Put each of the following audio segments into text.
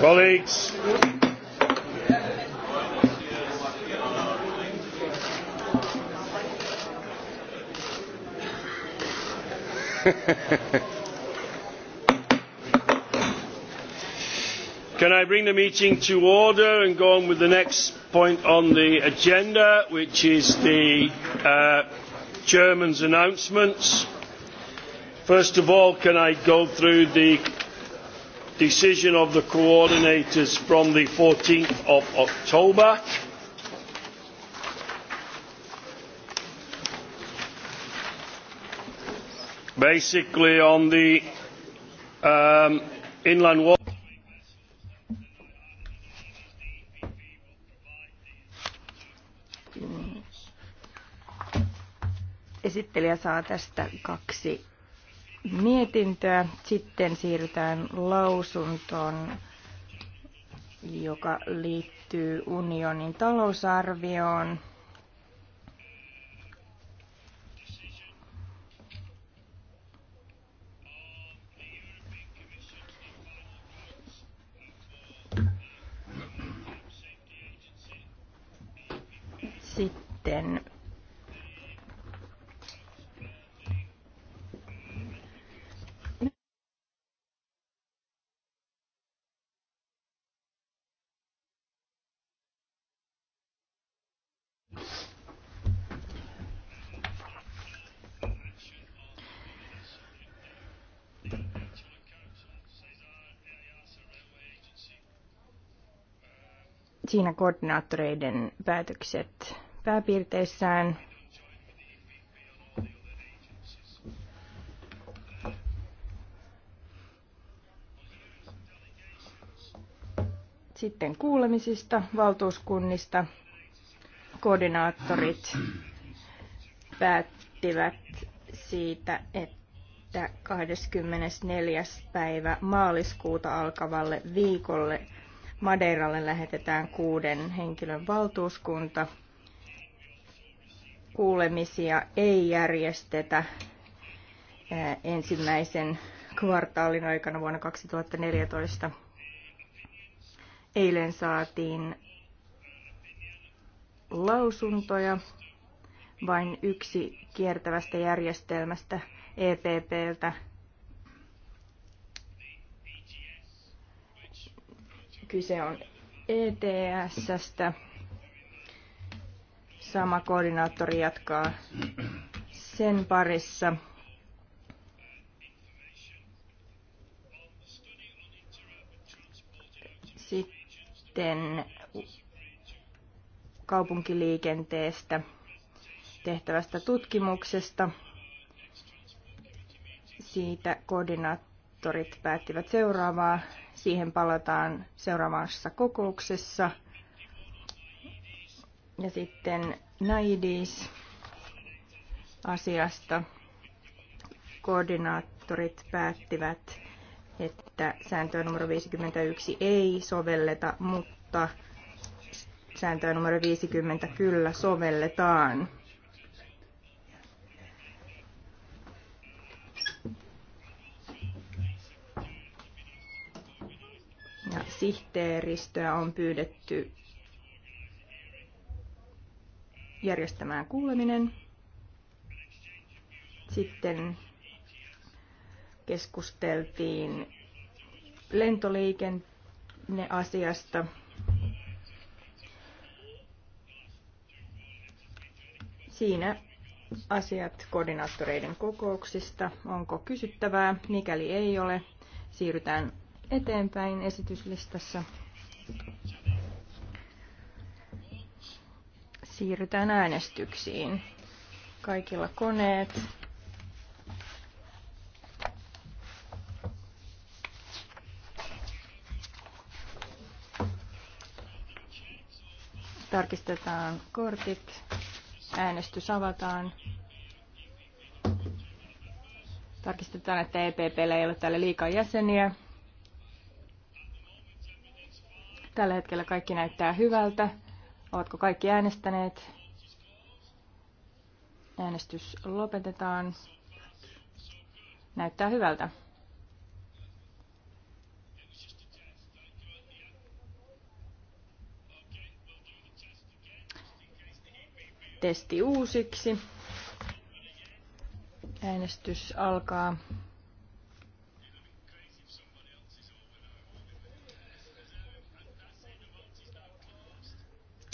Colleagues. Can I bring the meeting to order and go on with the next point on the agenda, which is the uh, chairman's announcements? First of all, can I go through the decision of the coordinators from the 14th of October? Basically, on the um, inland water. esittelijä saa tästä kaksi mietintöä. Sitten siirrytään lausuntoon, joka liittyy unionin talousarvioon. siinä koordinaattoreiden päätökset pääpiirteissään. Sitten kuulemisista, valtuuskunnista. Koordinaattorit päättivät siitä, että 24. päivä maaliskuuta alkavalle viikolle Madeiralle lähetetään kuuden henkilön valtuuskunta. Kuulemisia ei järjestetä eh, ensimmäisen kvartaalin aikana vuonna 2014. Eilen saatiin lausuntoja vain yksi kiertävästä järjestelmästä EPPltä Kyse on ETS-stä. Sama koordinaattori jatkaa sen parissa. Sitten kaupunkiliikenteestä tehtävästä tutkimuksesta. Siitä koordinaattorit päättivät seuraavaa Siihen palataan seuraavassa kokouksessa. Ja sitten Naidis asiasta koordinaattorit päättivät, että sääntöä numero 51 ei sovelleta, mutta sääntöä numero 50 kyllä sovelletaan. sihteeristöä on pyydetty järjestämään kuuleminen. Sitten keskusteltiin lentoliikenneasiasta. Siinä asiat koordinaattoreiden kokouksista. Onko kysyttävää? Mikäli ei ole, siirrytään eteenpäin esityslistassa. Siirrytään äänestyksiin. Kaikilla koneet. Tarkistetaan kortit. Äänestys avataan tarkistetaan, että epp ei ole täällä liikaa jäseniä. Tällä hetkellä kaikki näyttää hyvältä. Ovatko kaikki äänestäneet? Äänestys lopetetaan. Näyttää hyvältä. Testi uusiksi. Äänestys alkaa.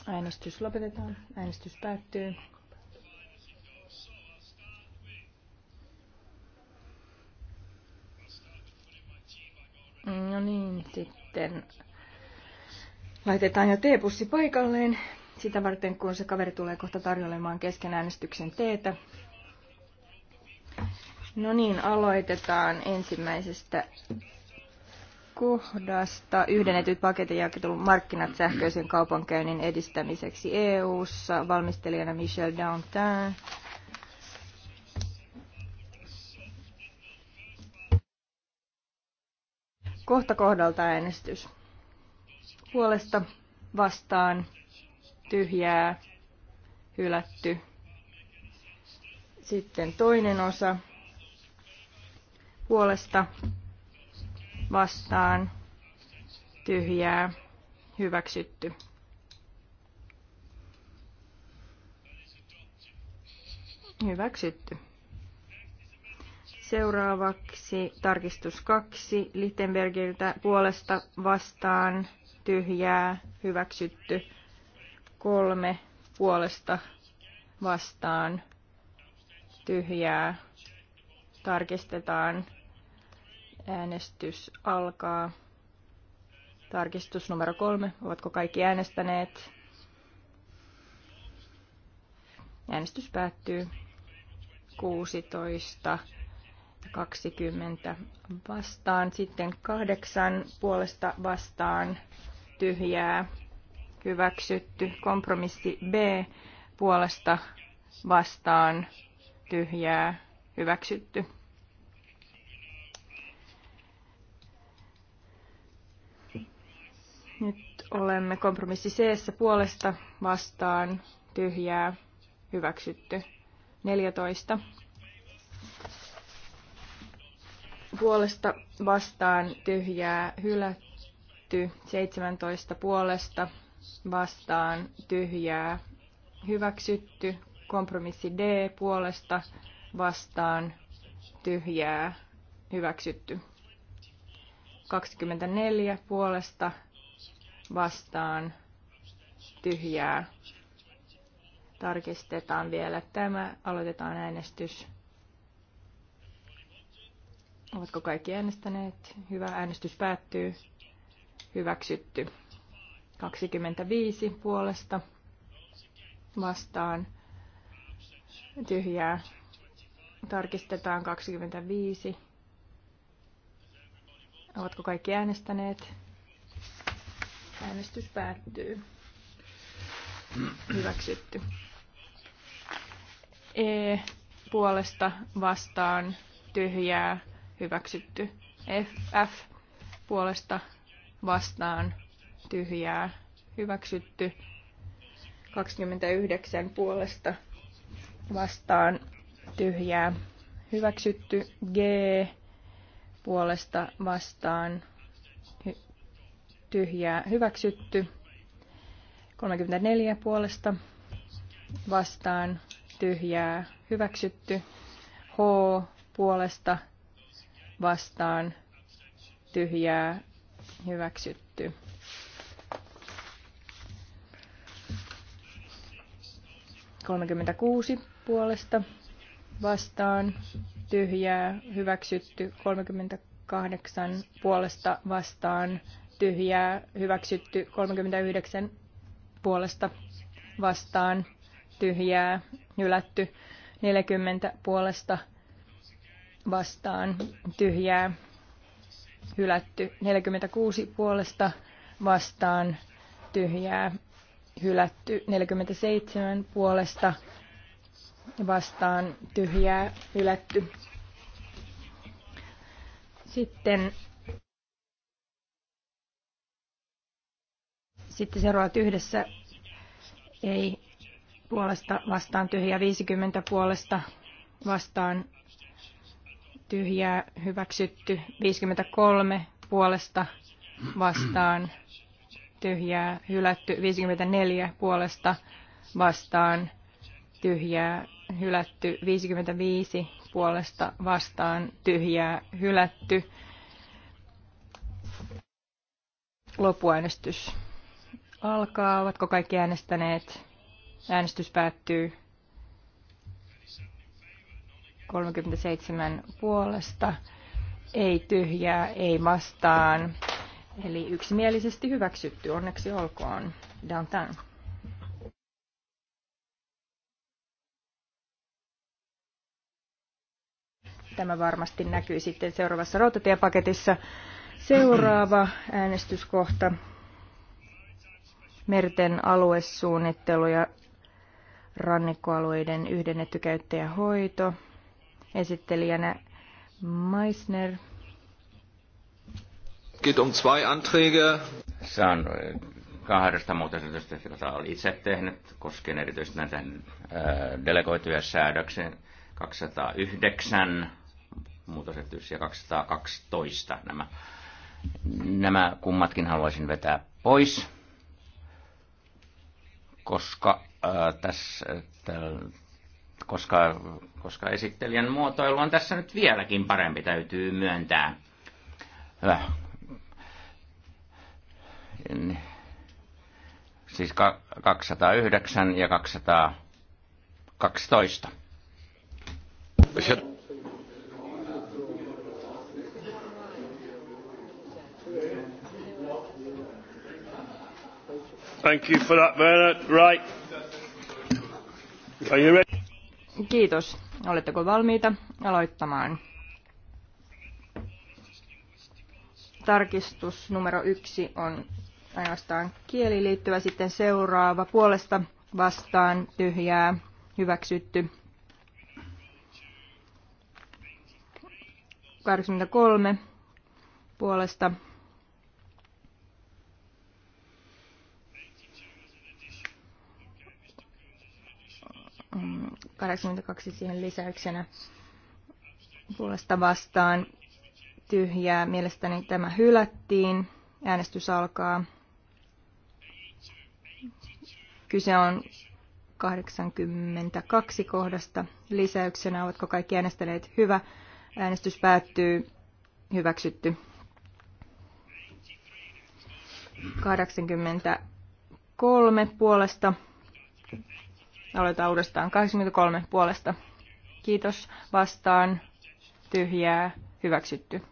Äänestys lopetetaan. Äänestys päättyy. No niin, sitten laitetaan jo teepussi paikalleen sitä varten, kun se kaveri tulee kohta tarjoilemaan kesken äänestyksen teetä. No niin, aloitetaan ensimmäisestä kohdasta yhdennetyt paketin markkinat sähköisen kaupankäynnin edistämiseksi EU-ssa. Valmistelijana Michel Dantin. Kohta kohdalta äänestys. Puolesta vastaan tyhjää, hylätty. Sitten toinen osa puolesta vastaan tyhjää hyväksytty. Hyväksytty. Seuraavaksi tarkistus kaksi Littenbergiltä puolesta vastaan tyhjää hyväksytty. Kolme puolesta vastaan tyhjää tarkistetaan Äänestys alkaa. Tarkistus numero kolme. Ovatko kaikki äänestäneet? Äänestys päättyy 16 20 vastaan. Sitten kahdeksan puolesta vastaan tyhjää hyväksytty. Kompromissi B puolesta vastaan tyhjää hyväksytty. Nyt olemme kompromissi c puolesta vastaan tyhjää hyväksytty 14. Puolesta vastaan tyhjää hylätty 17 puolesta vastaan tyhjää hyväksytty kompromissi D puolesta vastaan tyhjää hyväksytty 24 puolesta vastaan tyhjää. Tarkistetaan vielä tämä. Aloitetaan äänestys. Ovatko kaikki äänestäneet? Hyvä, äänestys päättyy. Hyväksytty. 25 puolesta vastaan tyhjää. Tarkistetaan 25. Ovatko kaikki äänestäneet? Äänestys päättyy. Hyväksytty. E puolesta vastaan tyhjää hyväksytty. F, F puolesta vastaan tyhjää hyväksytty. 29 puolesta vastaan tyhjää hyväksytty. G puolesta vastaan tyhjää hyväksytty. 34 puolesta vastaan tyhjää hyväksytty. H puolesta vastaan tyhjää hyväksytty. kuusi puolesta vastaan tyhjää hyväksytty. Kolmekymmentäkahdeksan puolesta vastaan tyhjää hyväksytty 39 puolesta vastaan tyhjää hylätty 40 puolesta vastaan tyhjää hylätty 46 puolesta vastaan tyhjää hylätty 47 puolesta vastaan tyhjää hylätty. Sitten Sitten seuraavat yhdessä ei puolesta vastaan tyhjää 50 puolesta vastaan tyhjää hyväksytty 53 puolesta vastaan tyhjää hylätty 54 puolesta vastaan tyhjää hylätty 55 puolesta vastaan tyhjää hylätty lopuäänestys alkaa. Ovatko kaikki äänestäneet? Äänestys päättyy 37 puolesta. Ei tyhjää, ei vastaan. Eli yksimielisesti hyväksytty. Onneksi olkoon. Downtown. Tämä varmasti näkyy sitten seuraavassa rautatiepaketissa. Seuraava äänestyskohta merten aluesuunnittelu ja rannikkoalueiden yhdennetty käyttäjähoito. Esittelijänä Meissner. Geht um zwei Anträge. Se on kahdesta muutosesitystä, jota olen itse tehnyt, koskien erityisesti näitä äh, delegoituja säädöksiä 209 muutosesitys ja 212 nämä. Nämä kummatkin haluaisin vetää pois koska, ää, tässä, täl, koska, koska esittelijän muotoilu on tässä nyt vieläkin parempi, täytyy myöntää. Hyvä. En, siis 209 ja 212. Thank you for that, Bernard. Right. Are you ready? Kiitos. Oletteko valmiita aloittamaan? Tarkistus numero yksi on ainoastaan kieliin liittyvä. Sitten seuraava puolesta vastaan tyhjää hyväksytty. 83 puolesta 82 siihen lisäyksenä puolesta vastaan tyhjää. Mielestäni tämä hylättiin. Äänestys alkaa. Kyse on 82 kohdasta lisäyksenä. Ovatko kaikki äänestäneet? Hyvä. Äänestys päättyy. Hyväksytty. 83 puolesta Aloitetaan uudestaan. 83 puolesta. Kiitos. Vastaan. Tyhjää. Hyväksytty.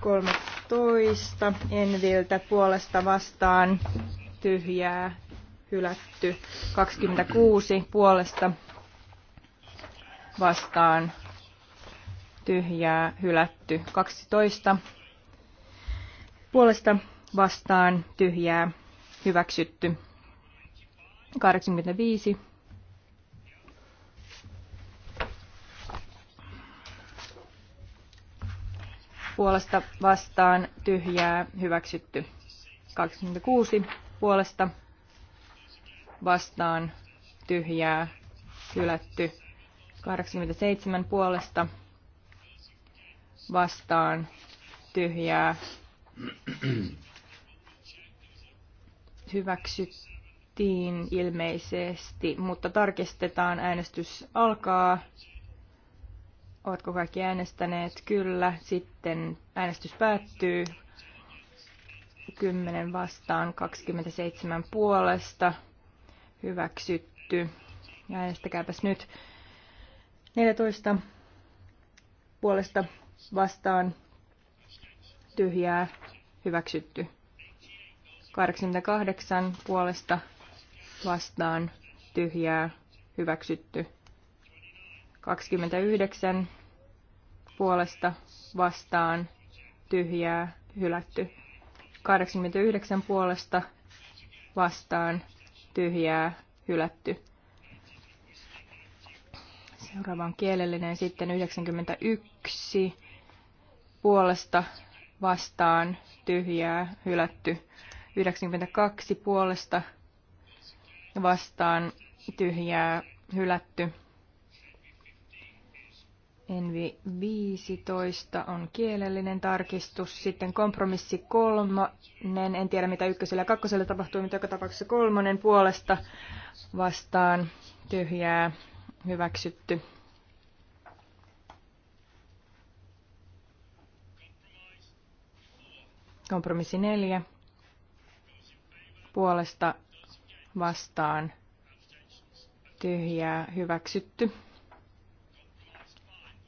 13 Enviltä puolesta vastaan. Tyhjää. Hylätty. 26 puolesta vastaan. Tyhjää. Hylätty. 12 puolesta vastaan. Tyhjää. Hyväksytty. 85. Puolesta vastaan tyhjää hyväksytty. 26. Puolesta vastaan tyhjää hylätty. 87 puolesta vastaan tyhjää hyväksytty hylättiin ilmeisesti, mutta tarkistetaan. Äänestys alkaa. Ovatko kaikki äänestäneet? Kyllä. Sitten äänestys päättyy. 10 vastaan 27 puolesta. Hyväksytty. Ja äänestäkääpäs nyt. 14 puolesta vastaan tyhjää hyväksytty. 88 puolesta vastaan tyhjää hyväksytty. 29 puolesta vastaan tyhjää hylätty. 89 puolesta vastaan tyhjää hylätty. Seuraava on kielellinen sitten 91 puolesta vastaan tyhjää hylätty. 92 puolesta vastaan tyhjää hylätty. Envi 15 on kielellinen tarkistus. Sitten kompromissi kolmonen. En tiedä mitä ykkösellä ja kakkosella tapahtuu, mutta joka tapauksessa kolmonen puolesta vastaan tyhjää hyväksytty. Kompromissi neljä puolesta vastaan tyhjää hyväksytty.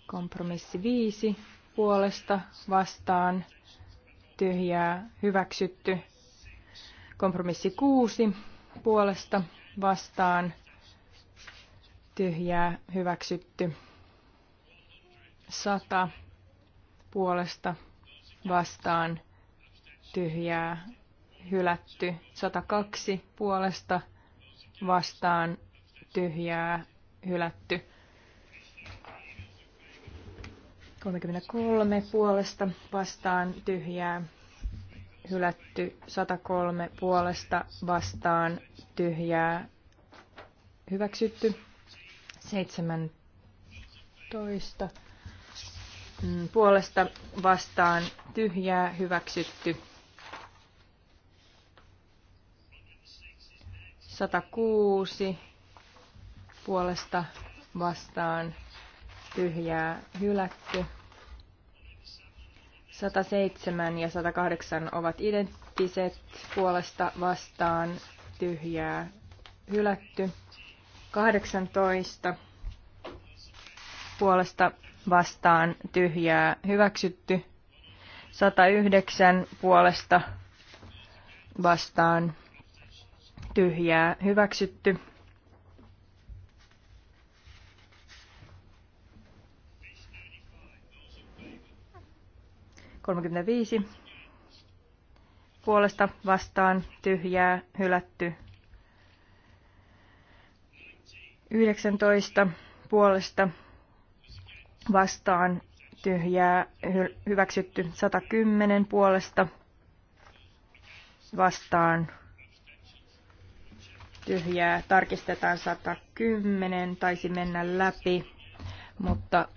Kompromissi 5 puolesta vastaan tyhjää hyväksytty. Kompromissi 6 puolesta vastaan tyhjää hyväksytty. 100 puolesta vastaan tyhjää hylätty 102 puolesta vastaan tyhjää hylätty 33 puolesta vastaan tyhjää hylätty 103 puolesta vastaan tyhjää hyväksytty 17 mm, puolesta vastaan tyhjää hyväksytty 106 puolesta vastaan tyhjää hylätty. 107 ja 108 ovat identtiset puolesta vastaan tyhjää hylätty. 18 puolesta vastaan tyhjää hyväksytty. 109 puolesta vastaan tyhjää hyväksytty. viisi puolesta vastaan tyhjää hylätty. 19 puolesta vastaan tyhjää hyväksytty 110 puolesta vastaan tyhjää. Tarkistetaan 110, taisi mennä läpi, mutta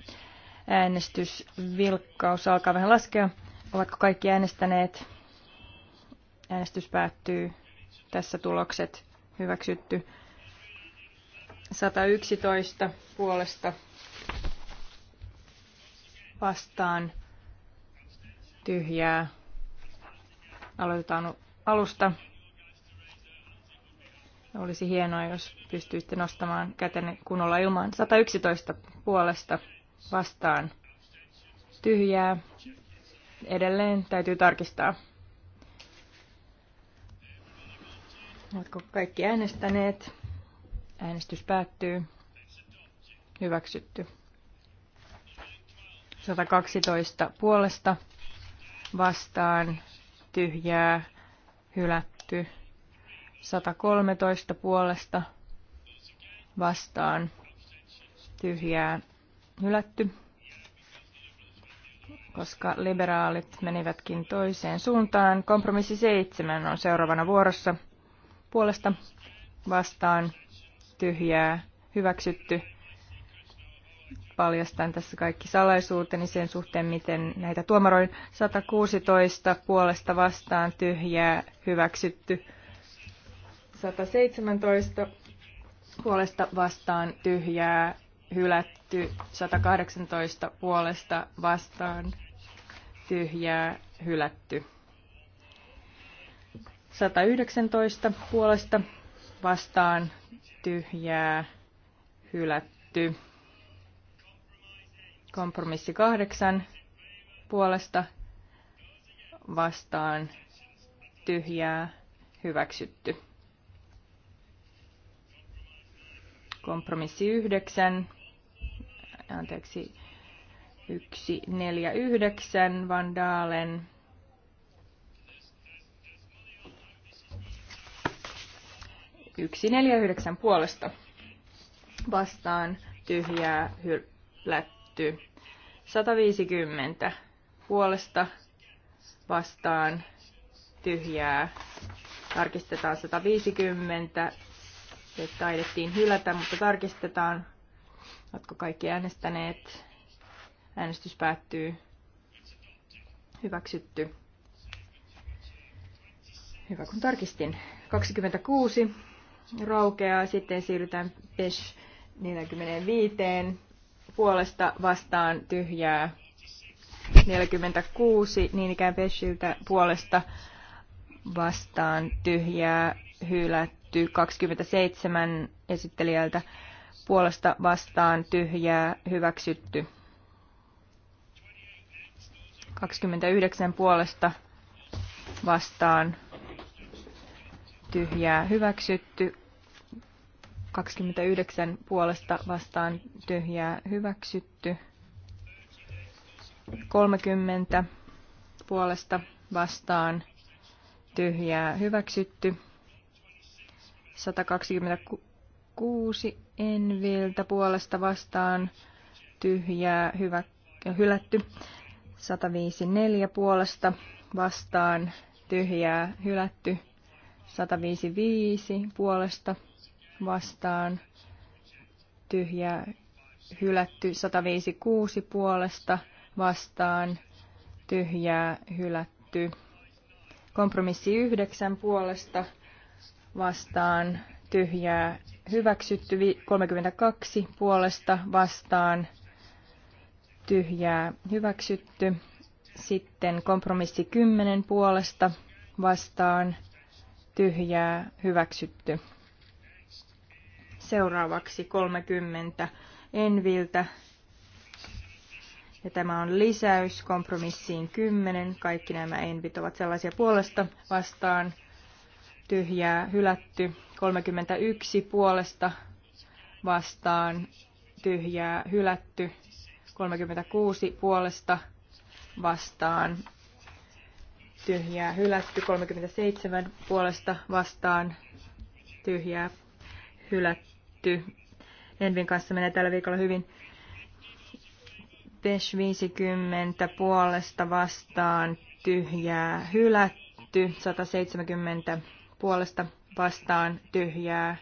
äänestysvilkkaus alkaa vähän laskea. Ovatko kaikki äänestäneet? Äänestys päättyy. Tässä tulokset hyväksytty. 111 puolesta vastaan tyhjää. Aloitetaan alusta. Olisi hienoa, jos pystyitte nostamaan kätenne kunnolla ilmaan. 111 puolesta vastaan tyhjää. Edelleen täytyy tarkistaa. Oletko kaikki äänestäneet? Äänestys päättyy. Hyväksytty. 112 puolesta vastaan tyhjää hylätty. 113 puolesta vastaan tyhjää hylätty, koska liberaalit menivätkin toiseen suuntaan. Kompromissi 7 on seuraavana vuorossa puolesta vastaan tyhjää hyväksytty. Paljastan tässä kaikki salaisuuteni sen suhteen, miten näitä tuomaroin. 116 puolesta vastaan tyhjää hyväksytty. 117 puolesta vastaan tyhjää, hylätty 118 puolesta vastaan tyhjää, hylätty. 119 puolesta vastaan tyhjää, hylätty. Kompromissi 8 puolesta vastaan tyhjää, hyväksytty. Kompromissi 9, anteeksi, 149 Van Daalen. Yksi, neljä, yhdeksän puolesta. Vastaan tyhjää hylätty. 150 puolesta vastaan tyhjää. Tarkistetaan 150. Se taidettiin hylätä, mutta tarkistetaan. Oletko kaikki äänestäneet? Äänestys päättyy. Hyväksytty. Hyvä, kun tarkistin. 26 raukeaa, sitten siirrytään PESH 45 puolesta vastaan tyhjää 46, niin ikään Peshiltä puolesta vastaan tyhjää hylät hylätty 27 esittelijältä puolesta vastaan tyhjää hyväksytty. 29 puolesta vastaan tyhjää hyväksytty. 29 puolesta vastaan tyhjää hyväksytty. 30 puolesta vastaan tyhjää hyväksytty. 126 Enviltä puolesta vastaan tyhjää hyvä, hylätty. 154 puolesta vastaan tyhjää hylätty. 155 puolesta vastaan tyhjää hylätty. 156 puolesta vastaan tyhjää hylätty. Kompromissi 9 puolesta vastaan tyhjää hyväksytty, 32 puolesta vastaan tyhjää hyväksytty, sitten kompromissi 10 puolesta vastaan tyhjää hyväksytty. Seuraavaksi 30 Enviltä. Ja tämä on lisäys kompromissiin 10. Kaikki nämä Envit ovat sellaisia puolesta vastaan tyhjää hylätty 31 puolesta vastaan tyhjää hylätty 36 puolesta vastaan tyhjää hylätty 37 puolesta vastaan tyhjää hylätty. Envin kanssa menee tällä viikolla hyvin. Pesh 50 puolesta vastaan tyhjää hylätty 170 puolesta vastaan tyhjää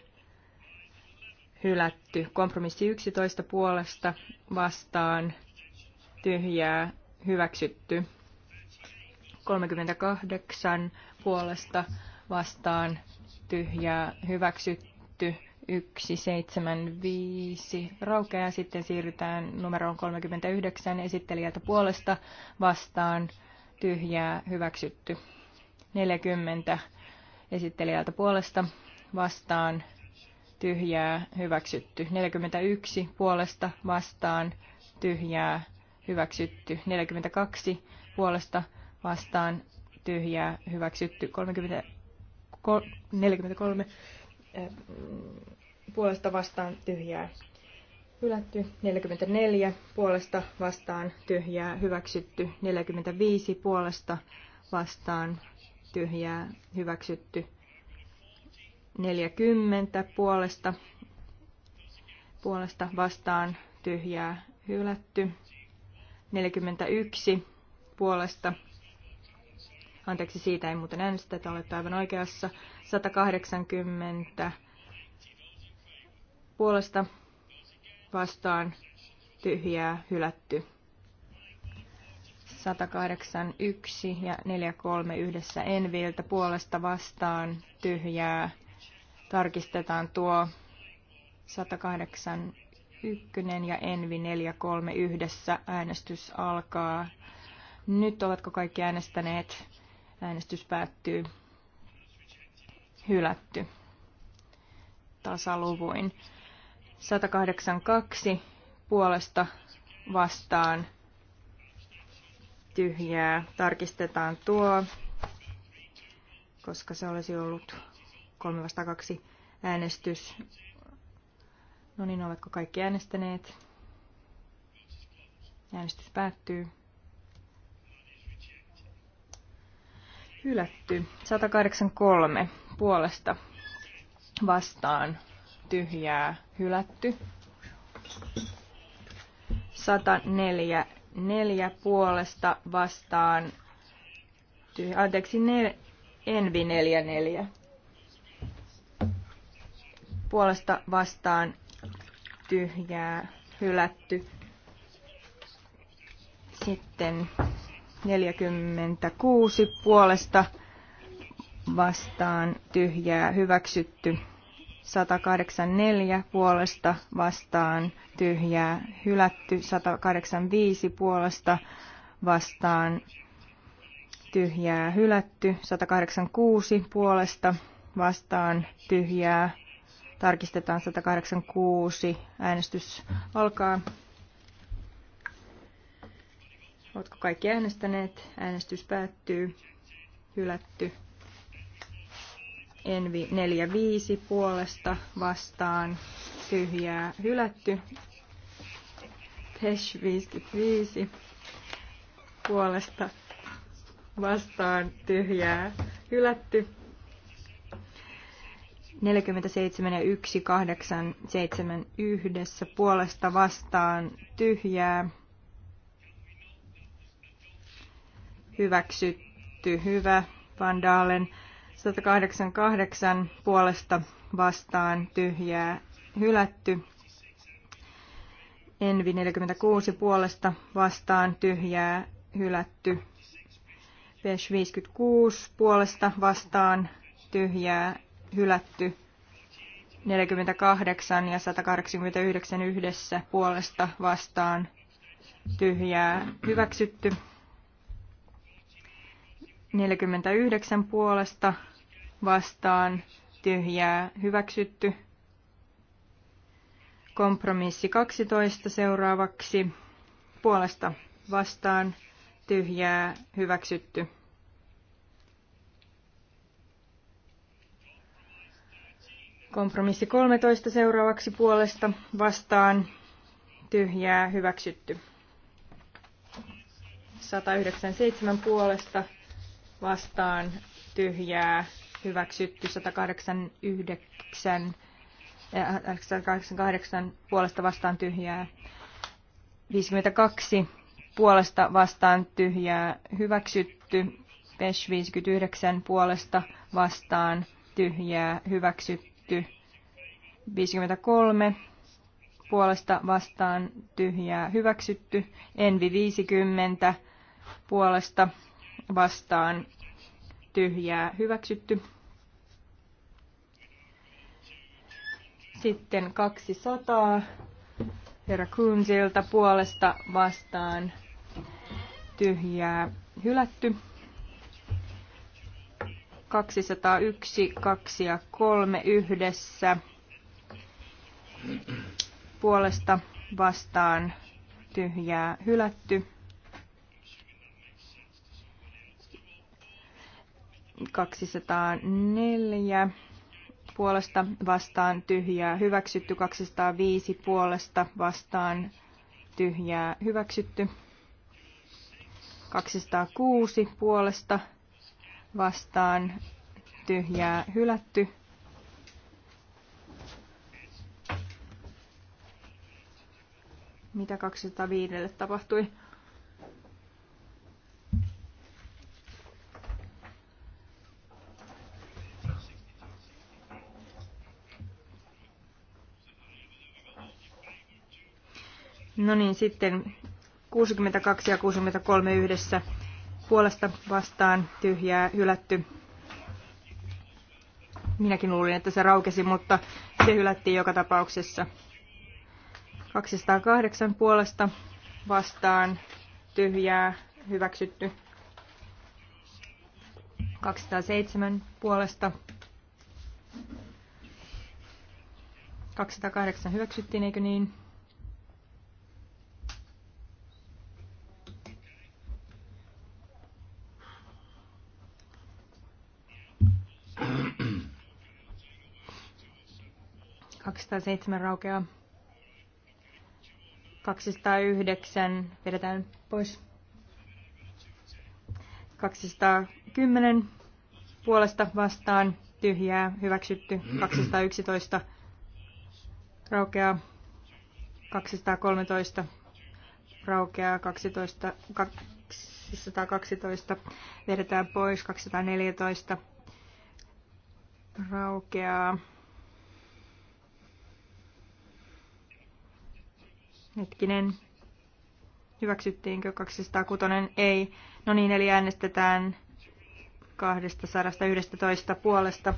hylätty. Kompromissi 11 puolesta vastaan tyhjää hyväksytty. 38 puolesta vastaan tyhjää hyväksytty. 1, 7, 175 raukeaa. Sitten siirrytään numeroon 39 esittelijältä puolesta vastaan tyhjää hyväksytty. 40 esittelijältä puolesta vastaan tyhjää hyväksytty. 41 puolesta vastaan tyhjää hyväksytty. 42 puolesta vastaan tyhjää hyväksytty. 30, 43 eh, mm, puolesta vastaan tyhjää hylätty, 44 puolesta vastaan tyhjää hyväksytty, 45 puolesta vastaan tyhjää hyväksytty 40 puolesta, puolesta vastaan tyhjää hylätty 41 puolesta Anteeksi, siitä ei muuten että olette aivan oikeassa. 180 puolesta vastaan tyhjää hylätty. 181 ja 43 yhdessä Enviltä puolesta vastaan tyhjää. Tarkistetaan tuo 181 ja Envi 43 yhdessä. Äänestys alkaa. Nyt ovatko kaikki äänestäneet? Äänestys päättyy. Hylätty. Tasaluvuin. 182 puolesta vastaan tyhjää. Tarkistetaan tuo, koska se olisi ollut 3 vasta 2 äänestys. No niin, oletko kaikki äänestäneet? Äänestys päättyy. Hylätty. 183 puolesta vastaan tyhjää hylätty. 104 neljä puolesta vastaan, tyhjä, anteeksi, ne, Envi neljä. Puolesta vastaan tyhjää, hylätty. Sitten 46 puolesta vastaan tyhjää, hyväksytty. 184 puolesta vastaan tyhjää hylätty, 185 puolesta vastaan tyhjää hylätty, 186 puolesta vastaan tyhjää. Tarkistetaan 186. Äänestys alkaa. Oletko kaikki äänestäneet? Äänestys päättyy. Hylätty. Envi 45 puolesta vastaan tyhjää hylätty. Tesh 55 puolesta vastaan tyhjää hylätty. 47 ja 1, 8, 7 yhdessä puolesta vastaan tyhjää. Hyväksytty, hyvä, Vandaalen 188 puolesta vastaan tyhjää hylätty. Envi 46 puolesta vastaan tyhjää hylätty. Pesh 56 puolesta vastaan tyhjää hylätty. 48 ja 189 yhdessä puolesta vastaan tyhjää hyväksytty. 49 puolesta vastaan tyhjää hyväksytty. Kompromissi 12 seuraavaksi puolesta vastaan tyhjää hyväksytty. Kompromissi 13 seuraavaksi puolesta vastaan tyhjää hyväksytty. 197 puolesta vastaan tyhjää hyväksytty 189, 188 äh, puolesta vastaan tyhjää 52 puolesta vastaan tyhjää hyväksytty PESH 59 puolesta vastaan tyhjää hyväksytty 53 puolesta vastaan tyhjää hyväksytty Envi 50 puolesta vastaan tyhjää hyväksytty. Sitten 200 herra Kunzilta puolesta vastaan tyhjää hylätty. 201, 2 ja 3 yhdessä puolesta vastaan tyhjää hylätty. 204 puolesta vastaan tyhjää hyväksytty, 205 puolesta vastaan tyhjää hyväksytty, 206 puolesta vastaan tyhjää hylätty, mitä 205 tapahtui. No niin, sitten 62 ja 63 yhdessä puolesta vastaan tyhjää hylätty. Minäkin luulin, että se raukesi, mutta se hylättiin joka tapauksessa. 208 puolesta vastaan tyhjää hyväksytty. 207 puolesta. 208 hyväksyttiin, eikö niin? 207 raukeaa. 209 vedetään pois. 210 puolesta vastaan tyhjää hyväksytty. 211 raukeaa. 213 raukeaa. 12, 212 vedetään pois. 214 raukeaa. Hetkinen. Hyväksyttiinkö 206? Ei. No niin, eli äänestetään 211 puolesta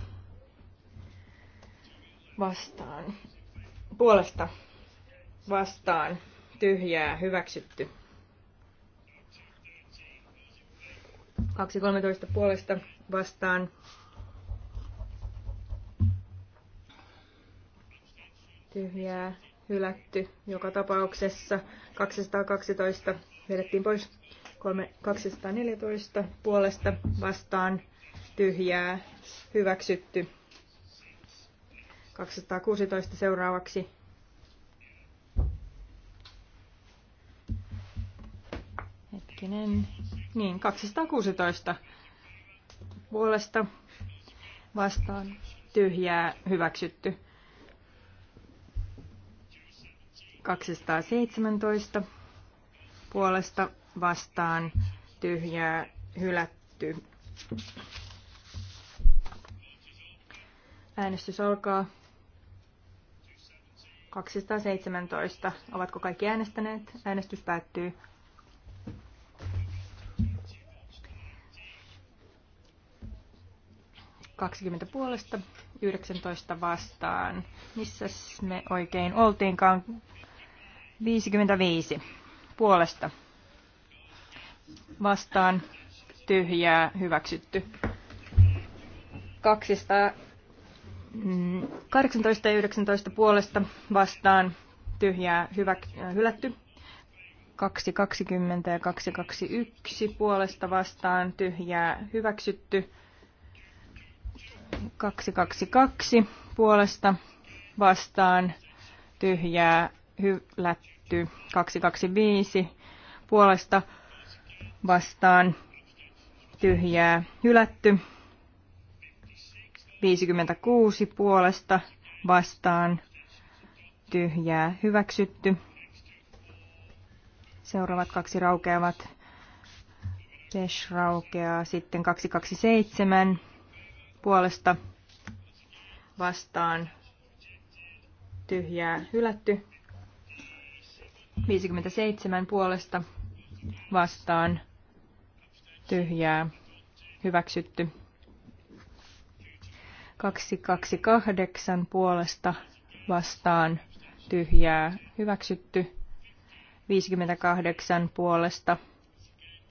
vastaan. Puolesta vastaan. Tyhjää. Hyväksytty. 213 puolesta vastaan. Tyhjää hylätty joka tapauksessa. 212 vedettiin pois 214 puolesta vastaan tyhjää hyväksytty. 216 seuraavaksi Hetkinen. Niin, 216 puolesta vastaan tyhjää hyväksytty. 217 puolesta vastaan tyhjää hylätty. Äänestys alkaa. 217. Ovatko kaikki äänestäneet? Äänestys päättyy. Kaksikymmentä puolesta, 19 vastaan. Missäs me oikein oltiinkaan? 55 puolesta vastaan tyhjää hyväksytty. 218 mm, ja 19 puolesta vastaan tyhjää hyvä, äh, hylätty. 220 ja 221 puolesta vastaan tyhjää hyväksytty. 222 puolesta vastaan tyhjää hylätty 225 puolesta vastaan tyhjää hylätty 56 puolesta vastaan tyhjää hyväksytty. Seuraavat kaksi raukeavat. Pesh raukeaa sitten 227 puolesta vastaan tyhjää hylätty. 57 puolesta vastaan tyhjää hyväksytty. 228 puolesta vastaan tyhjää hyväksytty. 58 puolesta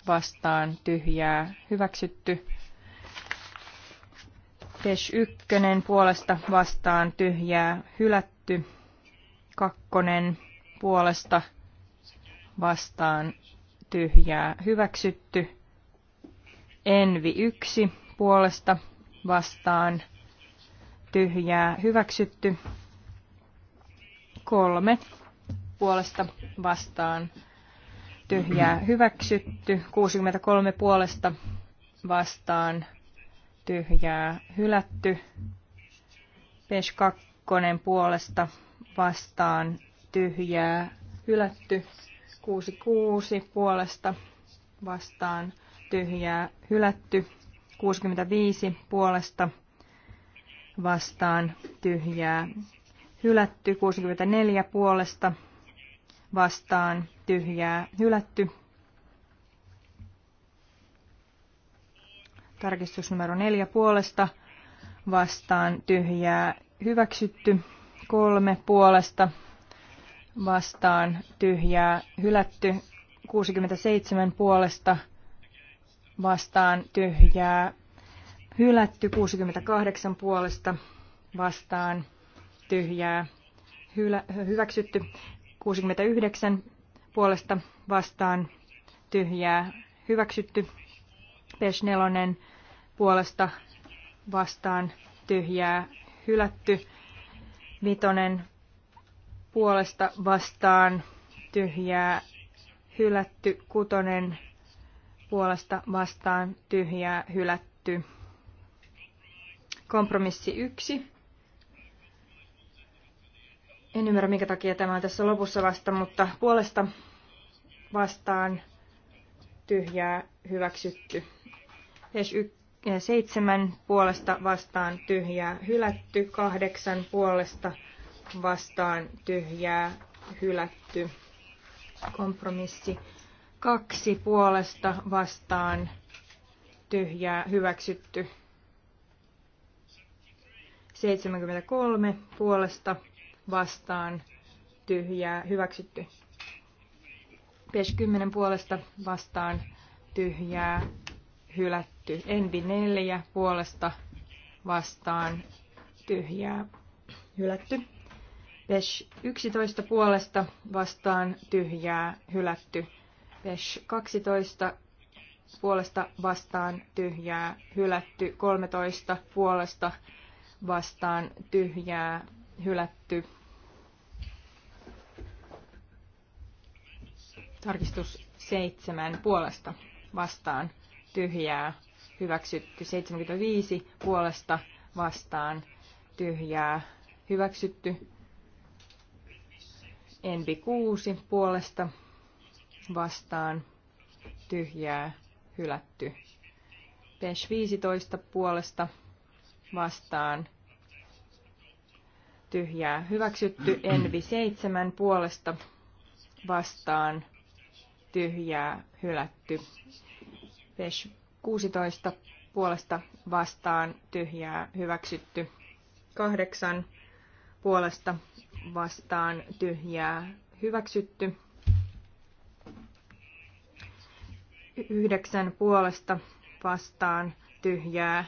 vastaan tyhjää hyväksytty. Tesh 1 puolesta vastaan tyhjää hylätty. Kakkonen puolesta vastaan tyhjää hyväksytty. Envi 1 puolesta vastaan tyhjää hyväksytty. Kolme puolesta vastaan tyhjää hyväksytty. 63 puolesta vastaan tyhjää hylätty. Pes 2 puolesta vastaan tyhjää hylätty. 66 puolesta vastaan tyhjää hylätty. 65 puolesta vastaan tyhjää hylätty. 64 puolesta vastaan tyhjää hylätty. Tarkistus numero 4 puolesta vastaan tyhjää hyväksytty. 3 puolesta vastaan tyhjää hylätty. 67 puolesta vastaan tyhjää hylätty. 68 puolesta vastaan tyhjää hylä, hyväksytty. 69 puolesta vastaan tyhjää hyväksytty. Pes nelonen puolesta vastaan tyhjää hylätty. Vitonen puolesta vastaan tyhjää hylätty, kutonen puolesta vastaan tyhjää hylätty. Kompromissi yksi. En ymmärrä, minkä takia tämä on tässä lopussa vasta, mutta puolesta vastaan tyhjää hyväksytty. Ja seitsemän puolesta vastaan tyhjää hylätty, kahdeksan puolesta vastaan tyhjää hylätty. Kompromissi kaksi puolesta vastaan tyhjää hyväksytty. 73 puolesta vastaan tyhjää hyväksytty. PES 10 puolesta vastaan tyhjää hylätty. Envi 4 puolesta vastaan tyhjää hylätty. Pesh 11 puolesta vastaan tyhjää hylätty. Pesh 12 puolesta vastaan tyhjää hylätty. 13 puolesta vastaan tyhjää hylätty. Tarkistus 7 puolesta vastaan tyhjää hyväksytty. 75 puolesta vastaan tyhjää hyväksytty. Envi 6 puolesta vastaan tyhjää hylätty. Pesh 15 puolesta vastaan tyhjää hyväksytty. Envi 7 puolesta vastaan tyhjää hylätty. Pesh 16 puolesta vastaan tyhjää hyväksytty. 8 puolesta vastaan tyhjää hyväksytty. Yhdeksän puolesta vastaan tyhjää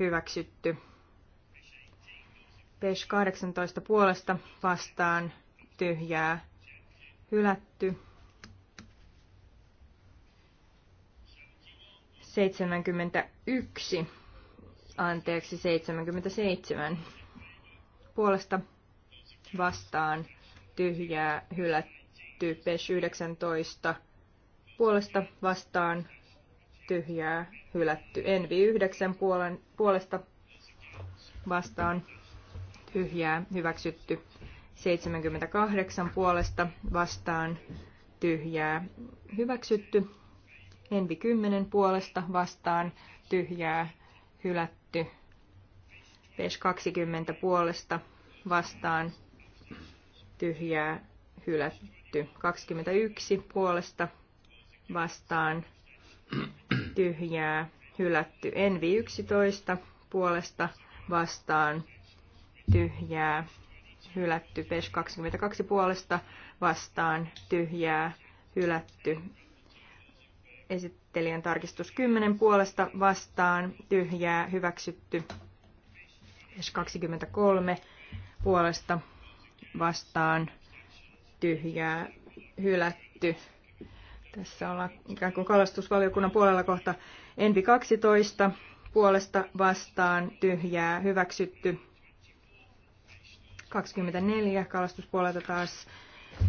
hyväksytty. Page 18 puolesta vastaan tyhjää hylätty. 71, anteeksi 77 puolesta vastaan tyhjää hylätty. Pesh 19 puolesta vastaan tyhjää hylätty. Envi 9 puolen, puolesta vastaan tyhjää hyväksytty. 78 puolesta vastaan tyhjää hyväksytty. Envi 10 puolesta vastaan tyhjää hylätty. Pes 20 puolesta vastaan tyhjää hylätty. 21 puolesta vastaan tyhjää hylätty. Envi 11 puolesta vastaan tyhjää hylätty. Pes 22 puolesta vastaan tyhjää hylätty. Esittelijän tarkistus 10 puolesta vastaan tyhjää hyväksytty. Pes 23 puolesta vastaan tyhjää hylätty. Tässä ollaan ikään kuin kalastusvaliokunnan puolella kohta Envi 12 puolesta vastaan tyhjää hyväksytty. 24 kalastuspuolelta taas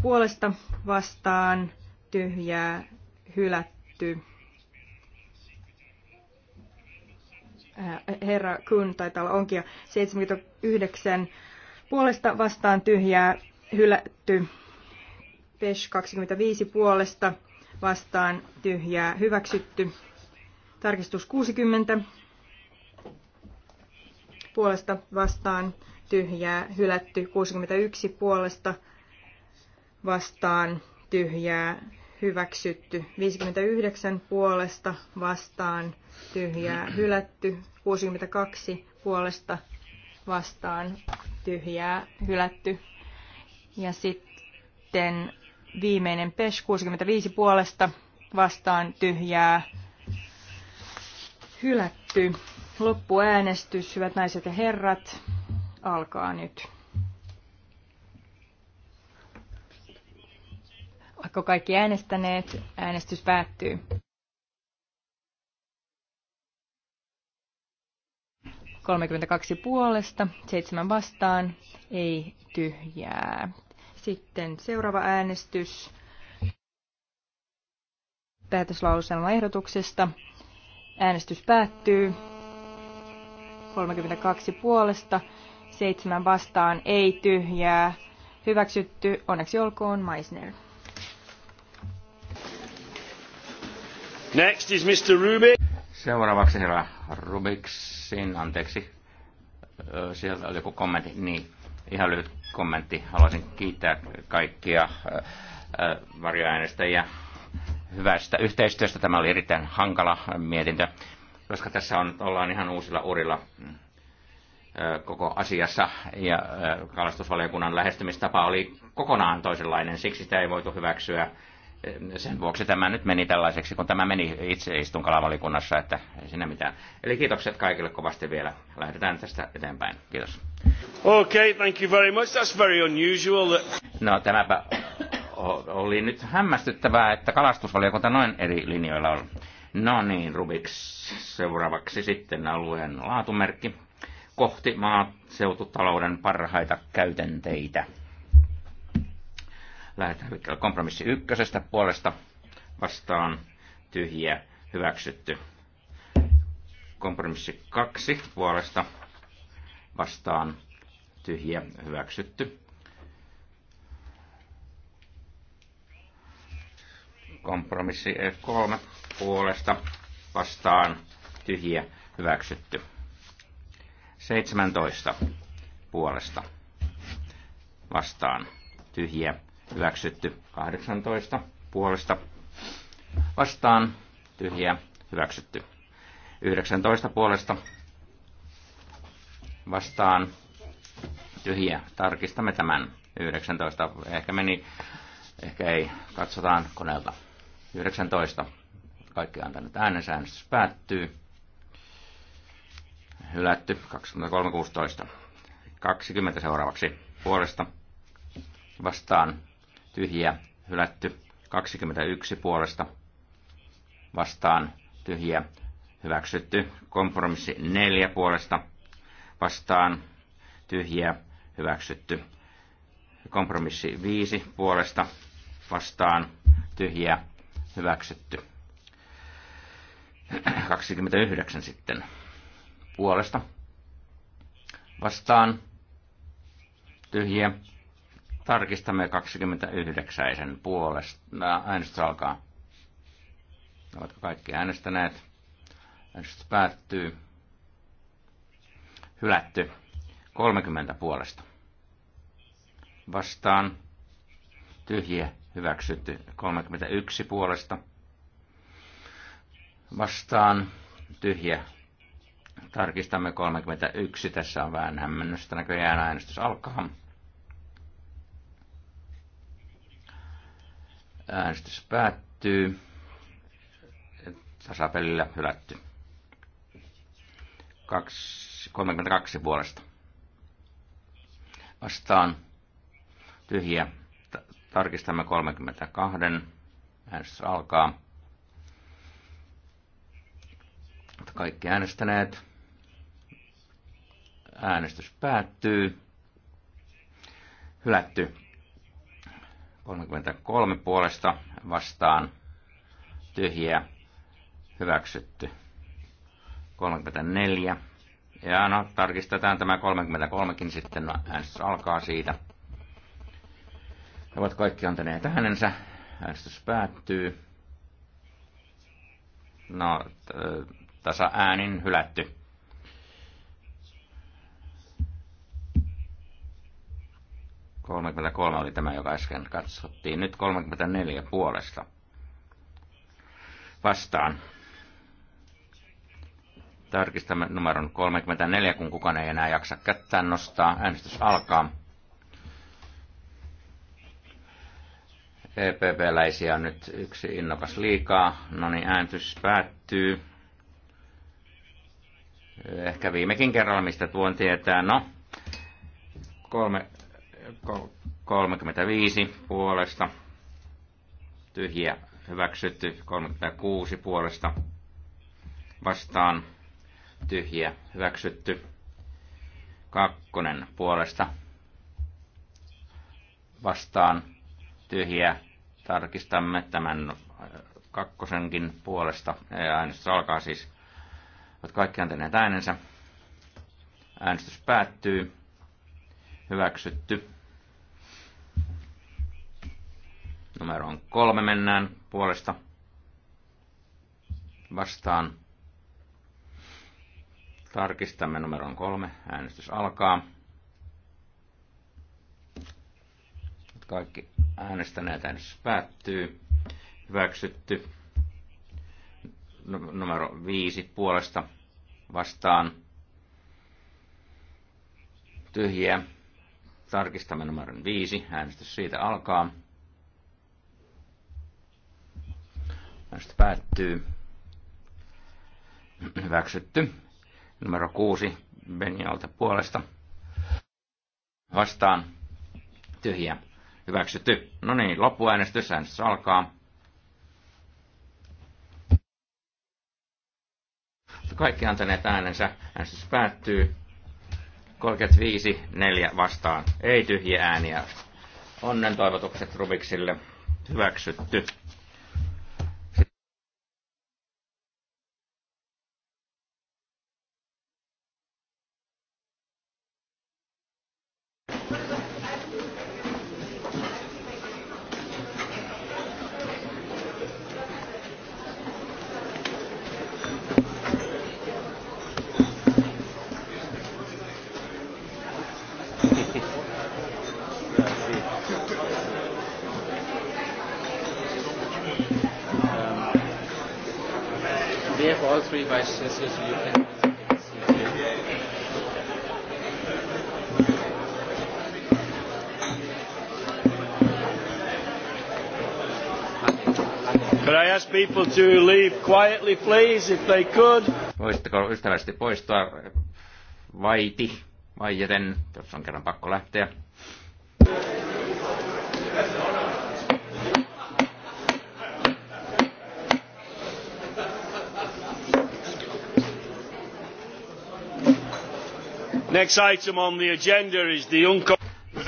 puolesta vastaan tyhjää hylätty. Äh, herra Kun taitaa olla onkin 79 puolesta vastaan tyhjää hylätty. Pesh 25 puolesta vastaan tyhjää hyväksytty. Tarkistus 60 puolesta vastaan tyhjää hylätty. 61 puolesta vastaan tyhjää hyväksytty. 59 puolesta vastaan tyhjää hylätty. 62 puolesta vastaan tyhjää hylätty. Ja sitten viimeinen PES 65 puolesta vastaan tyhjää hylätty. Loppuäänestys, hyvät naiset ja herrat, alkaa nyt. Oletko kaikki äänestäneet? Äänestys päättyy. 32 puolesta, 7 vastaan, ei tyhjää. Sitten seuraava äänestys päätöslauselman ehdotuksesta. Äänestys päättyy. 32 puolesta, 7 vastaan, ei tyhjää. Hyväksytty, onneksi olkoon Meisner. Next is Mr. Rubik. Seuraavaksi herra Rubiksin, anteeksi, sieltä oli joku kommentti, niin ihan lyhyt kommentti. Haluaisin kiittää kaikkia varjoäänestäjiä hyvästä yhteistyöstä. Tämä oli erittäin hankala mietintö, koska tässä on, ollaan ihan uusilla urilla mm, koko asiassa ja kalastusvaliokunnan lähestymistapa oli kokonaan toisenlainen, siksi sitä ei voitu hyväksyä Ehm, sen vuoksi tämä nyt meni tällaiseksi, kun tämä meni itse istun kalavalikunnassa, että ei siinä mitään. Eli kiitokset kaikille kovasti vielä. Lähdetään tästä eteenpäin. Kiitos. Okay, thank you very much. That's very unusual. That... No tämäpä oli nyt hämmästyttävää, että kalastusvaliokunta noin eri linjoilla on. No niin, Rubiks. Seuraavaksi sitten alueen laatumerkki kohti maaseututalouden parhaita käytänteitä lähdetään kompromissi ykkösestä puolesta vastaan tyhjiä hyväksytty. Kompromissi kaksi puolesta vastaan tyhjiä hyväksytty. Kompromissi kolme puolesta vastaan tyhjiä hyväksytty. 17 puolesta vastaan tyhjiä hyväksytty 18 puolesta vastaan tyhjä hyväksytty 19 puolesta vastaan tyhjä. Tarkistamme tämän 19. Ehkä meni, ehkä ei. Katsotaan koneelta. 19. Kaikki antaneet äänensä. Äänestys päättyy. Hylätty 23.16. 20 seuraavaksi puolesta vastaan tyhjiä hylätty 21 puolesta vastaan tyhjiä hyväksytty kompromissi 4 puolesta vastaan tyhjiä hyväksytty kompromissi 5 puolesta vastaan tyhjiä hyväksytty 29 sitten puolesta vastaan tyhjiä Tarkistamme 29 puolesta. Äänestys alkaa. Ovatko kaikki äänestäneet? Äänestys päättyy. Hylätty. 30 puolesta. Vastaan. Tyhjä. Hyväksytty. 31 puolesta. Vastaan. Tyhjä. Tarkistamme 31. Tässä on vähän hämmennystä. Näköjään äänestys alkaa. Äänestys päättyy. Tasapelillä hylätty. 32 puolesta. Vastaan tyhjä. Tarkistamme 32. Äänestys alkaa. Kaikki äänestäneet. Äänestys päättyy. Hylätty 33 puolesta vastaan tyhjiä hyväksytty. 34. Ja no, tarkistetaan tämä 33kin sitten, no, äänestys alkaa siitä. He ovat kaikki antaneet äänensä, äänestys päättyy. No, tasa äänin hylätty. 33 oli tämä, joka äsken katsottiin. Nyt 34 puolesta. Vastaan. Tarkistamme numeron 34, kun kukaan ei enää jaksa kättään nostaa. Äänestys alkaa. EPP-läisiä on nyt yksi innokas liikaa. No niin, ääntys päättyy. Ehkä viimekin kerralla, mistä tuon tietää. No, kolme 35 puolesta, tyhjä hyväksytty 36 puolesta, vastaan tyhjä hyväksytty kakkonen puolesta, vastaan tyhjä tarkistamme tämän kakkosenkin puolesta. Äänestys alkaa siis. Olet kaikki antaneet äänensä. Äänestys päättyy. Hyväksytty. Numeroon kolme mennään puolesta vastaan. Tarkistamme numeron kolme. Äänestys alkaa. Kaikki äänestäneet äänestys päättyy. Hyväksytty. Numero viisi puolesta vastaan. Tyhjiä. Tarkistamme numeron viisi. Äänestys siitä alkaa. Näistä päättyy. Hyväksytty. Numero kuusi Benialta puolesta. Vastaan. Tyhjä. Hyväksytty. No niin, loppuäänestys. Äänestys alkaa. Kaikki antaneet äänensä. Äänestys päättyy. 35, 4 vastaan. Ei tyhjiä ääniä. Onnen toivotukset Rubiksille. Hyväksytty. people to leave quietly, please, if they could. Voisitteko ystävällisesti poistua? vaiti, vaijeten, jos on kerran pakko lähteä. Next item on the agenda is the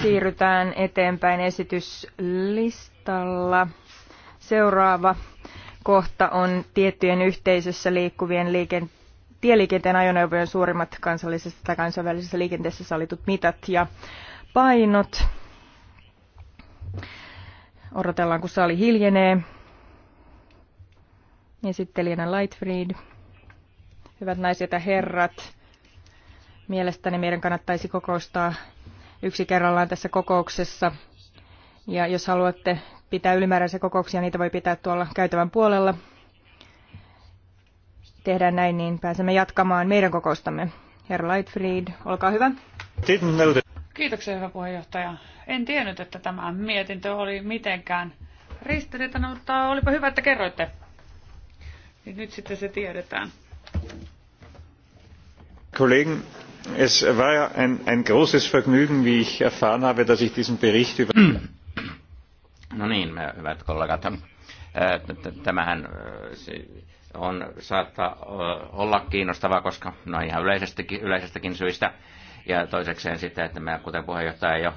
Siirrytään eteenpäin esityslistalla. Seuraava kohta on tiettyjen yhteisössä liikkuvien liiken, tieliikenteen ajoneuvojen suurimmat kansallisessa tai kansainvälisessä liikenteessä salitut mitat ja painot. Odotellaan, kun sali hiljenee. Esittelijänä Lightfried. Hyvät naiset ja herrat, mielestäni meidän kannattaisi kokoustaa yksi kerrallaan tässä kokouksessa. Ja jos haluatte pitää ylimääräisiä kokouksia, niitä voi pitää tuolla käytävän puolella. Tehdään näin, niin pääsemme jatkamaan meidän kokoustamme. Herra Lightfried, olkaa hyvä. Kiitoksia, hyvä puheenjohtaja. En tiennyt, että tämä mietintö oli mitenkään ristiriitainen, mutta olipa hyvä, että kerroitte. Niin nyt sitten se tiedetään. Kollegen, es war ja ein, ein großes Vergnügen, wie ich erfahren habe, dass ich diesen Bericht über... Mm No niin, hyvät kollegat. Äh, tämähän äh, on, saattaa äh, olla kiinnostavaa, koska no ihan yleisestäkin, yleisestäkin syistä. Ja toisekseen sitten, että mä, kuten puheenjohtaja jo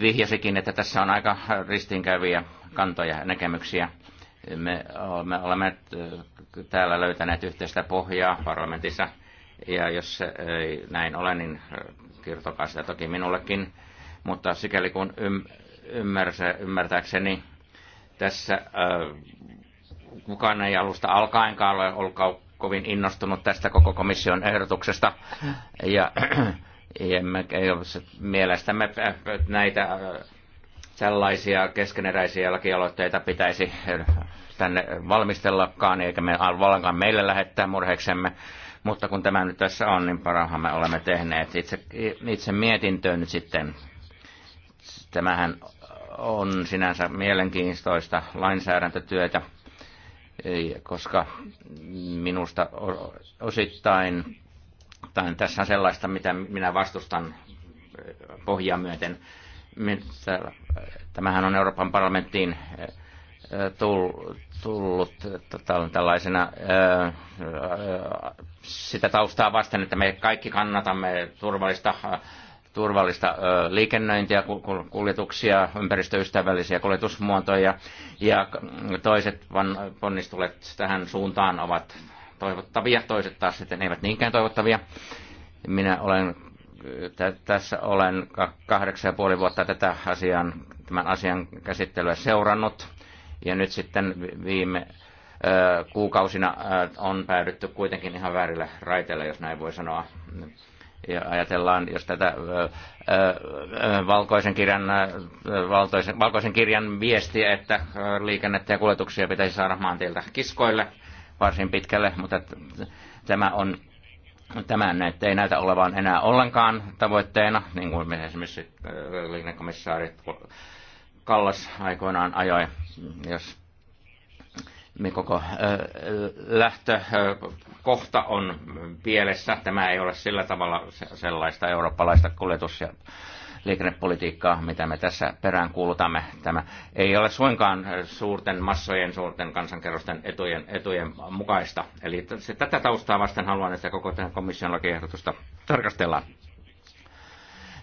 vihjasikin, että tässä on aika ristiinkäyviä kantoja ja näkemyksiä. Me olemme, olemme täällä löytäneet yhteistä pohjaa parlamentissa, ja jos ei näin ole, niin kertokaa sitä toki minullekin. Mutta sikäli kun ymmärsä, ymmärtääkseni tässä äh, kukaan ei alusta alkaenkaan ole ollut kovin innostunut tästä koko komission ehdotuksesta. Ja, ja me, mielestämme näitä äh, sellaisia keskeneräisiä lakialoitteita pitäisi tänne valmistellakaan, eikä me vallankaan meille lähettää murheeksemme. Mutta kun tämä nyt tässä on, niin parhaan me olemme tehneet itse, itse mietintöön nyt sitten. Tämähän on sinänsä mielenkiintoista lainsäädäntötyötä, koska minusta osittain, tai tässä on sellaista, mitä minä vastustan pohjaa myöten. Tämähän on Euroopan parlamenttiin tullut tällaisena sitä taustaa vasten, että me kaikki kannatamme turvallista turvallista liikennöintiä, kuljetuksia, ympäristöystävällisiä kuljetusmuotoja ja toiset ponnistulet tähän suuntaan ovat toivottavia, toiset taas sitten eivät niinkään toivottavia. Minä olen tässä olen kahdeksan ja puoli vuotta tätä asian, tämän asian käsittelyä seurannut ja nyt sitten viime kuukausina on päädytty kuitenkin ihan väärillä raiteilla, jos näin voi sanoa ja ajatellaan, jos tätä valkoisen kirjan, valtoisen, valkoisen kirjan viestiä, että liikennettä ja kuljetuksia pitäisi saada maantieltä kiskoille varsin pitkälle, mutta tämä on tämän ei näytä olevan enää ollenkaan tavoitteena, niin kuin esimerkiksi liikennekomissaari Kallas aikoinaan ajoi, jos me koko lähtökohta on pielessä. Tämä ei ole sillä tavalla sellaista eurooppalaista kuljetus- ja liikennepolitiikkaa, mitä me tässä peräänkuulutamme. Tämä ei ole suinkaan suurten massojen, suurten kansankerrosten etujen, etujen mukaista. Eli se, tätä taustaa vasten haluan, että koko tämän komission lakiehdotusta tarkastellaan.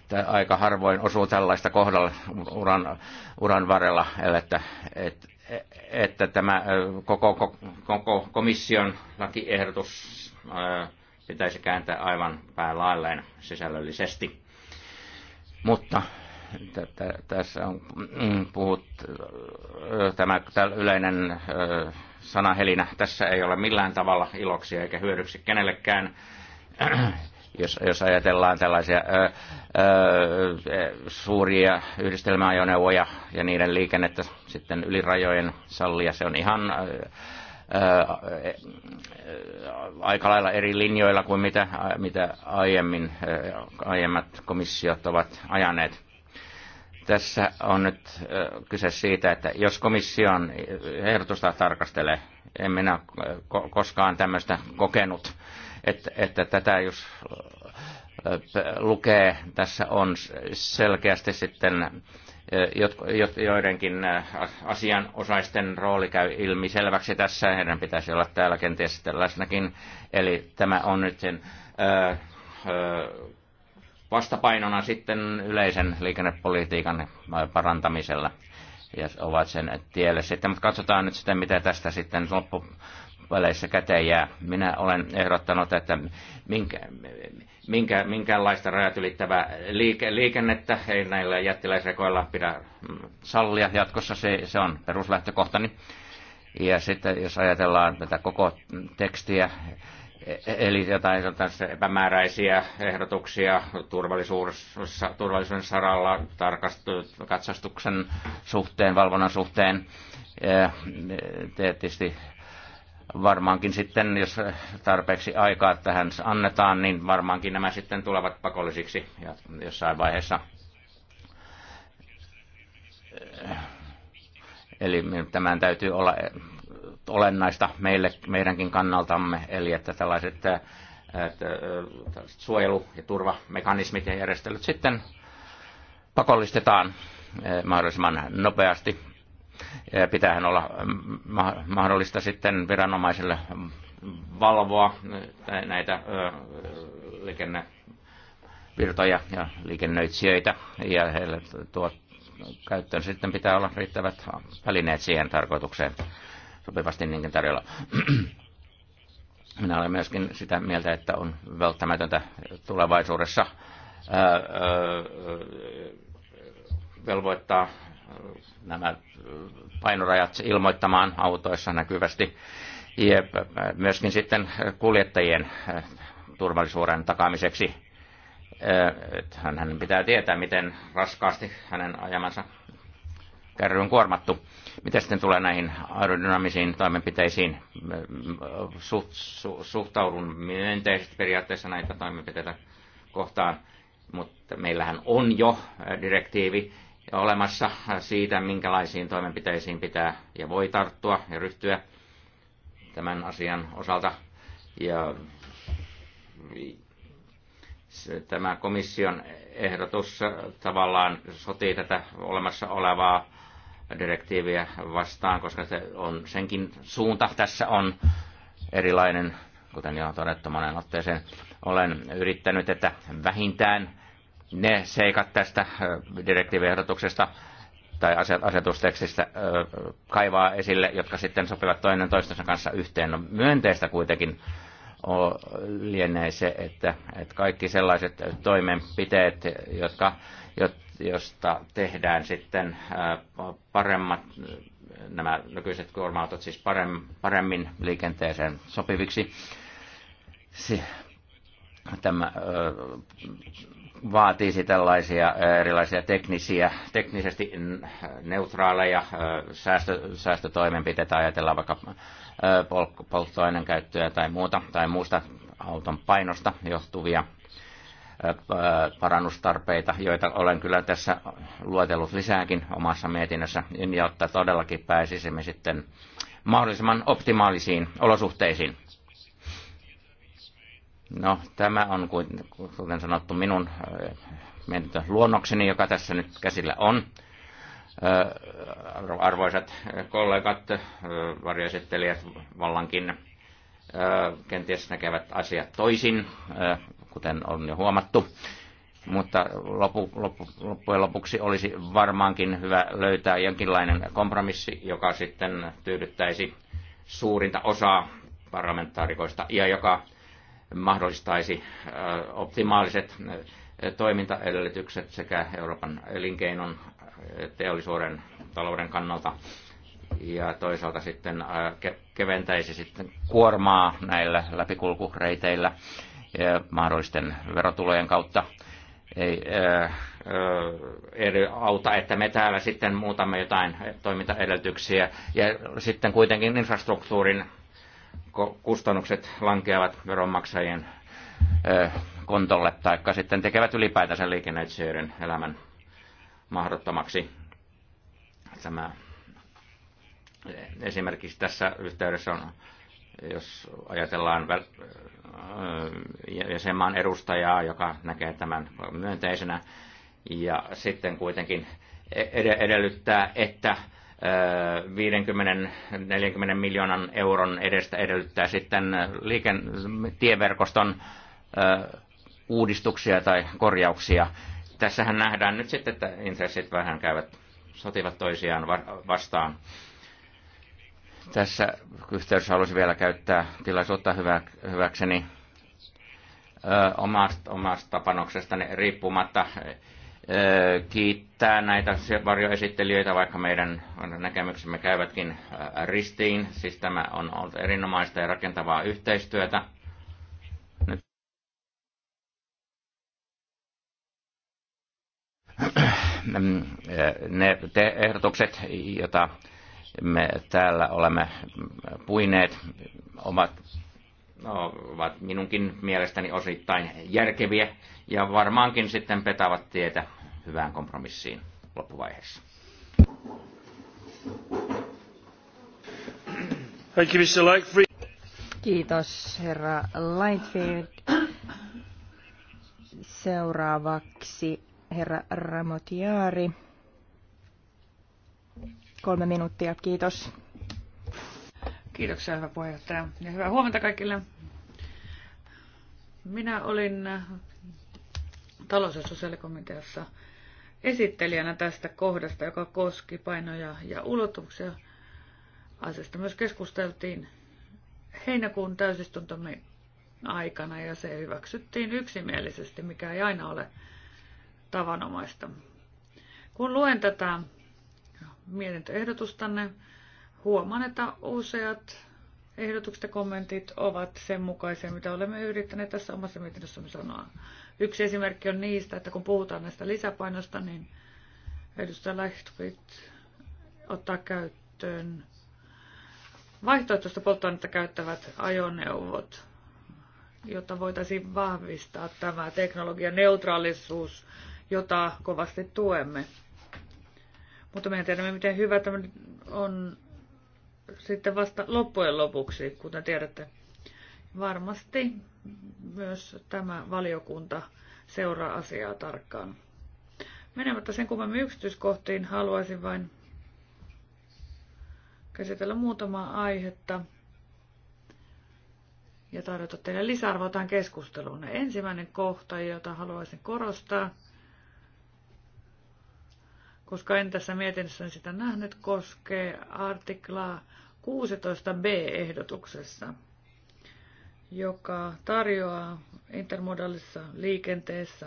Tämä aika harvoin osuu tällaista kohdalla uran, uran varrella, että, että että tämä koko, koko, koko komission lakiehdotus pitäisi kääntää aivan päälailleen sisällöllisesti. Mutta tässä on mm, puhuttu tämä, tämä yleinen sanahelinä tässä ei ole millään tavalla iloksi eikä hyödyksi kenellekään jos, jos ajatellaan tällaisia ö, ö, suuria yhdistelmäajoneuvoja ja niiden liikennettä sitten yli rajojen sallia, se on ihan ö, aika lailla eri linjoilla kuin mitä, mitä aiemmin, aiemmat komissiot ovat ajaneet. Tässä on nyt kyse siitä, että jos komission ehdotusta tarkastelee, en minä koskaan tämmöistä kokenut, että, että tätä jos lukee, tässä on selkeästi sitten joidenkin asianosaisten rooli käy ilmi selväksi tässä, heidän pitäisi olla täällä kenties sitten läsnäkin. Eli tämä on nyt sen vastapainona sitten yleisen liikennepolitiikan parantamisella ja ovat sen tielle sitten. Mutta katsotaan nyt sitten, mitä tästä sitten loppu, väleissä käteen jää. Minä olen ehdottanut, että minkä, minkä, minkäänlaista rajat ylittävää liike, liikennettä ei näillä jättiläisrekoilla pidä mm, sallia. Jatkossa se, se on peruslähtökohtani. Ja sitten jos ajatellaan tätä koko tekstiä, e-, eli jotain epämääräisiä ehdotuksia turvallisuuden saralla, katsastuksen suhteen, valvonnan suhteen, e-, e-, tietysti varmaankin sitten, jos tarpeeksi aikaa tähän annetaan, niin varmaankin nämä sitten tulevat pakollisiksi jossain vaiheessa. Eli tämän täytyy olla olennaista meille, meidänkin kannaltamme, eli että tällaiset että suojelu- ja turvamekanismit ja järjestelyt sitten pakollistetaan eh, mahdollisimman nopeasti Pitäähän olla mm, mahdollista sitten viranomaisille valvoa näitä liikennevirtoja ja liikennöitsijöitä ja heille tuot, käyttöön sitten pitää olla riittävät välineet siihen tarkoitukseen sopivasti niinkin tarjolla. Minä olen myöskin sitä mieltä, että on välttämätöntä tulevaisuudessa ää, ää, velvoittaa nämä painorajat ilmoittamaan autoissa näkyvästi. Ja myöskin sitten kuljettajien eh, turvallisuuden takaamiseksi. Eh, Hän pitää tietää, miten raskaasti hänen ajamansa kärry on kuormattu. Mitä sitten tulee näihin aerodynamisiin toimenpiteisiin? Suht, su, suhtaudun myönteisesti periaatteessa näitä toimenpiteitä kohtaan, mutta meillähän on jo direktiivi, olemassa siitä, minkälaisiin toimenpiteisiin pitää ja voi tarttua ja ryhtyä tämän asian osalta. Ja tämä komission ehdotus tavallaan sotii tätä olemassa olevaa direktiiviä vastaan, koska se on, senkin suunta tässä on erilainen, kuten jo todettu monen otteeseen. Olen yrittänyt, että vähintään ne seikat tästä direktiiviehdotuksesta tai asetustekstistä kaivaa esille, jotka sitten sopivat toinen toistensa kanssa yhteen. No, myönteistä kuitenkin lienee se, että, että kaikki sellaiset toimenpiteet, jotka, josta tehdään sitten paremmat, nämä nykyiset kuorma siis paremmin liikenteeseen sopiviksi, tämä vaatisi tällaisia erilaisia teknisiä, teknisesti neutraaleja säästö, säästötoimenpiteitä, ajatellaan vaikka polttoaineen käyttöä tai muuta, tai muusta auton painosta johtuvia parannustarpeita, joita olen kyllä tässä luetellut lisääkin omassa mietinnössä, jotta todellakin pääsisimme sitten mahdollisimman optimaalisiin olosuhteisiin. No, tämä on kuten sanottu minun äh, luonnokseni, joka tässä nyt käsillä on. Äh, arvoisat kollegat, äh, varjoesittelijät vallankin kenties näkevät asiat toisin, kuten on jo huomattu. Mutta lopu, lopu, loppujen lopuksi olisi varmaankin hyvä löytää jonkinlainen kompromissi, joka sitten tyydyttäisi suurinta osaa parlamentaarikoista ja joka mahdollistaisi äh, optimaaliset äh, toimintaedellytykset sekä Euroopan elinkeinon, äh, teollisuuden, talouden kannalta ja toisaalta sitten keventäisi sitten kuormaa näillä läpikulkureiteillä ja mahdollisten verotulojen kautta. Ei ei auta, että me täällä sitten muutamme jotain toimintaedellytyksiä ja sitten kuitenkin infrastruktuurin kustannukset lankeavat veronmaksajien kontolle, tai sitten tekevät ylipäätänsä liikenneitsijöiden elämän mahdottomaksi. Tämä esimerkiksi tässä yhteydessä on, jos ajatellaan jäsenmaan edustajaa, joka näkee tämän myönteisenä, ja sitten kuitenkin e-, edellyttää, että 50-40 miljoonan euron edestä edellyttää sitten liiken, tieverkoston uudistuksia tai korjauksia. Tässähän nähdään nyt sitten, että intressit vähän käyvät, sotivat toisiaan vastaan. Tässä yhteydessä haluaisin vielä käyttää tilaisuutta hyväkseni omasta, omasta panoksestani riippumatta kiittää näitä varjoesittelijöitä, vaikka meidän näkemyksemme käyvätkin ristiin. Siis tämä on ollut erinomaista ja rakentavaa yhteistyötä. Nyt ne te- ehdotukset, joita me täällä olemme puineet, ovat No, ovat minunkin mielestäni osittain järkeviä ja varmaankin sitten petavat tietä hyvään kompromissiin loppuvaiheessa. Kiitos herra Lightfield. Seuraavaksi herra Ramotiari. Kolme minuuttia, kiitos. Kiitoksia, hyvä puheenjohtaja. Ja hyvää huomenta kaikille. Minä olin äh, talous- ja sosiaalikomiteassa esittelijänä tästä kohdasta, joka koski painoja ja ulotuksia. Asiasta myös keskusteltiin heinäkuun täysistuntomme aikana ja se hyväksyttiin yksimielisesti, mikä ei aina ole tavanomaista. Kun luen tätä mietintöehdotustanne, Huomaan, että useat ehdotukset ja kommentit ovat sen mukaisia, mitä olemme yrittäneet tässä omassa mietinnössämme sanoa. Yksi esimerkki on niistä, että kun puhutaan näistä lisäpainosta, niin edustaja Lehtwit ottaa käyttöön vaihtoehtoista polttoainetta käyttävät ajoneuvot, jotta voitaisiin vahvistaa tämä teknologian neutraalisuus, jota kovasti tuemme. Mutta meidän tiedämme, miten hyvä tämä on sitten vasta loppujen lopuksi, kuten tiedätte. Varmasti myös tämä valiokunta seuraa asiaa tarkkaan. Menemättä sen kummemmin yksityiskohtiin haluaisin vain käsitellä muutamaa aihetta ja tarjota teille lisäarvoa tähän keskusteluun. Ensimmäinen kohta, jota haluaisin korostaa, koska en tässä mietinnössä sitä nähnyt, koskee artiklaa 16b-ehdotuksessa, joka tarjoaa intermodaalisessa liikenteessä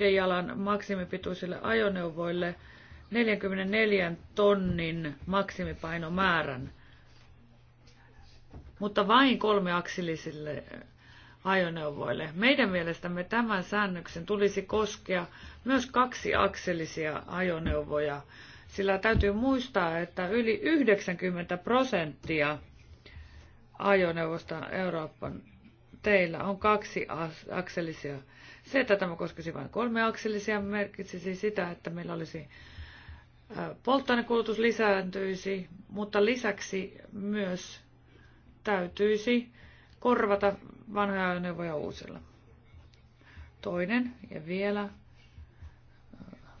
40-45 jalan maksimipituisille ajoneuvoille 44 tonnin maksimipainomäärän, mutta vain kolmeaksillisille ajoneuvoille. Meidän mielestämme tämän säännöksen tulisi koskea myös kaksiakselisia ajoneuvoja, sillä täytyy muistaa, että yli 90 prosenttia ajoneuvosta Euroopan teillä on kaksi akselisia. Se, että tämä koskisi vain kolme akselisia, merkitsisi sitä, että meillä olisi polttoainekulutus lisääntyisi, mutta lisäksi myös täytyisi korvata vanhoja ajoneuvoja uusilla. Toinen ja vielä äh,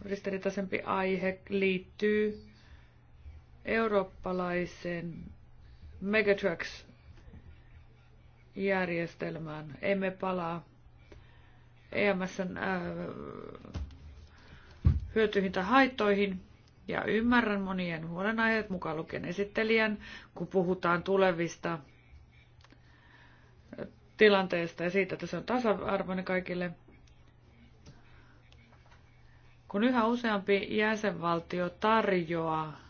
ristiriitaisempi aihe liittyy eurooppalaiseen Megatrax-järjestelmään. Emme palaa EMSn äh, hyötyihin tai haittoihin. Ja ymmärrän monien huolenaiheet, mukaan lukien esittelijän, kun puhutaan tulevista tilanteesta ja siitä, että se on tasa-arvoinen kaikille. Kun yhä useampi jäsenvaltio tarjoaa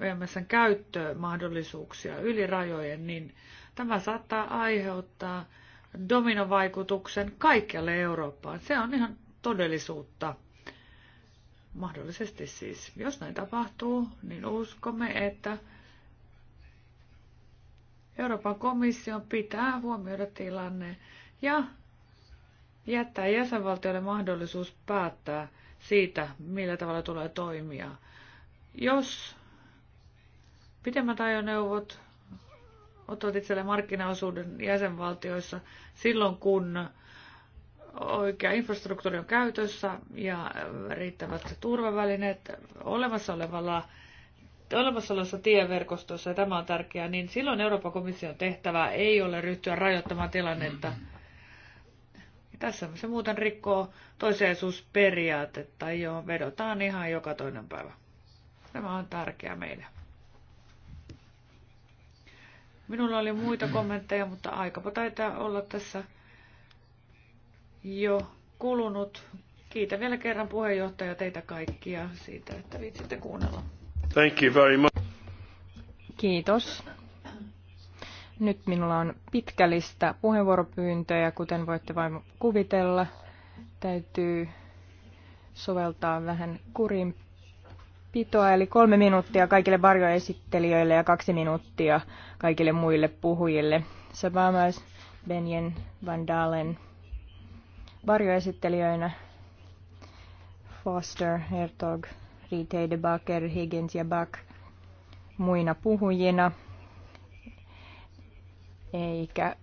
VMSn käyttömahdollisuuksia yli rajojen, niin tämä saattaa aiheuttaa dominovaikutuksen kaikkialle Eurooppaan. Se on ihan todellisuutta. Mahdollisesti siis. Jos näin tapahtuu, niin uskomme, että Euroopan komission pitää huomioida tilanne ja jättää jäsenvaltioille mahdollisuus päättää siitä, millä tavalla tulee toimia. Jos pidemmät ajoneuvot ottavat itselle markkinaosuuden jäsenvaltioissa silloin, kun oikea infrastruktuuri on käytössä ja riittävät turvavälineet olemassa olevalla olemassa olevassa tieverkostossa, ja tämä on tärkeää, niin silloin Euroopan komission tehtävä ei ole ryhtyä rajoittamaan tilannetta. Ja tässä se muuten rikkoo toiseisuusperiaatetta, johon vedotaan ihan joka toinen päivä. Tämä on tärkeää meille. Minulla oli muita kommentteja, mutta aikapa taitaa olla tässä jo kulunut. Kiitän vielä kerran puheenjohtaja teitä kaikkia siitä, että viitsitte kuunnella. Thank you very much. Kiitos. Nyt minulla on pitkä lista puheenvuoropyyntöjä, kuten voitte vain kuvitella. Täytyy soveltaa vähän kurin pitoa, eli kolme minuuttia kaikille varjoesittelijöille ja kaksi minuuttia kaikille muille puhujille. Sabamas, Benjen, Van Dalen varjoesittelijöinä, Foster, Hertog, Riitei, Teidebaker, Higgins ja Back muina puhujina. Eikä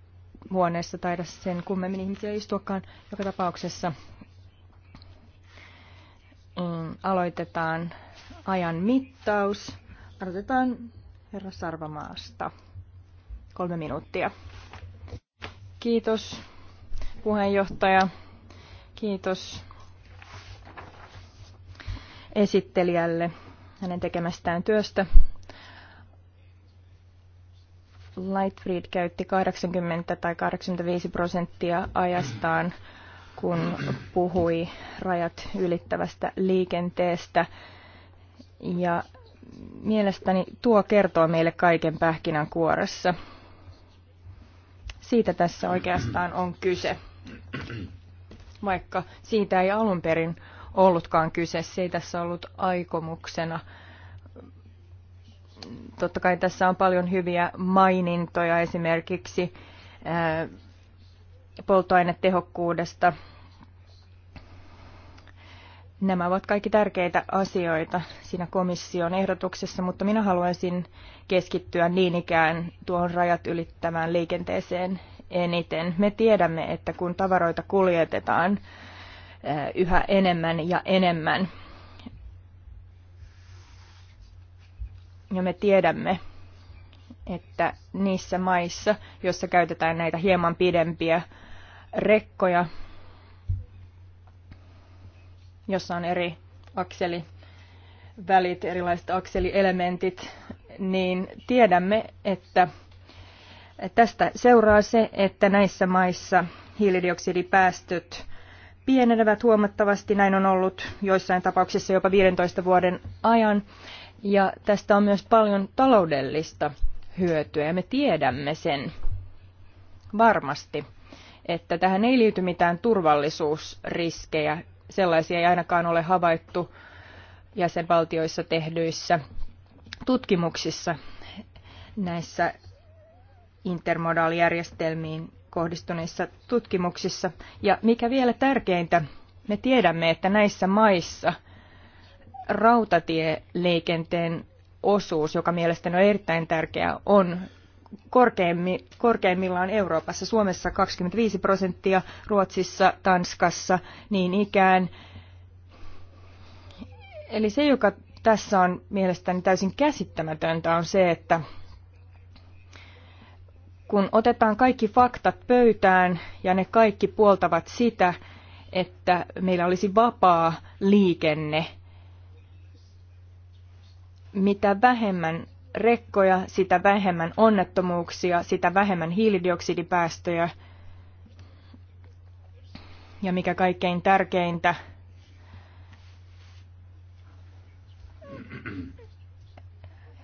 huoneessa taida sen kummemmin ihmisiä istuakaan joka tapauksessa. Mm, aloitetaan ajan mittaus. Aloitetaan herra Sarvamaasta. Kolme minuuttia. Kiitos puheenjohtaja. Kiitos esittelijälle hänen tekemästään työstä. Lightfried käytti 80 tai 85 prosenttia ajastaan, kun puhui rajat ylittävästä liikenteestä. Ja mielestäni tuo kertoo meille kaiken pähkinän kuoressa. Siitä tässä oikeastaan on kyse, vaikka siitä ei alun perin ollutkaan kyse. Se ei tässä ollut aikomuksena. Totta kai tässä on paljon hyviä mainintoja esimerkiksi polttoainetehokkuudesta. Nämä ovat kaikki tärkeitä asioita siinä komission ehdotuksessa, mutta minä haluaisin keskittyä niin ikään tuohon rajat ylittävään liikenteeseen eniten. Me tiedämme, että kun tavaroita kuljetetaan yhä enemmän ja enemmän. Ja me tiedämme, että niissä maissa, joissa käytetään näitä hieman pidempiä rekkoja, jossa on eri akselivälit, erilaiset akselielementit, niin tiedämme, että tästä seuraa se, että näissä maissa hiilidioksidipäästöt pienenevät huomattavasti. Näin on ollut joissain tapauksissa jopa 15 vuoden ajan. Ja tästä on myös paljon taloudellista hyötyä ja me tiedämme sen varmasti, että tähän ei liity mitään turvallisuusriskejä. Sellaisia ei ainakaan ole havaittu jäsenvaltioissa tehdyissä tutkimuksissa näissä intermodaalijärjestelmiin kohdistuneissa tutkimuksissa. Ja mikä vielä tärkeintä, me tiedämme, että näissä maissa rautatieliikenteen osuus, joka mielestäni on erittäin tärkeä, on korkeimmi, korkeimmillaan Euroopassa. Suomessa 25 prosenttia, Ruotsissa, Tanskassa niin ikään. Eli se, joka tässä on mielestäni täysin käsittämätöntä, on se, että kun otetaan kaikki faktat pöytään ja ne kaikki puoltavat sitä, että meillä olisi vapaa liikenne, mitä vähemmän rekkoja, sitä vähemmän onnettomuuksia, sitä vähemmän hiilidioksidipäästöjä. Ja mikä kaikkein tärkeintä,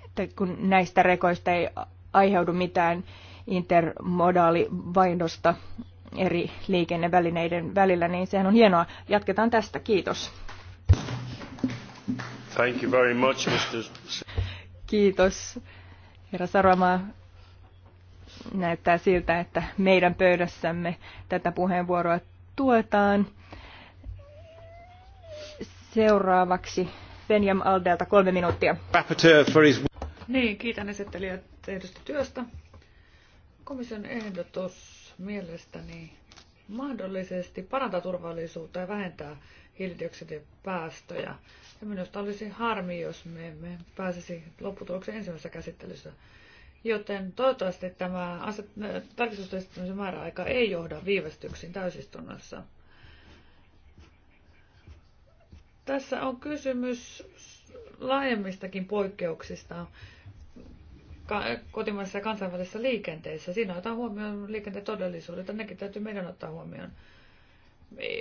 että kun näistä rekoista ei aiheudu mitään intermodaalivaihdosta eri liikennevälineiden välillä, niin sehän on hienoa. Jatketaan tästä. Kiitos. Thank you very much, Mr. Kiitos. Herra Sarama, näyttää siltä, että meidän pöydässämme tätä puheenvuoroa tuetaan. Seuraavaksi Benjam Aldelta kolme minuuttia. Niin, kiitän esittelijät tehdystä työstä. Komission ehdotus mielestäni mahdollisesti parantaa turvallisuutta ja vähentää hiilidioksidipäästöjä. Ja minusta olisi harmi, jos me emme pääsisi lopputulokseen ensimmäisessä käsittelyssä. Joten toivottavasti tämä aset, äh, tarkistusesittämisen määräaika ei johda viivästyksiin täysistunnossa. Tässä on kysymys laajemmistakin poikkeuksista kotimaisessa ja kansainvälisessä liikenteessä. Siinä otetaan huomioon liikenteen todellisuudet, ja nekin täytyy meidän ottaa huomioon.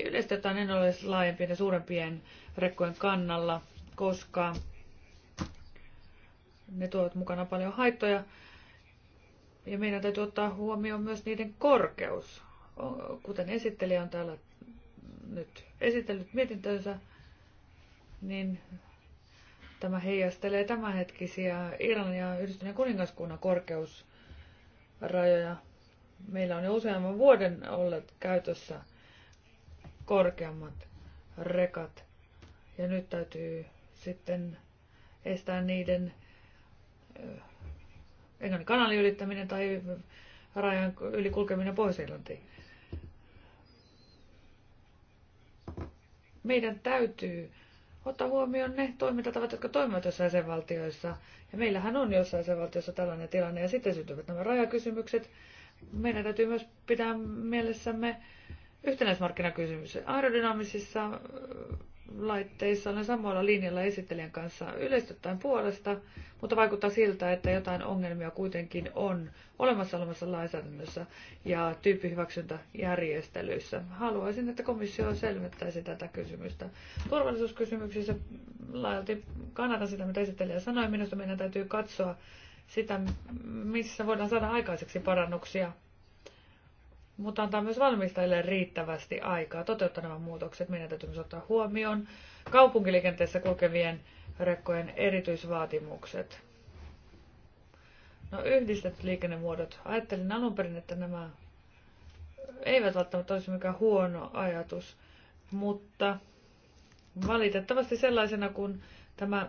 Yleisesti en ole laajempien ja suurempien rekkojen kannalla, koska ne tuovat mukana paljon haittoja. Ja meidän täytyy ottaa huomioon myös niiden korkeus. Kuten esittelijä on täällä nyt esitellyt mietintönsä, niin Tämä heijastelee tämänhetkisiä Irlannin ja Yhdistyneen kuningaskunnan korkeusrajoja. Meillä on jo useamman vuoden olleet käytössä korkeammat rekat. Ja nyt täytyy sitten estää niiden Englannin kanalin ylittäminen tai rajan yli pois Irlantiin. Meidän täytyy ottaa huomioon ne toimintatavat, jotka toimivat jossain jäsenvaltioissa. Ja meillähän on jossain jäsenvaltiossa tällainen tilanne, ja sitten syntyvät nämä rajakysymykset. Meidän täytyy myös pitää mielessämme yhtenäismarkkinakysymys. Aerodynaamisissa laitteissa olen samalla linjalla esittelijän kanssa yleistöttäen puolesta, mutta vaikuttaa siltä, että jotain ongelmia kuitenkin on olemassa olemassa lainsäädännössä ja tyyppihyväksyntäjärjestelyissä. Haluaisin, että komissio selvittäisi tätä kysymystä. Turvallisuuskysymyksissä laajalti kannatan sitä, mitä esittelijä sanoi. Minusta meidän täytyy katsoa sitä, missä voidaan saada aikaiseksi parannuksia mutta antaa myös valmistajille riittävästi aikaa toteuttaa nämä muutokset. Meidän täytyy myös ottaa huomioon kaupunkiliikenteessä kulkevien rekkojen erityisvaatimukset. No yhdistetty liikennemuodot. Ajattelin alun perin, että nämä eivät välttämättä olisi mikään huono ajatus, mutta valitettavasti sellaisena kuin tämä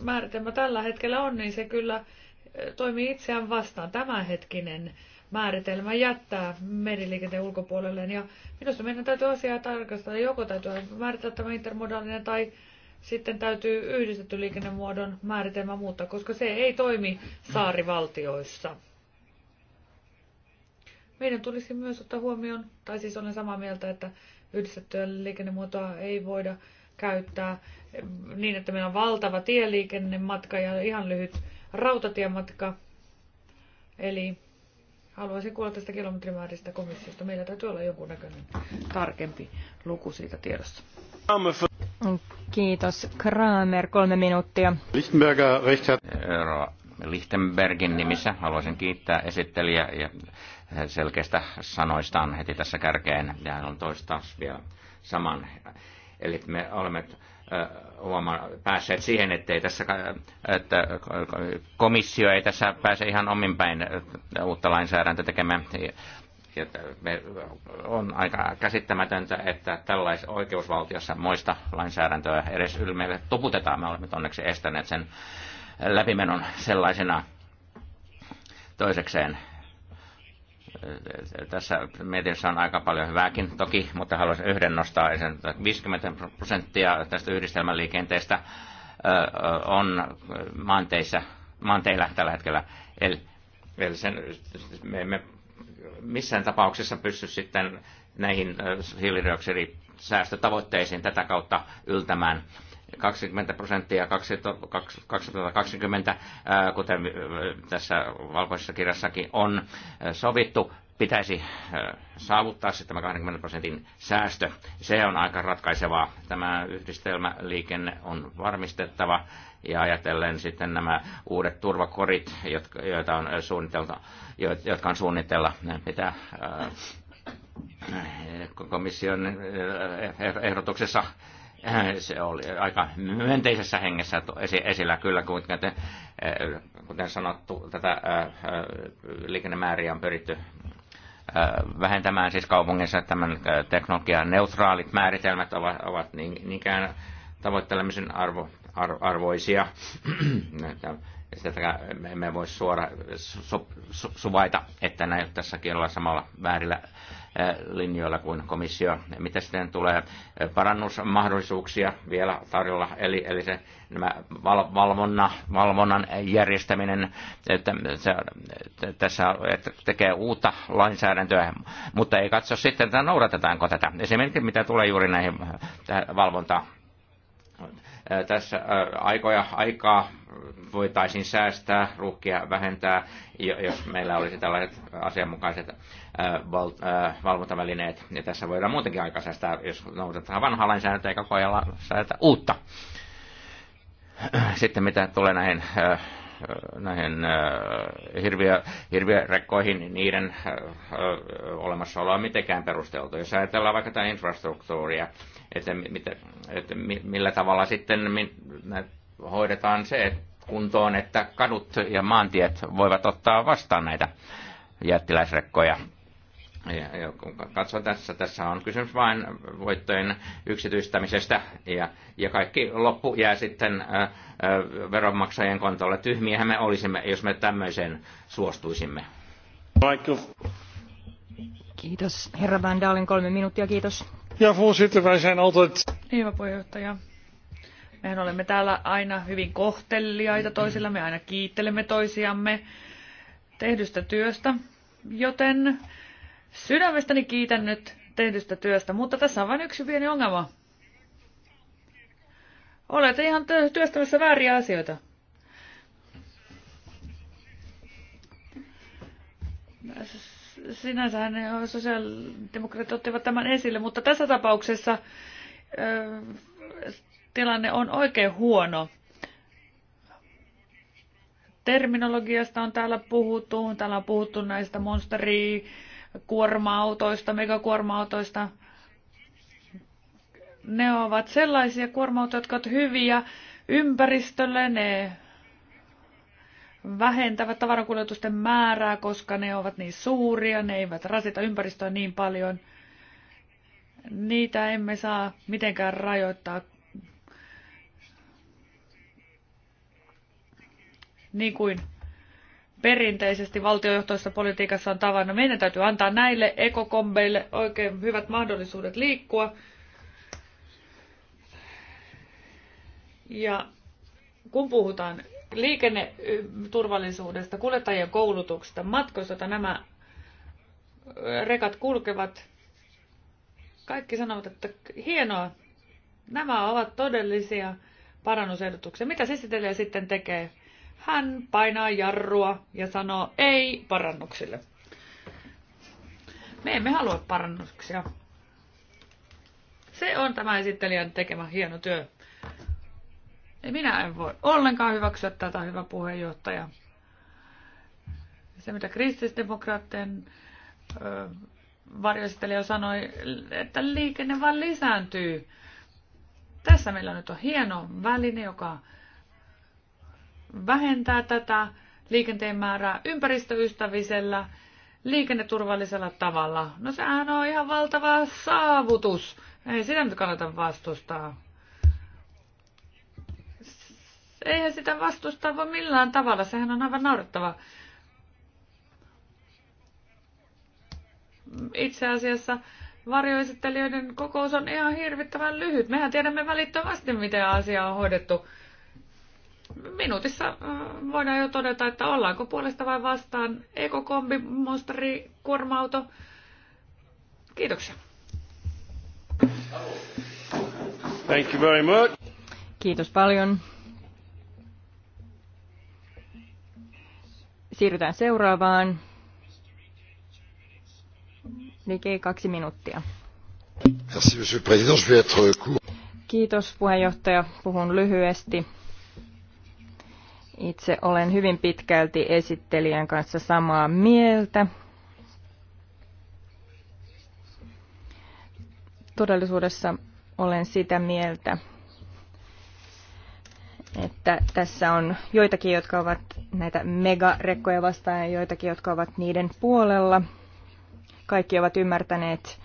määritelmä tällä hetkellä on, niin se kyllä eh, toimii itseään vastaan. Tämänhetkinen määritelmä jättää meriliikenteen ulkopuolelle. Ja minusta meidän täytyy asiaa tarkastella. Joko täytyy määritellä tämä intermodaalinen tai sitten täytyy yhdistetty liikennemuodon määritelmä muuttaa, koska se ei toimi saarivaltioissa. Meidän tulisi myös ottaa huomioon, tai siis olen samaa mieltä, että yhdistettyä liikennemuotoa ei voida käyttää niin, että meillä on valtava tieliikennematka ja ihan lyhyt rautatiematka. Eli Haluaisin kuulla tästä kilometrimääristä komissiosta. Meillä täytyy olla joku näköinen tarkempi luku siitä tiedossa. Kiitos. Kramer, kolme minuuttia. Lichtenberger, Lichtenbergin nimissä haluaisin kiittää esittelijä ja selkeistä sanoistaan heti tässä kärkeen. Ja hän on toistaa vielä saman. Eli me olemme Äh, päässeet siihen, ettei tässä, että komissio ei tässä pääse ihan omin päin äh, uutta lainsäädäntöä tekemään. On aika käsittämätöntä, että tällais oikeusvaltiossa moista lainsäädäntöä edes ylmeille toputetaan. Me olemme onneksi estäneet sen läpimenon sellaisena. Toisekseen tässä mediassa on aika paljon hyvääkin toki, mutta haluaisin yhden nostaa että 50 prosenttia tästä yhdistelmäliikenteestä on maanteissa, maanteillä tällä hetkellä. Eli, eli sen, me emme missään tapauksessa pysty sitten näihin hiilidioksidisäästötavoitteisiin tätä kautta yltämään 20 prosenttia 2020, kuten tässä valkoisessa kirjassakin on sovittu, pitäisi saavuttaa se tämä 20 prosentin säästö. Se on aika ratkaisevaa. Tämä yhdistelmäliikenne on varmistettava ja ajatellen sitten nämä uudet turvakorit, jotka, joita on suunniteltu, jotka on suunnitella, mitä pitää komission ehdotuksessa Äh, se oli aika myönteisessä hengessä esillä kyllä, kuten, äh, kuten sanottu, tätä äh, liikennemääriä on pyritty vähentämään siis kaupungissa tämän teknologian neutraalit määritelmät ovat, ovat niin, niinkään tavoittelemisen arvo, arvo, arvoisia. Sitä me emme voi suora su, su, suvaita, että näin tässäkin ollaan samalla väärillä linjoilla kuin komissio. Mitä sitten tulee parannusmahdollisuuksia vielä tarjolla, eli, eli se, nämä val, valvonna, valvonnan järjestäminen, että se, tässä että tekee uutta lainsäädäntöä, mutta ei katso sitten, että noudatetaanko tätä. Esimerkiksi mitä tulee juuri näihin valvontaan tässä aikoja, aikaa voitaisiin säästää, ruuhkia vähentää, jos meillä olisi tällaiset asianmukaiset valvontavälineet. Ja tässä voidaan muutenkin aikaa säästää, jos noudatetaan vanhaa lainsäädäntöä eikä kojalla säätä uutta. Sitten mitä tulee näihin näihin hirviö, hirviörekkoihin, niin niiden olemassaoloa mitenkään perusteltu. Jos ajatellaan vaikka tätä infrastruktuuria, että, että, että millä tavalla sitten hoidetaan se kuntoon, että kadut ja maantiet voivat ottaa vastaan näitä jättiläisrekkoja. Ja, ja kun katsoo tässä, tässä on kysymys vain voittojen yksityistämisestä ja, ja kaikki loppu jää sitten ä, ä, veronmaksajien kontolle. Tyhmiähän me olisimme, jos me tämmöiseen suostuisimme. Michael. Kiitos. Herra Van kolme minuuttia, kiitos. Ja, voorzitter, wij zijn altijd... Hyvä puheenjohtaja. Mehän olemme täällä aina hyvin kohteliaita toisillamme, aina kiittelemme toisiamme tehdystä työstä, joten sydämestäni kiitän nyt tehdystä työstä, mutta tässä on vain yksi pieni ongelma. Olette ihan työstämässä vääriä asioita sinänsähän ne sosiaalidemokraatit ottivat tämän esille, mutta tässä tapauksessa tilanne on oikein huono. Terminologiasta on täällä puhuttu, täällä on puhuttu näistä monsteri kuorma-autoista, megakuorma-autoista. Ne ovat sellaisia kuorma-autoja, jotka ovat hyviä ympäristölle, ne vähentävät tavarankuljetusten määrää, koska ne ovat niin suuria, ne eivät rasita ympäristöä niin paljon. Niitä emme saa mitenkään rajoittaa. Niin kuin perinteisesti valtiojohtoisessa politiikassa on tavana. Meidän täytyy antaa näille ekokombeille oikein hyvät mahdollisuudet liikkua. Ja kun puhutaan liikenneturvallisuudesta, kuljettajien koulutuksesta, matkoista, joita nämä rekat kulkevat. Kaikki sanovat, että hienoa, nämä ovat todellisia parannusehdotuksia. Mitä sisitelijä sitten tekee? Hän painaa jarrua ja sanoo ei parannuksille. Me emme halua parannuksia. Se on tämä esittelijän tekemä hieno työ. Ja minä en voi ollenkaan hyväksyä tätä, hyvä puheenjohtaja. Se, mitä kristillisdemokraattien varjoistelija sanoi, että liikenne vaan lisääntyy. Tässä meillä nyt on hieno väline, joka vähentää tätä liikenteen määrää ympäristöystävisellä, liikenneturvallisella tavalla. No sehän on ihan valtava saavutus. Ei sitä nyt kannata vastustaa eihän sitä vastustaa voi millään tavalla, sehän on aivan naurettava. Itse asiassa varjoesittelijöiden kokous on ihan hirvittävän lyhyt. Mehän tiedämme välittömästi, miten asia on hoidettu. Minuutissa äh, voidaan jo todeta, että ollaanko puolesta vai vastaan. Ekokombi, monsteri, kuorma-auto. Kiitoksia. Thank you very much. Kiitos paljon. siirrytään seuraavaan. Liike kaksi minuuttia. Kiitos puheenjohtaja. Puhun lyhyesti. Itse olen hyvin pitkälti esittelijän kanssa samaa mieltä. Todellisuudessa olen sitä mieltä, että tässä on joitakin, jotka ovat näitä megarekkoja vastaan ja joitakin, jotka ovat niiden puolella. Kaikki ovat ymmärtäneet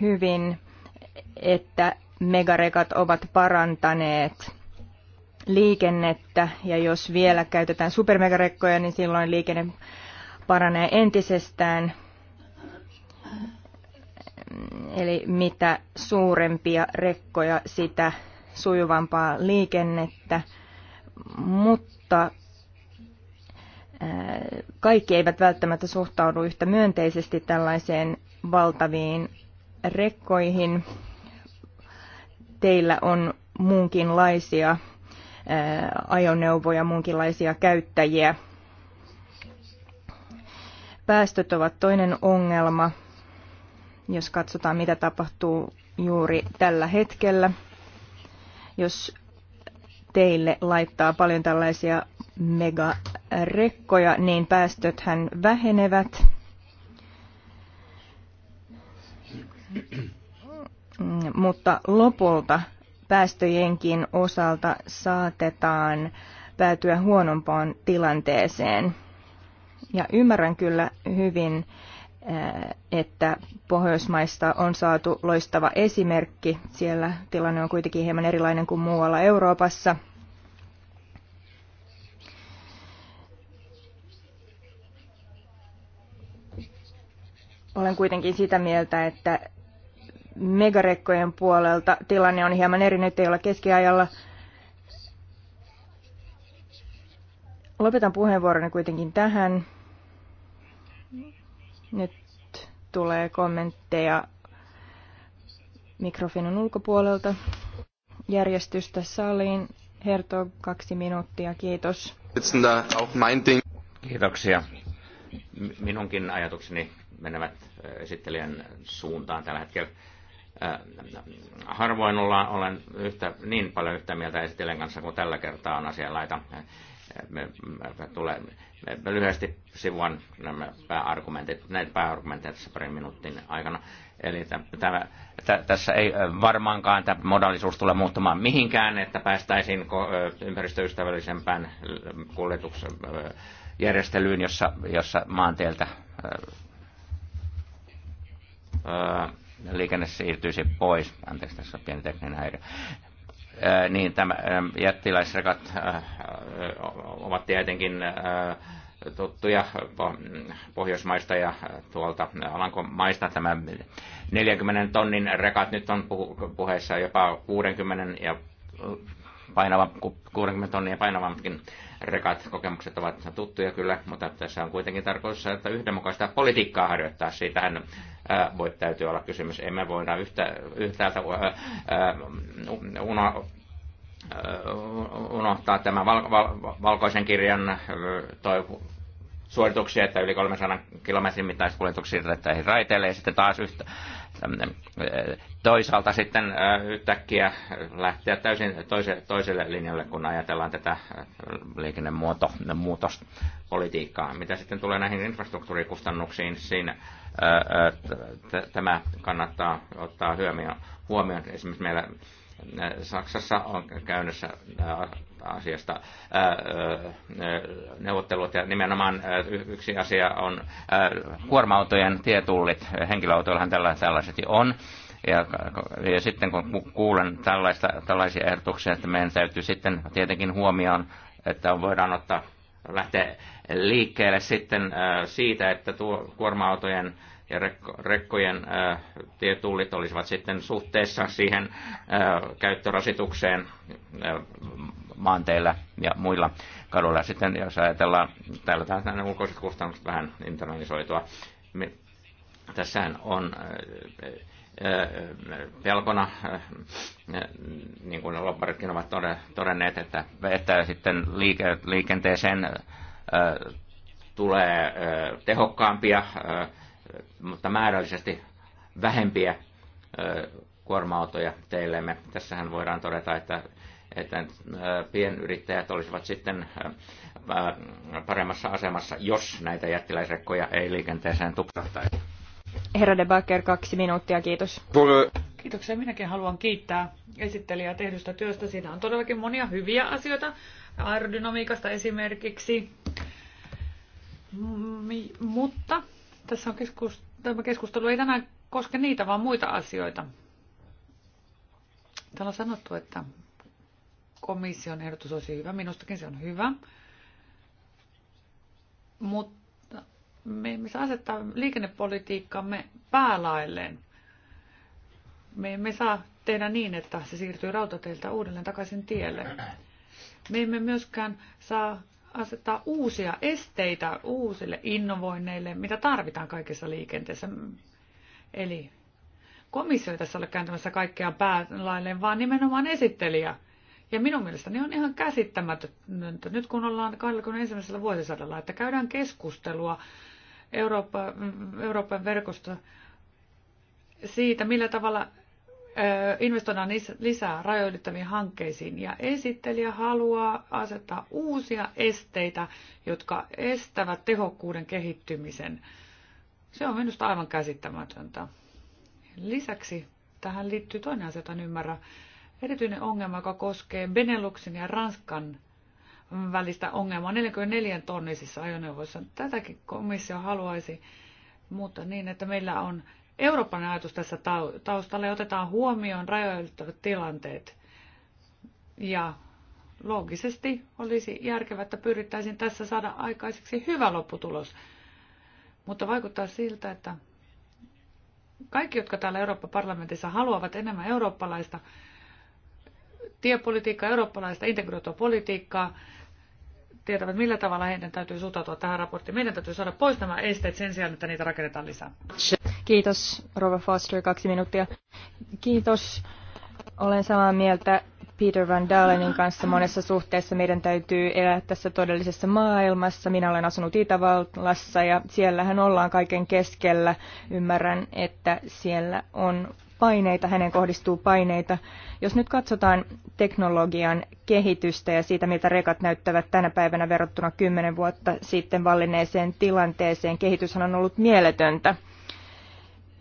hyvin, että megarekat ovat parantaneet liikennettä ja jos vielä käytetään supermegarekkoja, niin silloin liikenne paranee entisestään. Eli mitä suurempia rekkoja, sitä sujuvampaa liikennettä, mutta kaikki eivät välttämättä suhtaudu yhtä myönteisesti tällaiseen valtaviin rekkoihin. Teillä on muunkinlaisia ajoneuvoja, muunkinlaisia käyttäjiä. Päästöt ovat toinen ongelma, jos katsotaan mitä tapahtuu juuri tällä hetkellä jos teille laittaa paljon tällaisia megarekkoja, niin päästöthän vähenevät. Mutta lopulta päästöjenkin osalta saatetaan päätyä huonompaan tilanteeseen. Ja ymmärrän kyllä hyvin Äh, että Pohjoismaista on saatu loistava esimerkki. Siellä tilanne on kuitenkin hieman erilainen kuin muualla Euroopassa. Olen kuitenkin sitä mieltä, että megarekkojen puolelta tilanne on hieman eri. Nyt ei olla keskiajalla. Lopetan puheenvuoroni kuitenkin tähän. Nyt tulee kommentteja mikrofonin ulkopuolelta. Järjestystä saliin. Herto, kaksi minuuttia. Kiitos. Kiitoksia. Minunkin ajatukseni menevät äh, esittelijän suuntaan tällä hetkellä. Äh, harvoin ollaan, olen yhtä, niin paljon yhtä mieltä esittelijän kanssa kuin tällä kertaa on asianlaita tulee lyhyesti sivuan nämä pääargumentit, näitä pääargumentteja tässä parin minuutin aikana. Eli tämä, tässä ei varmaankaan tämä modallisuus tule muuttumaan mihinkään, että päästäisiin ympäristöystävällisempään järjestelyyn, jossa, jossa maanteeltä liikenne siirtyisi pois. Anteeksi, tässä on pieni tekninen häiriö. Äh, niin tämä ähm, jättiläisrekat äh, äh, ovat tietenkin tuttuja Pohjoismaista ja tuolta Alankomaista. Tämä 40 tonnin rekat nyt on puheessa jopa 60 ja painava, 60 tonnia painavammatkin rekat kokemukset ovat tuttuja kyllä, mutta tässä on kuitenkin tarkoitus, että yhdenmukaista politiikkaa harjoittaa. Siitähän ää, voi täytyy olla kysymys. Emme voida yhtä, yhtäältä ää, uno, unohtaa tämän val, val, valkoisen kirjan toi, suorituksia, että yli 300 kilometrin mittaiset kuljetuksia raiteille ja sitten taas yhtä, Eh, toisaalta sitten eh, yhtäkkiä lähteä täysin toiselle linjalle, kun ajatellaan tätä eh, liikennemuutospolitiikkaa. Mitä sitten tulee näihin infrastruktuurikustannuksiin, siinä tämä kannattaa ottaa huomioon. Esimerkiksi meillä Saksassa on käynnissä asiasta neuvottelut. Ja nimenomaan yksi asia on kuorma-autojen tietullit. Henkilöautoillahan tällaiset on. Ja, ja sitten kun kuulen tällaista, tällaisia ehdotuksia, että meidän täytyy sitten tietenkin huomioon, että voidaan ottaa lähteä liikkeelle sitten siitä, että tuo kuorma-autojen ja rekkojen tietullit olisivat sitten suhteessa siihen käyttörasitukseen maanteillä ja muilla kaduilla. Sitten jos ajatellaan, täällä taas nämä ulkoiset kustannukset vähän internalisoitua. Me, tässähän on äh, äh, pelkona, äh, niin kuin lobbaritkin ovat todenneet, että, että sitten liike, liikenteeseen tulee tehokkaampia, mutta määrällisesti vähempiä kuorma-autoja teillemme. Tässähän voidaan todeta, että että pienyrittäjät olisivat sitten paremmassa asemassa, jos näitä jättiläisrekkoja ei liikenteeseen tupsahtaisi. Herra De Backer, kaksi minuuttia, kiitos. Kiitoksia, minäkin haluan kiittää esittelijää tehdystä työstä. Siinä on todellakin monia hyviä asioita, aerodynamiikasta esimerkiksi. Mm, mutta tässä on keskustelu, tämä keskustelu ei tänään koske niitä, vaan muita asioita. Täällä on sanottu, että komission ehdotus olisi hyvä. Minustakin se on hyvä. Mutta me emme saa asettaa liikennepolitiikkamme päälailleen. Me emme saa tehdä niin, että se siirtyy rautateiltä uudelleen takaisin tielle. Me emme myöskään saa asettaa uusia esteitä uusille innovoinneille, mitä tarvitaan kaikessa liikenteessä. Eli komissio ei tässä ole kääntämässä kaikkea päälailleen, vaan nimenomaan esittelijä – ja minun mielestäni on ihan käsittämätöntä, nyt kun ollaan 21. vuosisadalla, että käydään keskustelua Eurooppa, Euroopan verkosta siitä, millä tavalla investoidaan lisää rajoittaviin hankkeisiin ja esittelijä haluaa asettaa uusia esteitä, jotka estävät tehokkuuden kehittymisen. Se on minusta aivan käsittämätöntä. Lisäksi tähän liittyy toinen asia, jota en ymmärrä erityinen ongelma, joka koskee Beneluxin ja Ranskan välistä ongelmaa 44 tonnisissa ajoneuvoissa. Tätäkin komissio haluaisi mutta niin, että meillä on Euroopan ajatus tässä taustalla ja otetaan huomioon rajoittavat tilanteet. Ja loogisesti olisi järkevää, että pyrittäisiin tässä saada aikaiseksi hyvä lopputulos. Mutta vaikuttaa siltä, että kaikki, jotka täällä Euroopan parlamentissa haluavat enemmän eurooppalaista tiepolitiikkaa, eurooppalaista integroitua politiikkaa, tietävät, millä tavalla heidän täytyy suhtautua tähän raporttiin. Meidän täytyy saada pois nämä esteet sen sijaan, että niitä rakennetaan lisää. Kiitos, Rova Foster, kaksi minuuttia. Kiitos. Olen samaa mieltä Peter Van Dalenin kanssa monessa suhteessa. Meidän täytyy elää tässä todellisessa maailmassa. Minä olen asunut Itävallassa ja siellähän ollaan kaiken keskellä. Ymmärrän, että siellä on paineita, hänen kohdistuu paineita. Jos nyt katsotaan teknologian kehitystä ja siitä, mitä rekat näyttävät tänä päivänä verrattuna kymmenen vuotta sitten vallinneeseen tilanteeseen, kehityshän on ollut mieletöntä.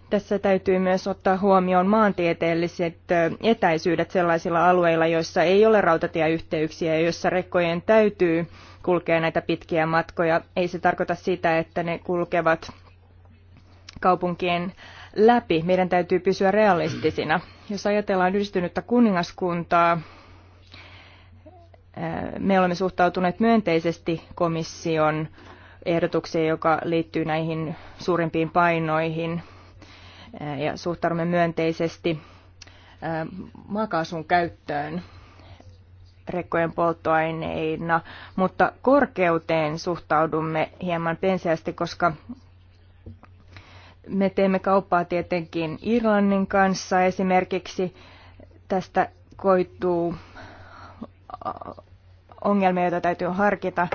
Tässä täytyy myös ottaa huomioon maantieteelliset etäisyydet sellaisilla alueilla, joissa ei ole rautatieyhteyksiä ja joissa rekkojen täytyy kulkea näitä pitkiä matkoja. Ei se tarkoita sitä, että ne kulkevat kaupunkien läpi. Meidän täytyy pysyä realistisina. Jos ajatellaan yhdistynyttä kuningaskuntaa, eh, me olemme suhtautuneet myönteisesti komission ehdotukseen, joka liittyy näihin suurimpiin painoihin eh, ja suhtaudumme myönteisesti eh, maakaasun käyttöön rekkojen polttoaineina, mutta korkeuteen suhtaudumme hieman penseästi, koska me teemme kauppaa tietenkin Irlannin kanssa esimerkiksi. Tästä koituu ongelmia, joita täytyy harkita.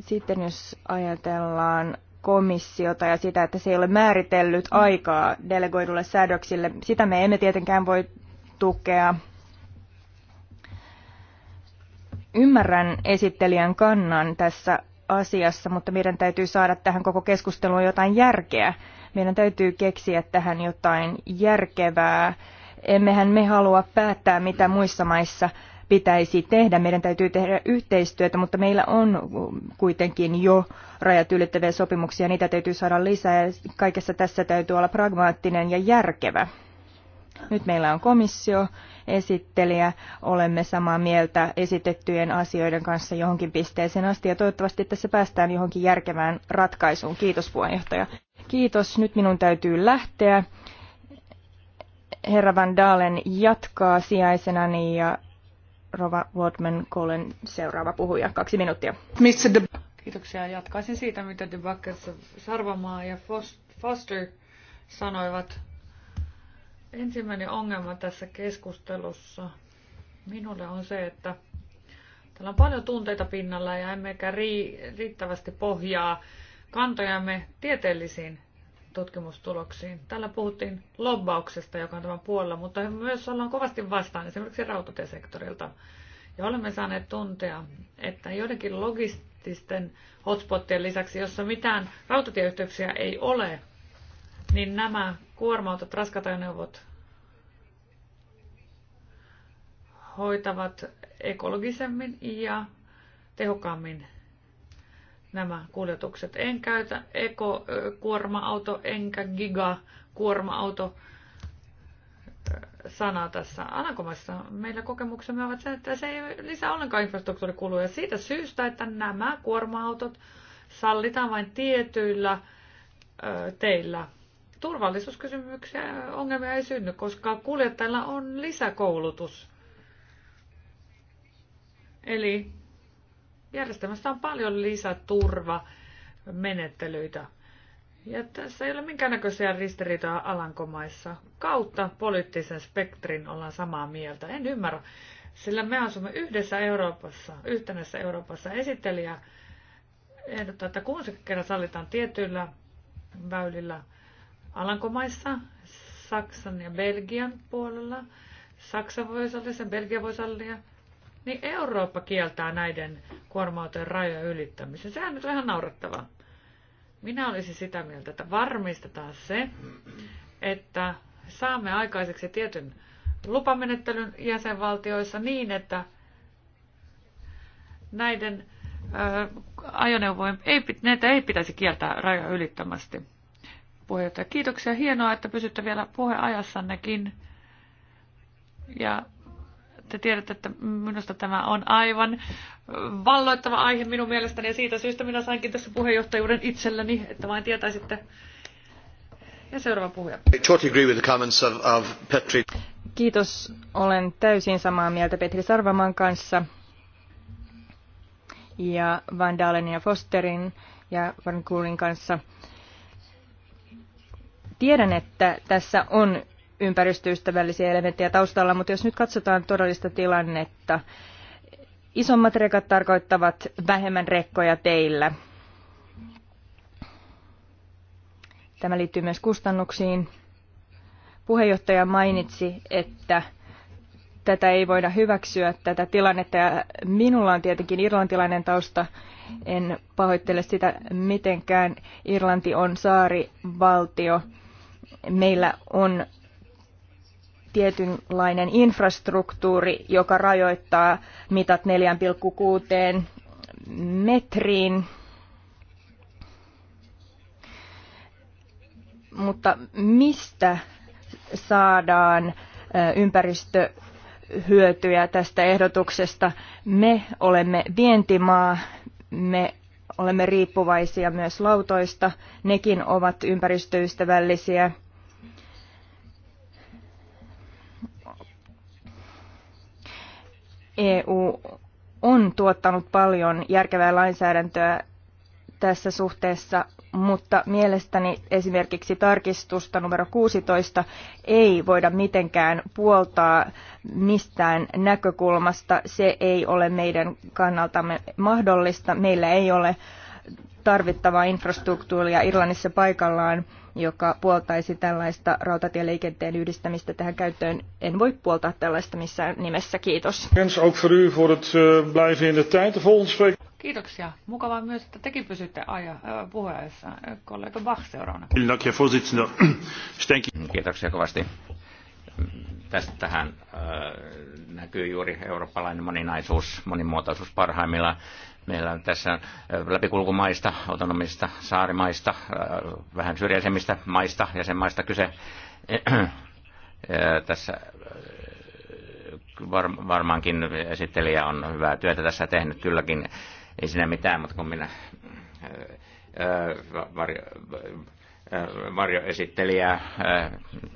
Sitten jos ajatellaan komissiota ja sitä, että se ei ole määritellyt aikaa delegoidulle säädöksille, sitä me emme tietenkään voi tukea. Ymmärrän esittelijän kannan tässä asiassa, mutta meidän täytyy saada tähän koko keskusteluun jotain järkeä. Meidän täytyy keksiä tähän jotain järkevää. Emmehän me halua päättää, mitä muissa maissa pitäisi tehdä. Meidän täytyy tehdä yhteistyötä, mutta meillä on kuitenkin jo rajat ylittäviä sopimuksia. Niitä täytyy saada lisää kaikessa tässä täytyy olla pragmaattinen ja järkevä. Nyt meillä on komissio, esittelijä. Olemme samaa mieltä esitettyjen asioiden kanssa johonkin pisteeseen asti ja toivottavasti tässä päästään johonkin järkevään ratkaisuun. Kiitos puheenjohtaja. Kiitos. Nyt minun täytyy lähteä. Herra Van Dalen jatkaa sijaisenani ja Rova Wodman Kolen seuraava puhuja. Kaksi minuuttia. Kiitoksia. Jatkaisin siitä, mitä De Sarvamaa ja Foster sanoivat ensimmäinen ongelma tässä keskustelussa minulle on se, että täällä on paljon tunteita pinnalla ja emmekä riittävästi pohjaa kantojamme tieteellisiin tutkimustuloksiin. Täällä puhuttiin lobbauksesta, joka on tämän puolella, mutta myös ollaan kovasti vastaan esimerkiksi rautatiesektorilta. Ja olemme saaneet tuntea, että joidenkin logististen hotspottien lisäksi, jossa mitään rautatieyhteyksiä ei ole, niin nämä kuorma-autot, raskat ajoneuvot hoitavat ekologisemmin ja tehokkaammin nämä kuljetukset. En käytä ekokuorma-auto enkä gigakuorma-auto sanaa tässä Anakomassa. Meillä kokemuksemme ovat sen, että se ei lisää ollenkaan infrastruktuurikuluja siitä syystä, että nämä kuorma-autot sallitaan vain tietyillä teillä turvallisuuskysymyksiä ongelmia ei synny, koska kuljettajilla on lisäkoulutus. Eli järjestelmässä on paljon lisäturvamenettelyitä. Ja tässä ei ole minkäännäköisiä ristiriitoja Alankomaissa. Kautta poliittisen spektrin ollaan samaa mieltä. En ymmärrä, sillä me asumme yhdessä Euroopassa, yhtenässä Euroopassa. Esittelijä ehdottaa, että kun se kerran sallitaan tietyillä väylillä, Alankomaissa, Saksan ja Belgian puolella. Saksa voi sallia Belgia voi sallia. Niin Eurooppa kieltää näiden kuorma rajoja ylittämisen. Sehän nyt on ihan naurettavaa. Minä olisin sitä mieltä, että varmistetaan se, että saamme aikaiseksi tietyn lupamenettelyn jäsenvaltioissa niin, että näiden ajoneuvojen ei, näitä ei pitäisi kieltää raja ylittämästi puheenjohtaja. Kiitoksia. Hienoa, että pysytte vielä puheajassannekin. Ja te tiedätte, että minusta tämä on aivan valloittava aihe minun mielestäni ja siitä syystä minä sainkin tässä puheenjohtajuuden itselleni, että vain tietäisitte. Ja seuraava puhuja. Kiitos. Olen täysin samaa mieltä Petri Sarvaman kanssa ja Van Dalenin ja Fosterin ja Van Kuulin kanssa. Tiedän, että tässä on ympäristöystävällisiä elementtejä taustalla, mutta jos nyt katsotaan todellista tilannetta, isommat rekat tarkoittavat vähemmän rekkoja teillä. Tämä liittyy myös kustannuksiin. Puheenjohtaja mainitsi, että tätä ei voida hyväksyä, tätä tilannetta. Ja minulla on tietenkin irlantilainen tausta, en pahoittele sitä mitenkään. Irlanti on saarivaltio. valtio meillä on tietynlainen infrastruktuuri, joka rajoittaa mitat 4,6 metriin. Mutta mistä saadaan ympäristöhyötyjä tästä ehdotuksesta? Me olemme vientimaa, me olemme riippuvaisia myös lautoista, nekin ovat ympäristöystävällisiä – EU on tuottanut paljon järkevää lainsäädäntöä tässä suhteessa, mutta mielestäni esimerkiksi tarkistusta numero 16 ei voida mitenkään puoltaa mistään näkökulmasta. Se ei ole meidän kannaltamme mahdollista. Meillä ei ole tarvittavaa infrastruktuuria Irlannissa paikallaan joka puoltaisi tällaista rautatieliikenteen yhdistämistä tähän käyttöön. En voi puoltaa tällaista missään nimessä. Kiitos. Eh, Kiitoksia. Mukavaa myös, että tekin pysytte aja, puheessa. Kollega Bach seuraavana. Kiitoksia kovasti. Tästähän äh, näkyy juuri eurooppalainen moninaisuus, monimuotoisuus parhaimmillaan. Meillä on tässä äh, läpikulkumaista, autonomista saarimaista, äh, vähän syrjäisemmistä maista, jäsenmaista kyse. Äh, tässä varmaankin esittelijä on hyvää työtä tässä tehnyt kylläkin. Ei siinä mitään, mutta kun minä varjo, varjoesittelijä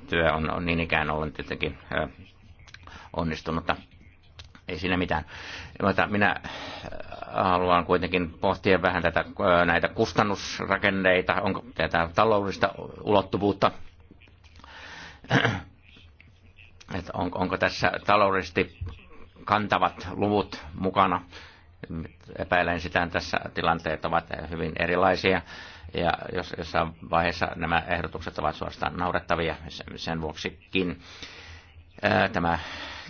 työ on, on niin ikään ollut tietenkin onnistunutta. Ei siinä mitään. Mutta minä haluan kuitenkin pohtia vähän tätä, näitä kustannusrakenneita, onko tätä taloudellista ulottuvuutta, että on, onko tässä taloudellisesti kantavat luvut mukana. Epäilen sitä, tässä tilanteet ovat hyvin erilaisia ja jos, jossain vaiheessa nämä ehdotukset ovat suorastaan naurettavia sen vuoksikin. Tämä,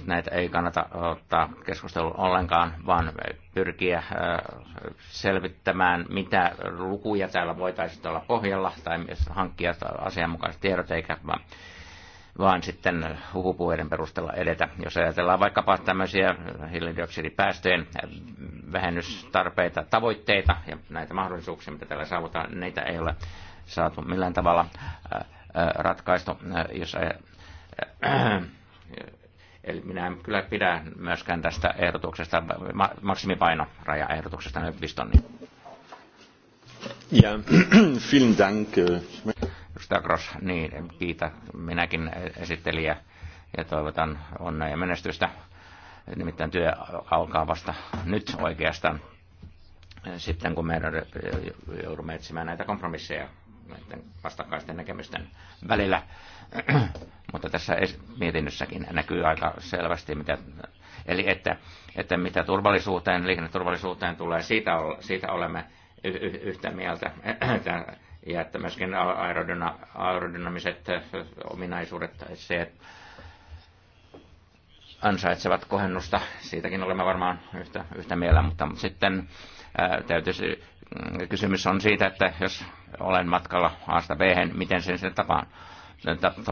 näitä ei kannata ottaa keskustelua ollenkaan, vaan pyrkiä selvittämään, mitä lukuja täällä voitaisiin olla pohjalla tai hankkia asianmukaiset tiedot, eikä vaan vaan sitten huhupuheiden perusteella edetä. Jos ajatellaan vaikkapa tämmöisiä hiilidioksidipäästöjen vähennystarpeita, tavoitteita ja näitä mahdollisuuksia, mitä täällä saavutaan, niitä ei ole saatu millään tavalla ratkaistu. Jos Eli minä en kyllä pidä myöskään tästä ehdotuksesta, maksimipainorajaehdotuksesta nyt pistonnin. Ja, vielen dank. Äh, Edustaja Gross, niin, kiitä minäkin esittelijä ja toivotan onnea ja menestystä. Nimittäin työ alkaa vasta nyt oikeastaan sitten, kun meidän joudumme etsimään näitä kompromisseja näiden vastakkaisten näkemysten välillä. Mutta tässä mietinnössäkin näkyy aika selvästi, mitä, eli että, että mitä turvallisuuteen, liikenneturvallisuuteen tulee, siitä, siitä olemme yhtä mieltä. ja että myöskin aerodyna, aerodynamiset ominaisuudet, se ansaitsevat kohennusta. Siitäkin olemme varmaan yhtä, yhtä mieltä, mutta sitten ää, täytyisi, mm, kysymys on siitä, että jos olen matkalla A-B, miten sen sen tapaan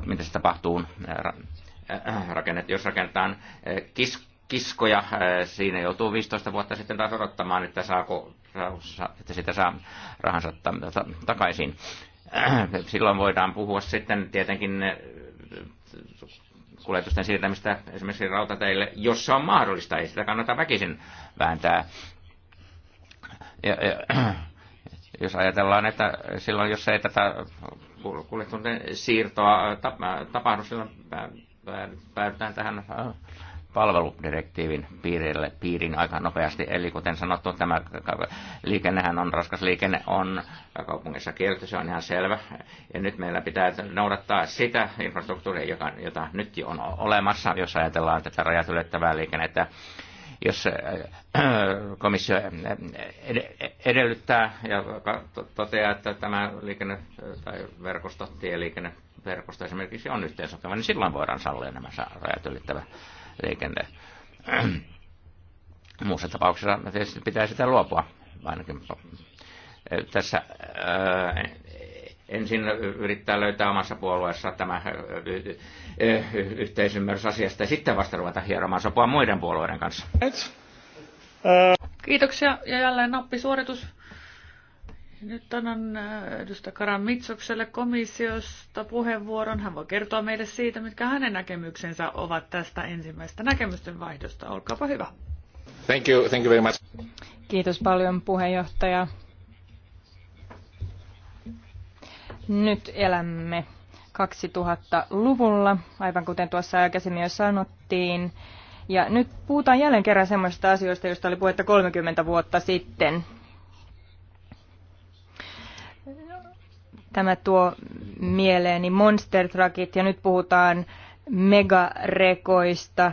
mitä se tapahtuu, äh, äh, jos rakennetaan äh, kiskoja, siinä joutuu 15 vuotta sitten taas odottamaan, että, saako, että sitä saa rahansa takaisin. Silloin voidaan puhua sitten tietenkin kuljetusten siirtämistä esimerkiksi rautateille, jos se on mahdollista, ei sitä kannata väkisin vääntää. Ja, ja, jos ajatellaan, että silloin jos ei tätä kuljetunten siirtoa tapahdu, silloin päädytään tähän palveludirektiivin piirille, piirin aika nopeasti. Eli kuten sanottu, tämä liikennehän on raskas liikenne, on kaupungissa kielty, se on ihan selvä. Ja nyt meillä pitää noudattaa sitä infrastruktuuria, joka, jota nyt on olemassa, jos ajatellaan tätä rajat ylittävää liikennettä jos äh, äh, komissio äh, edellyttää ja toteaa, että tämä liikenne tai verkosto, tieliikenneverkosto esimerkiksi on yhteensopiva, niin silloin voidaan sallia nämä rajat ylittävä liikenne. Muussa tapauksessa tietysti pitää sitä luopua, ainakin tässä ensin yrittää löytää omassa puolueessa tämä yhteisymmärrys asiasta ja sitten vasta ruveta hieromaan sopua muiden puolueiden kanssa. Kiitoksia ja jälleen nappisuoritus. Nyt annan edustaja Karan Mitsokselle komissiosta puheenvuoron. Hän voi kertoa meille siitä, mitkä hänen näkemyksensä ovat tästä ensimmäisestä näkemysten vaihdosta. Olkaapa hyvä. Thank you, thank you very much. Kiitos paljon puheenjohtaja. Nyt elämme 2000-luvulla, aivan kuten tuossa aikaisemmin jo sanottiin. Ja nyt puhutaan jälleen kerran semmoisista asioista, joista oli puhetta 30 vuotta sitten. Tämä tuo mieleeni monster truckit ja nyt puhutaan megarekoista,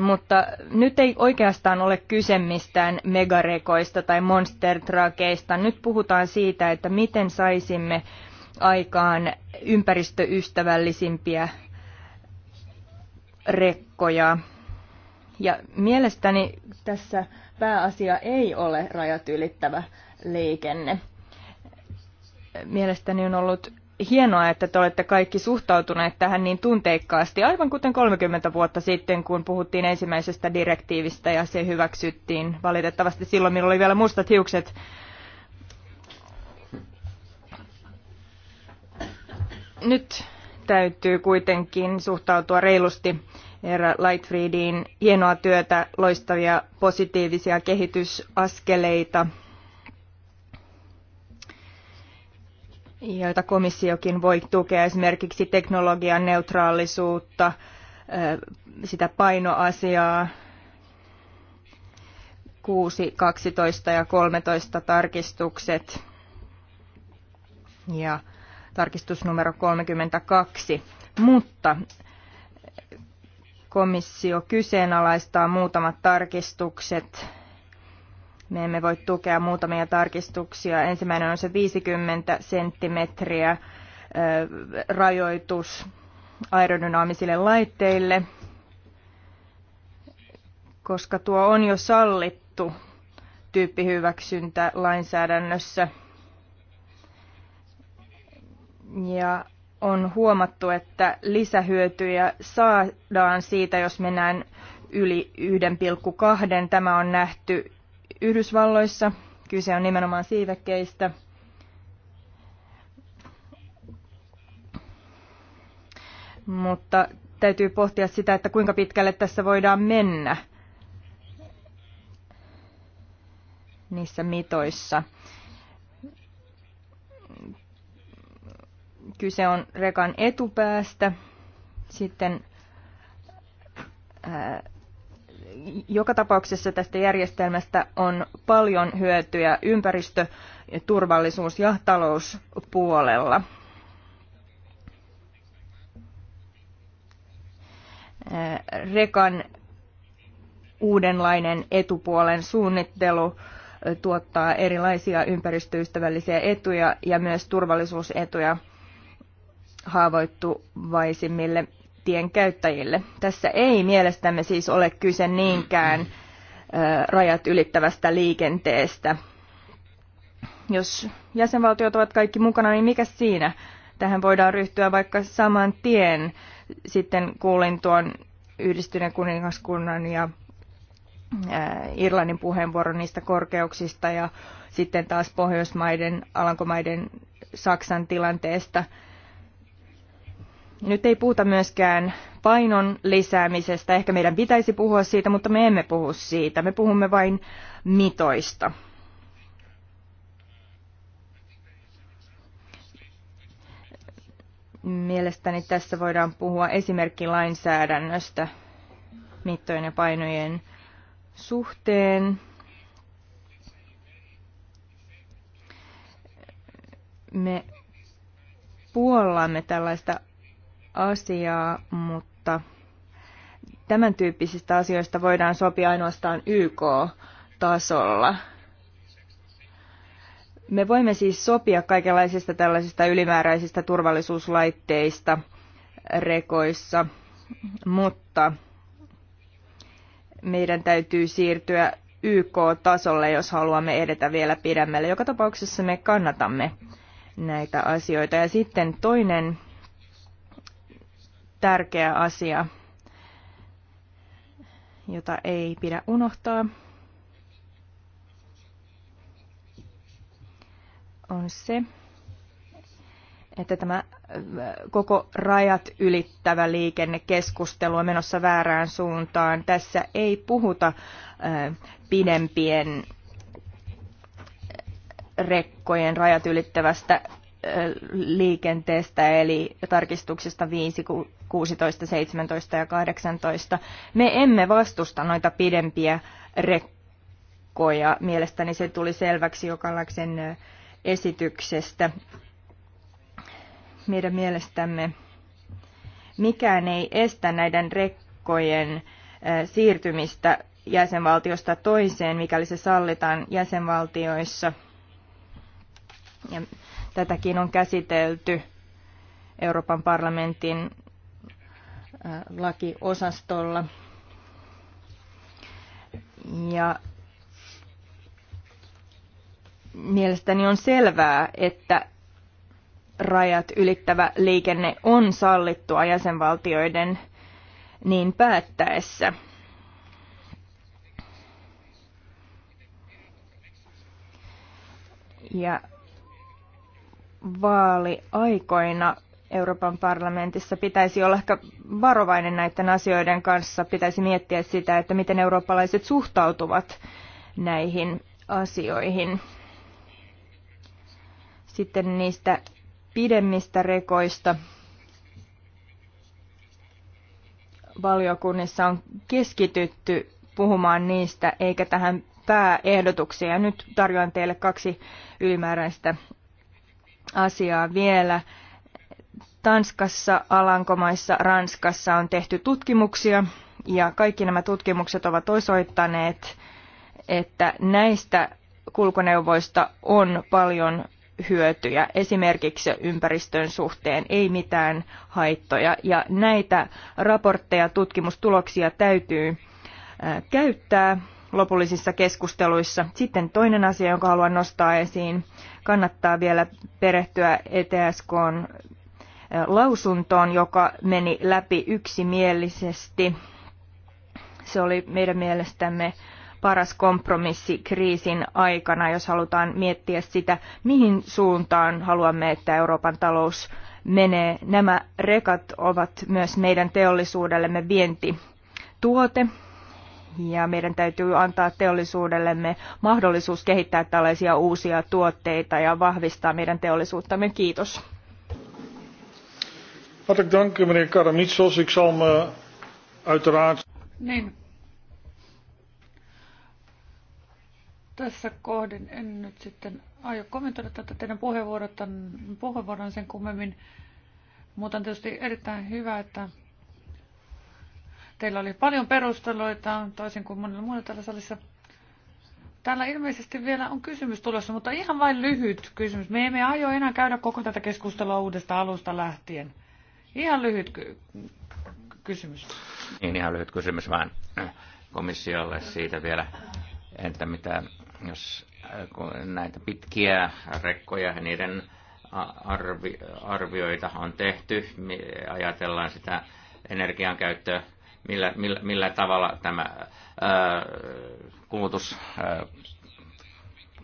mutta nyt ei oikeastaan ole kyse mistään megarekoista tai monster trakeista. Nyt puhutaan siitä, että miten saisimme aikaan ympäristöystävällisimpiä rekkoja. Ja mielestäni tässä pääasia ei ole rajat ylittävä liikenne. Mielestäni on ollut hienoa, että te olette kaikki suhtautuneet tähän niin tunteikkaasti, aivan kuten 30 vuotta sitten, kun puhuttiin ensimmäisestä direktiivistä ja se hyväksyttiin. Valitettavasti silloin minulla oli vielä mustat hiukset, Nyt täytyy kuitenkin suhtautua reilusti Herra Lightfriediin. Hienoa työtä, loistavia positiivisia kehitysaskeleita, joita komissiokin voi tukea esimerkiksi teknologian neutraalisuutta, sitä painoasiaa, 6, 12 ja 13 tarkistukset. Ja tarkistus numero 32, mutta komissio kyseenalaistaa muutamat tarkistukset. Me emme voi tukea muutamia tarkistuksia. Ensimmäinen on se 50 senttimetriä rajoitus aerodynaamisille laitteille, koska tuo on jo sallittu tyyppihyväksyntä lainsäädännössä – ja on huomattu, että lisähyötyjä saadaan siitä, jos mennään yli 1,2. Tämä on nähty Yhdysvalloissa. Kyse on nimenomaan siivekkeistä. Mutta täytyy pohtia sitä, että kuinka pitkälle tässä voidaan mennä niissä mitoissa. Kyse on rekan etupäästä. Sitten ää, joka tapauksessa tästä järjestelmästä on paljon hyötyä ympäristö-, turvallisuus- ja talouspuolella. Rekan uudenlainen etupuolen suunnittelu tuottaa erilaisia ympäristöystävällisiä etuja ja myös turvallisuusetuja haavoittuvaisimmille tienkäyttäjille. Tässä ei mielestämme siis ole kyse niinkään rajat ylittävästä liikenteestä. Jos jäsenvaltiot ovat kaikki mukana, niin mikä siinä? Tähän voidaan ryhtyä vaikka saman tien. Sitten kuulin tuon yhdistyneen kuningaskunnan ja Irlannin puheenvuoron niistä korkeuksista ja sitten taas Pohjoismaiden, Alankomaiden, Saksan tilanteesta – nyt ei puhuta myöskään painon lisäämisestä. Ehkä meidän pitäisi puhua siitä, mutta me emme puhu siitä. Me puhumme vain mitoista. Mielestäni tässä voidaan puhua lainsäädännöstä mittojen ja painojen suhteen. Me puollamme tällaista asiaa, mutta tämän tyyppisistä asioista voidaan sopia ainoastaan YK-tasolla. Me voimme siis sopia kaikenlaisista tällaisista ylimääräisistä turvallisuuslaitteista rekoissa, mutta meidän täytyy siirtyä YK-tasolle, jos haluamme edetä vielä pidemmälle. Joka tapauksessa me kannatamme näitä asioita. Ja sitten toinen tärkeä asia, jota ei pidä unohtaa. On se, että tämä äh, koko rajat ylittävä liikennekeskustelu on menossa väärään suuntaan. Tässä ei puhuta äh, pidempien rekkojen rajat ylittävästä liikenteestä, eli tarkistuksista 5, 16, 17 ja 18. Me emme vastusta noita pidempiä rekkoja. Mielestäni se tuli selväksi jokalaisen esityksestä. Meidän mielestämme mikään ei estä näiden rekkojen siirtymistä jäsenvaltiosta toiseen, mikäli se sallitaan jäsenvaltioissa. Ja Tätäkin on käsitelty Euroopan parlamentin äh, lakiosastolla. Ja mielestäni on selvää, että rajat ylittävä liikenne on sallittua jäsenvaltioiden niin päättäessä. Ja vaaliaikoina Euroopan parlamentissa pitäisi olla ehkä varovainen näiden asioiden kanssa. Pitäisi miettiä sitä, että miten eurooppalaiset suhtautuvat näihin asioihin. Sitten niistä pidemmistä rekoista. Valiokunnissa on keskitytty puhumaan niistä eikä tähän pääehdotuksia. Nyt tarjoan teille kaksi ylimääräistä asiaa vielä. Tanskassa, Alankomaissa, Ranskassa on tehty tutkimuksia ja kaikki nämä tutkimukset ovat osoittaneet, että näistä kulkuneuvoista on paljon hyötyjä, esimerkiksi ympäristön suhteen, ei mitään haittoja. Ja näitä raportteja, tutkimustuloksia täytyy käyttää lopullisissa keskusteluissa. Sitten toinen asia, jonka haluan nostaa esiin, kannattaa vielä perehtyä ETSK lausuntoon, joka meni läpi yksimielisesti. Se oli meidän mielestämme paras kompromissi kriisin aikana, jos halutaan miettiä sitä, mihin suuntaan haluamme, että Euroopan talous menee. Nämä rekat ovat myös meidän teollisuudellemme vientituote, ja meidän täytyy antaa teollisuudellemme mahdollisuus kehittää tällaisia uusia tuotteita ja vahvistaa meidän teollisuuttamme. Kiitos. Hartelijk dank, meneer Karamitsos. Ik zal me uiteraard... Niin. Tässä kohden en nyt sitten aio kommentoida tätä teidän puheenvuoron sen kummemmin, mutta on tietysti erittäin hyvä, että Teillä oli paljon perusteluita, toisin kuin monilla muilla täällä salissa. Täällä ilmeisesti vielä on kysymys tulossa, mutta ihan vain lyhyt kysymys. Me emme aio enää käydä koko tätä keskustelua uudesta alusta lähtien. Ihan lyhyt ky- kysymys. Niin, ihan lyhyt kysymys vaan äh, komissiolle siitä vielä, että mitä, jos äh, näitä pitkiä rekkoja ja niiden arvi, arvioita on tehty, ajatellaan sitä energian käyttöä millä, millä, millä tavalla tämä ää, kulutus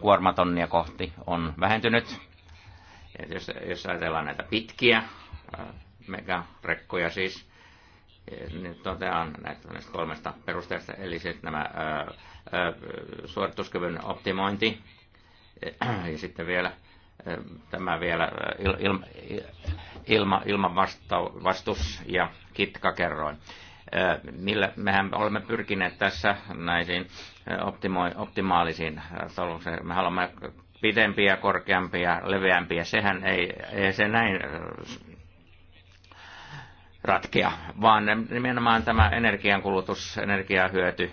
kuormatonnia kohti on vähentynyt. Et jos, jos ajatellaan näitä pitkiä megarekkoja siis, nyt totean näistä, näistä kolmesta perusteesta, eli sitten siis nämä ää, ää, suorituskyvyn optimointi, ja sitten vielä tämä vielä il, il, ilma, ilman ja kitkakerroin millä mehän olemme pyrkineet tässä näisiin optimaalisiin talouksiin. Me haluamme pidempiä, korkeampia, leveämpiä. Sehän ei, ei se näin ratkea, vaan nimenomaan tämä energiankulutus, energiahyöty,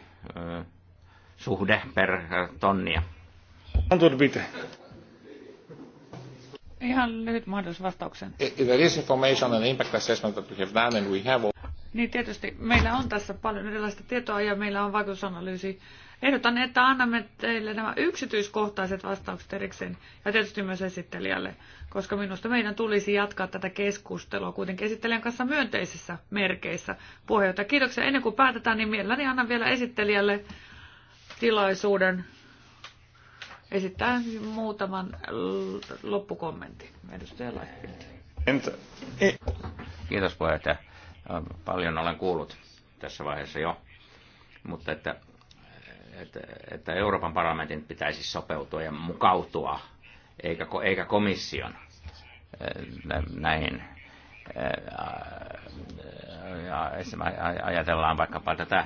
suhde per tonnia. Ihan lyhyt mahdollisuus vastaukseen. There is information and impact assessment that we have done and we have niin tietysti meillä on tässä paljon erilaista tietoa ja meillä on vaikutusanalyysi. Ehdotan, että annamme teille nämä yksityiskohtaiset vastaukset erikseen ja tietysti myös esittelijälle, koska minusta meidän tulisi jatkaa tätä keskustelua kuitenkin esittelijän kanssa myönteisissä merkeissä. Puheenjohtaja, kiitoksia. Ennen kuin päätetään, niin mielelläni annan vielä esittelijälle tilaisuuden esittää muutaman loppukommentin. Edustaja Laihpilti. Kiitos puheenjohtaja Äh, paljon olen kuullut tässä vaiheessa jo. Mutta että, että, että Euroopan parlamentin pitäisi sopeutua ja mukautua, eikä, eikä komission äh, näihin äh, ja ajatellaan vaikkapa tätä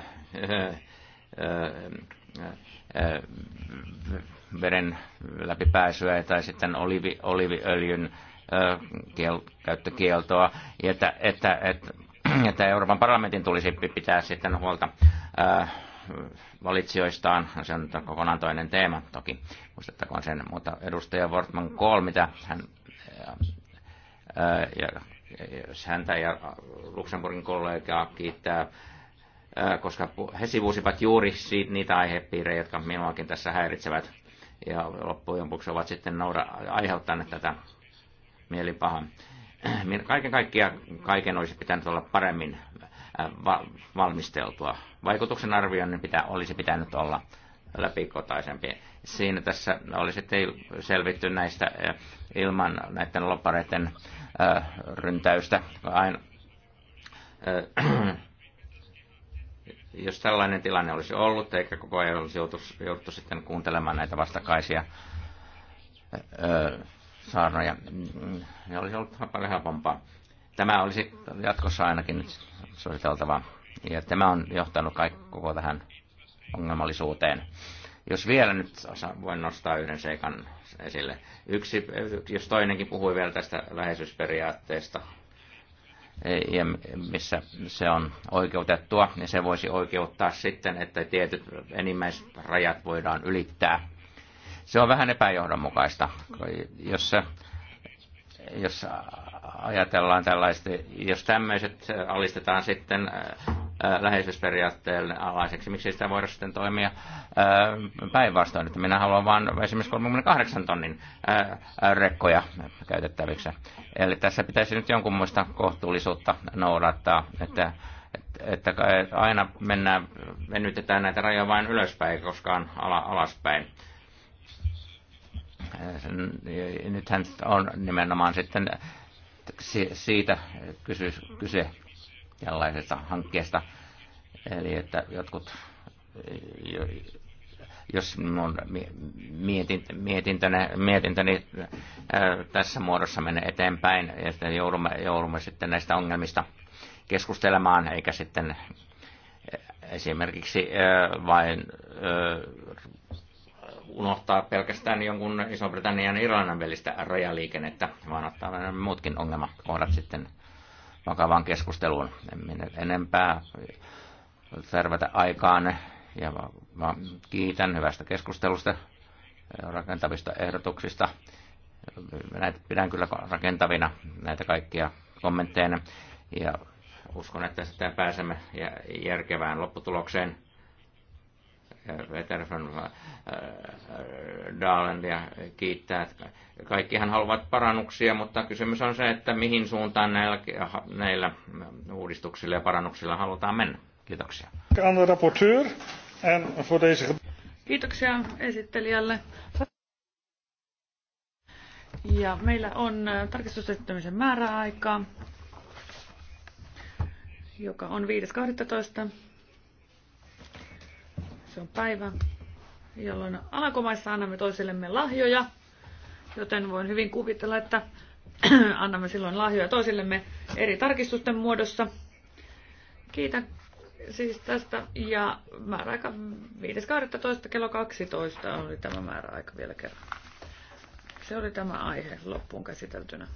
veren läpipääsyä tai sitten olivi, oliviöljyn käyttökieltoa, että, että, että että Euroopan parlamentin tulisi pitää sitten huolta valitsijoistaan. Se on kokonaan toinen teema toki, muistettakoon sen. Mutta edustaja Wortman Kohl, mitä hän, ja, jos häntä ja Luxemburgin kollegaa kiittää, koska he sivuusivat juuri siitä, niitä aihepiirejä, jotka minuakin tässä häiritsevät. Ja loppujen lopuksi ovat sitten nouda, aiheuttaneet tätä mielipahaa. Kaiken kaikkiaan kaiken olisi pitänyt olla paremmin äh, valmisteltua. Vaikutuksen arvioinnin pitä, olisi pitänyt olla läpikotaisempi. Siinä tässä olisi selvitty näistä äh, ilman näiden lopareiden äh, ryntäystä. Aina, jos tällainen tilanne olisi ollut, eikä koko ajan olisi jouduttu, jouduttu sitten kuuntelemaan näitä vastakaisia saarnoja. Mm, ja olisi ollut paljon helpompaa. Tämä olisi jatkossa ainakin nyt suositeltava. Ja tämä on johtanut kaikki koko tähän ongelmallisuuteen. Jos vielä nyt osa, voin nostaa yhden seikan esille. Yksi, jos toinenkin puhui vielä tästä läheisyysperiaatteesta, ja missä se on oikeutettua, niin se voisi oikeuttaa sitten, että tietyt enimmäisrajat voidaan ylittää se on vähän epäjohdonmukaista, jos, jos ajatellaan tällaista, jos tämmöiset alistetaan sitten äh, äh, läheisyysperiaatteen alaiseksi, miksi sitä voida sitten toimia äh, päinvastoin, että minä haluan vain esimerkiksi 38 tonnin rekkoja käytettäviksi. Eli tässä pitäisi nyt jonkun muista kohtuullisuutta noudattaa, että että aina mennään, mennytetään näitä rajoja vain ylöspäin, koskaan ala, alaspäin nythän on nimenomaan sitten siitä kyse, kyse tällaisesta hankkeesta. Eli että jotkut, jos minun mietintöni, mietintöni tässä muodossa menee eteenpäin, että joudumme, joudumme sitten näistä ongelmista keskustelemaan, eikä sitten esimerkiksi vain unohtaa pelkästään jonkun Iso-Britannian ja Irlannan välistä rajaliikennettä, vaan ottaa nämä muutkin ongelmakohdat sitten vakavaan keskusteluun. En minä enempää tervetä aikaan ja kiitän hyvästä keskustelusta rakentavista ehdotuksista. Näitä pidän kyllä rakentavina näitä kaikkia kommentteina ja uskon, että sitten pääsemme järkevään lopputulokseen Äh, äh, Dahlend Daalendia kiittää. Kaikkihan haluavat parannuksia, mutta kysymys on se, että mihin suuntaan näillä, näillä uudistuksilla ja parannuksilla halutaan mennä. Kiitoksia. Kiitoksia esittelijälle. Ja meillä on äh, tarkistusesittämisen määräaika, joka on 5.12. Se on päivä, jolloin Alankomaissa annamme toisillemme lahjoja, joten voin hyvin kuvitella, että annamme silloin lahjoja toisillemme eri tarkistusten muodossa. Kiitän siis tästä ja määräaika 5.12. kello 12 oli tämä määräaika vielä kerran. Se oli tämä aihe loppuun käsiteltynä.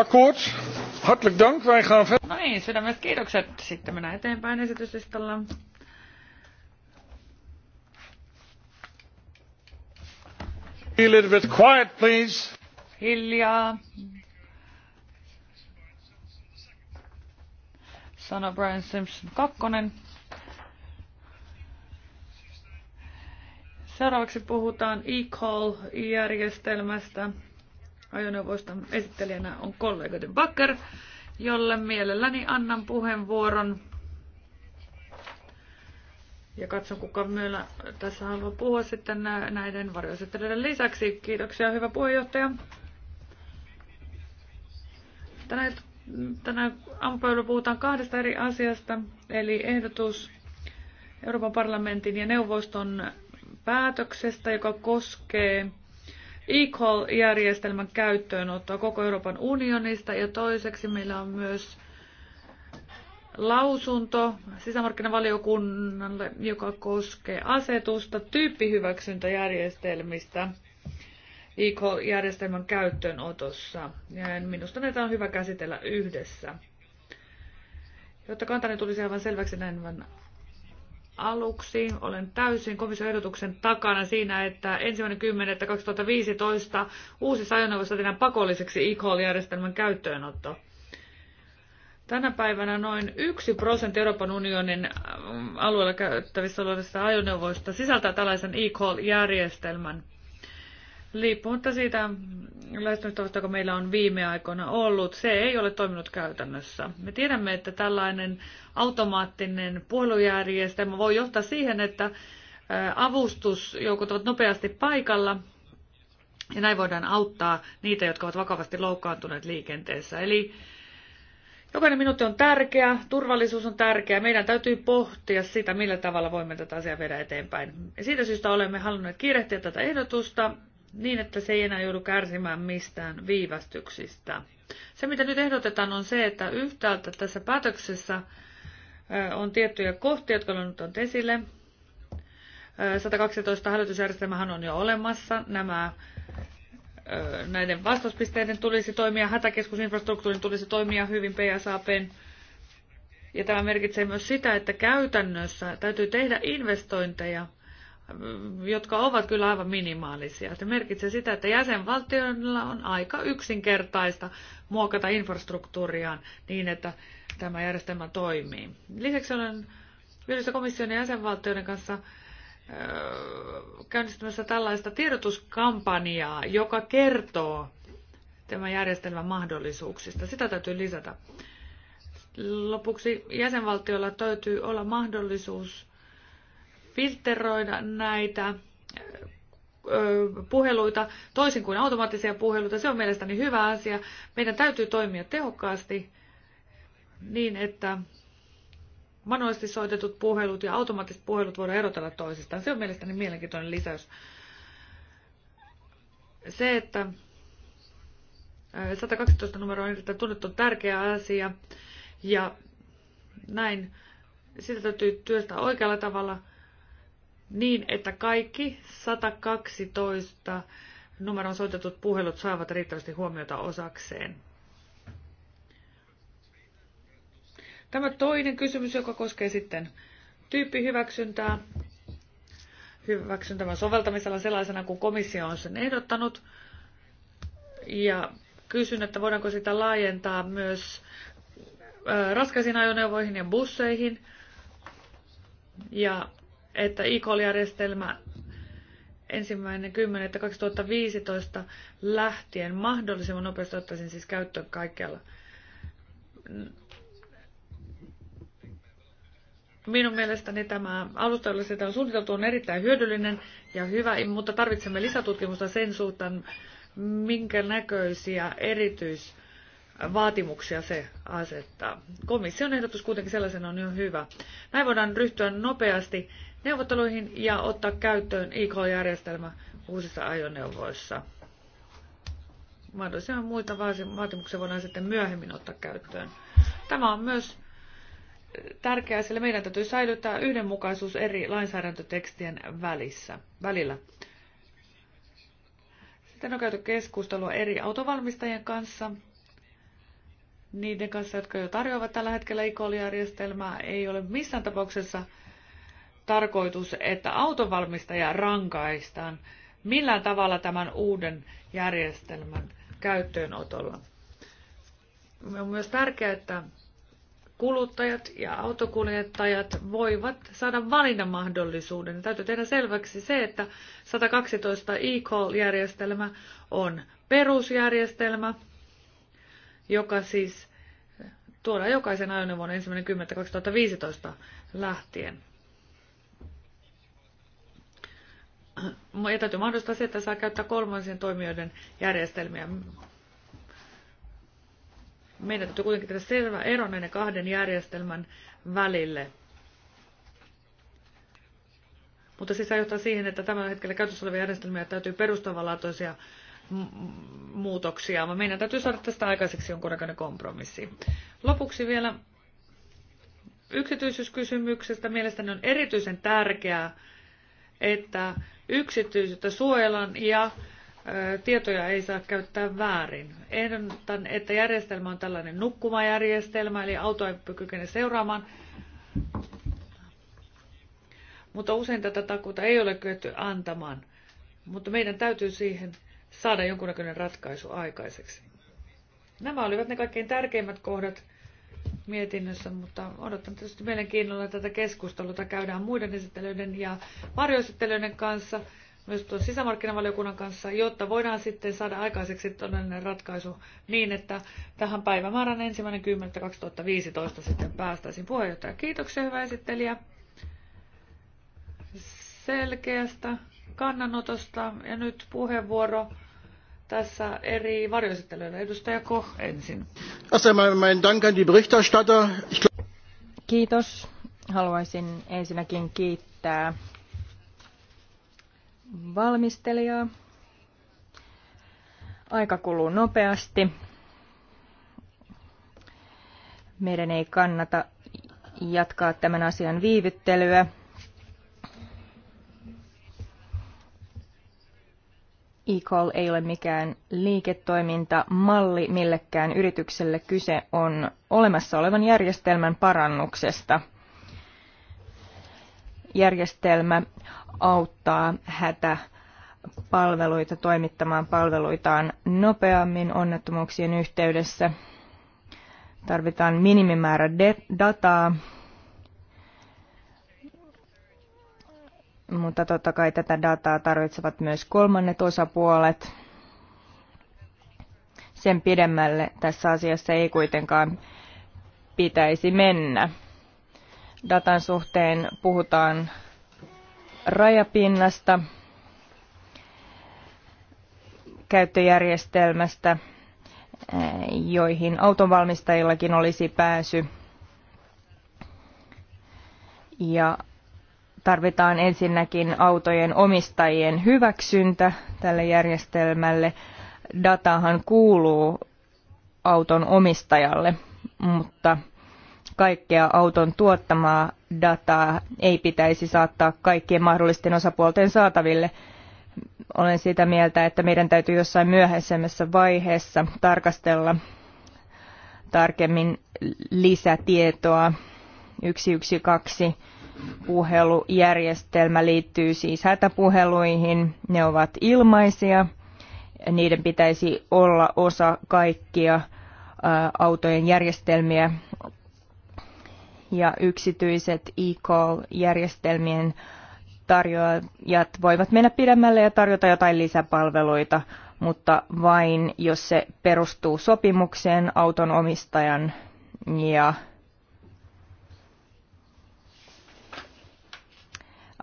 akkoord. Hartelijk dank. Wij gaan verder. No niin, sydämet kiitokset. Sitten mennään eteenpäin esityslistalla. Be a little bit quiet, please. Hiljaa. Sano Brian Simpson kakkonen. Seuraavaksi puhutaan e-call-järjestelmästä ajoneuvoista esittelijänä on kollega De Bakker, jolle mielelläni annan puheenvuoron. Ja katson, kuka myöllä tässä haluaa puhua sitten näiden varjoesittelijöiden lisäksi. Kiitoksia, hyvä puheenjohtaja. Tänä, tänä aamupäivällä puhutaan kahdesta eri asiasta, eli ehdotus Euroopan parlamentin ja neuvoston päätöksestä, joka koskee e-call-järjestelmän käyttöönottoa koko Euroopan unionista ja toiseksi meillä on myös lausunto sisämarkkinavaliokunnalle, joka koskee asetusta tyyppihyväksyntäjärjestelmistä e-call-järjestelmän käyttöönotossa. Ja minusta näitä on hyvä käsitellä yhdessä. Jotta kantani tulisi aivan selväksi näin aluksi. Olen täysin komission ehdotuksen takana siinä, että ensimmäinen 10.2015 uusissa ajoneuvoissa tehdään pakolliseksi e-call-järjestelmän käyttöönotto. Tänä päivänä noin yksi prosentti Euroopan unionin ähm, alueella käyttävissä olevista ajoneuvoista sisältää tällaisen e-call-järjestelmän. Liippumatta siitä lähestymistavasta, joka meillä on viime aikoina ollut, se ei ole toiminut käytännössä. Me tiedämme, että tällainen automaattinen puolujärjestelmä voi johtaa siihen, että avustusjoukot ovat nopeasti paikalla ja näin voidaan auttaa niitä, jotka ovat vakavasti loukkaantuneet liikenteessä. Eli jokainen minuutti on tärkeä, turvallisuus on tärkeä. Meidän täytyy pohtia sitä, millä tavalla voimme tätä asiaa viedä eteenpäin. Ja siitä syystä olemme halunneet kiirehtiä tätä ehdotusta niin, että se ei enää joudu kärsimään mistään viivästyksistä. Se, mitä nyt ehdotetaan, on se, että yhtäältä tässä päätöksessä on tiettyjä kohtia, jotka on nyt on esille. 112 hälytysjärjestelmähän on jo olemassa. Nämä näiden vastauspisteiden tulisi toimia, hätäkeskusinfrastruktuurin tulisi toimia hyvin PSAPn. Ja tämä merkitsee myös sitä, että käytännössä täytyy tehdä investointeja – jotka ovat kyllä aivan minimaalisia. Se merkitsee sitä, että jäsenvaltioilla on aika yksinkertaista muokata infrastruktuuriaan niin, että tämä järjestelmä toimii. Lisäksi olen yhdessä komission ja jäsenvaltioiden kanssa käynnistämässä tällaista tiedotuskampanjaa, joka kertoo tämän järjestelmän mahdollisuuksista. Sitä täytyy lisätä. Lopuksi jäsenvaltiolla täytyy olla mahdollisuus filteroida näitä puheluita toisin kuin automaattisia puheluita. Se on mielestäni hyvä asia. Meidän täytyy toimia tehokkaasti niin, että manuaalisesti soitetut puhelut ja automaattiset puhelut voidaan erotella toisistaan. Se on mielestäni mielenkiintoinen lisäys. Se, että 112 numero on erittäin tunnettu tärkeä asia ja näin sitä täytyy työstää oikealla tavalla – niin, että kaikki 112 numeron soitetut puhelut saavat riittävästi huomiota osakseen. Tämä toinen kysymys, joka koskee sitten tyyppihyväksyntää, hyväksyntämän soveltamisella sellaisena kuin komissio on sen ehdottanut. Ja kysyn, että voidaanko sitä laajentaa myös raskaisiin ajoneuvoihin ja busseihin. Ja että e-call-järjestelmä ensimmäinen 10.2015 lähtien mahdollisimman nopeasti ottaisin siis käyttöön kaikkialla. Minun mielestäni tämä alusta, jolla sitä on suunniteltu, on erittäin hyödyllinen ja hyvä, mutta tarvitsemme lisätutkimusta sen suhteen, minkä näköisiä erityis vaatimuksia se asettaa. Komission ehdotus kuitenkin sellaisen on jo hyvä. Näin voidaan ryhtyä nopeasti neuvotteluihin ja ottaa käyttöön IK-järjestelmä uusissa ajoneuvoissa. Mahdollisia muita vaatimuksia voidaan sitten myöhemmin ottaa käyttöön. Tämä on myös tärkeää, sillä meidän täytyy säilyttää yhdenmukaisuus eri lainsäädäntötekstien välissä, välillä. Sitten on käyty keskustelua eri autovalmistajien kanssa niiden kanssa, jotka jo tarjoavat tällä hetkellä ICOL-järjestelmää. Ei ole missään tapauksessa tarkoitus, että autonvalmistaja rankaistaan millään tavalla tämän uuden järjestelmän käyttöönotolla. On myös tärkeää, että kuluttajat ja autokuljettajat voivat saada valinnan mahdollisuuden. Täytyy tehdä selväksi se, että 112 e-call-järjestelmä on perusjärjestelmä, joka siis tuodaan jokaisen ajoneuvon 1.10.2015 lähtien. Ja täytyy mahdollistaa se, että saa käyttää kolmansien toimijoiden järjestelmiä. Meidän täytyy kuitenkin tehdä selvä ero näiden kahden järjestelmän välille. Mutta siis se johtaa siihen, että tämän hetkellä käytössä olevia järjestelmiä täytyy perustavanlaatuisia muutoksia, vaan meidän täytyy saada tästä aikaiseksi jonkunnäköinen kompromissi. Lopuksi vielä yksityisyyskysymyksestä. Mielestäni on erityisen tärkeää, että yksityisyyttä suojellaan ja tietoja ei saa käyttää väärin. Ehdotan, että järjestelmä on tällainen nukkumajärjestelmä, eli auto ei kykene seuraamaan. Mutta usein tätä takuuta ei ole kyetty antamaan. Mutta meidän täytyy siihen saada jonkunnäköinen ratkaisu aikaiseksi. Nämä olivat ne kaikkein tärkeimmät kohdat mietinnössä, mutta odotan tietysti mielenkiinnolla tätä keskustelua, käydään muiden esittelyiden ja varjoesittelyiden kanssa, myös tuon sisämarkkinavaliokunnan kanssa, jotta voidaan sitten saada aikaiseksi todellinen ratkaisu niin, että tähän päivämäärän ensimmäinen 2015 sitten päästäisiin. Puheenjohtaja, kiitoksia hyvä esittelijä selkeästä kannanotosta ja nyt puheenvuoro tässä eri varjoesittelyillä. Edustaja Koch ensin. Kiitos. Haluaisin ensinnäkin kiittää valmistelijaa. Aika kuluu nopeasti. Meidän ei kannata jatkaa tämän asian viivyttelyä. e-call ei ole mikään liiketoimintamalli millekään yritykselle. Kyse on olemassa olevan järjestelmän parannuksesta. Järjestelmä auttaa hätä palveluita toimittamaan palveluitaan nopeammin onnettomuuksien yhteydessä. Tarvitaan minimimäärä dataa mutta totta kai tätä dataa tarvitsevat myös kolmannet osapuolet. Sen pidemmälle tässä asiassa ei kuitenkaan pitäisi mennä. Datan suhteen puhutaan rajapinnasta, käyttöjärjestelmästä, joihin autonvalmistajillakin olisi pääsy. Ja tarvitaan ensinnäkin autojen omistajien hyväksyntä tälle järjestelmälle. Datahan kuuluu auton omistajalle, mutta kaikkea auton tuottamaa dataa ei pitäisi saattaa kaikkien mahdollisten osapuolten saataville. Olen sitä mieltä, että meidän täytyy jossain myöhäisemmässä vaiheessa tarkastella tarkemmin lisätietoa 112 hätäpuhelujärjestelmä liittyy siis hätäpuheluihin. Ne ovat ilmaisia. Niiden pitäisi olla osa kaikkia autojen järjestelmiä ja yksityiset e-call-järjestelmien tarjoajat voivat mennä pidemmälle ja tarjota jotain lisäpalveluita, mutta vain jos se perustuu sopimukseen auton omistajan ja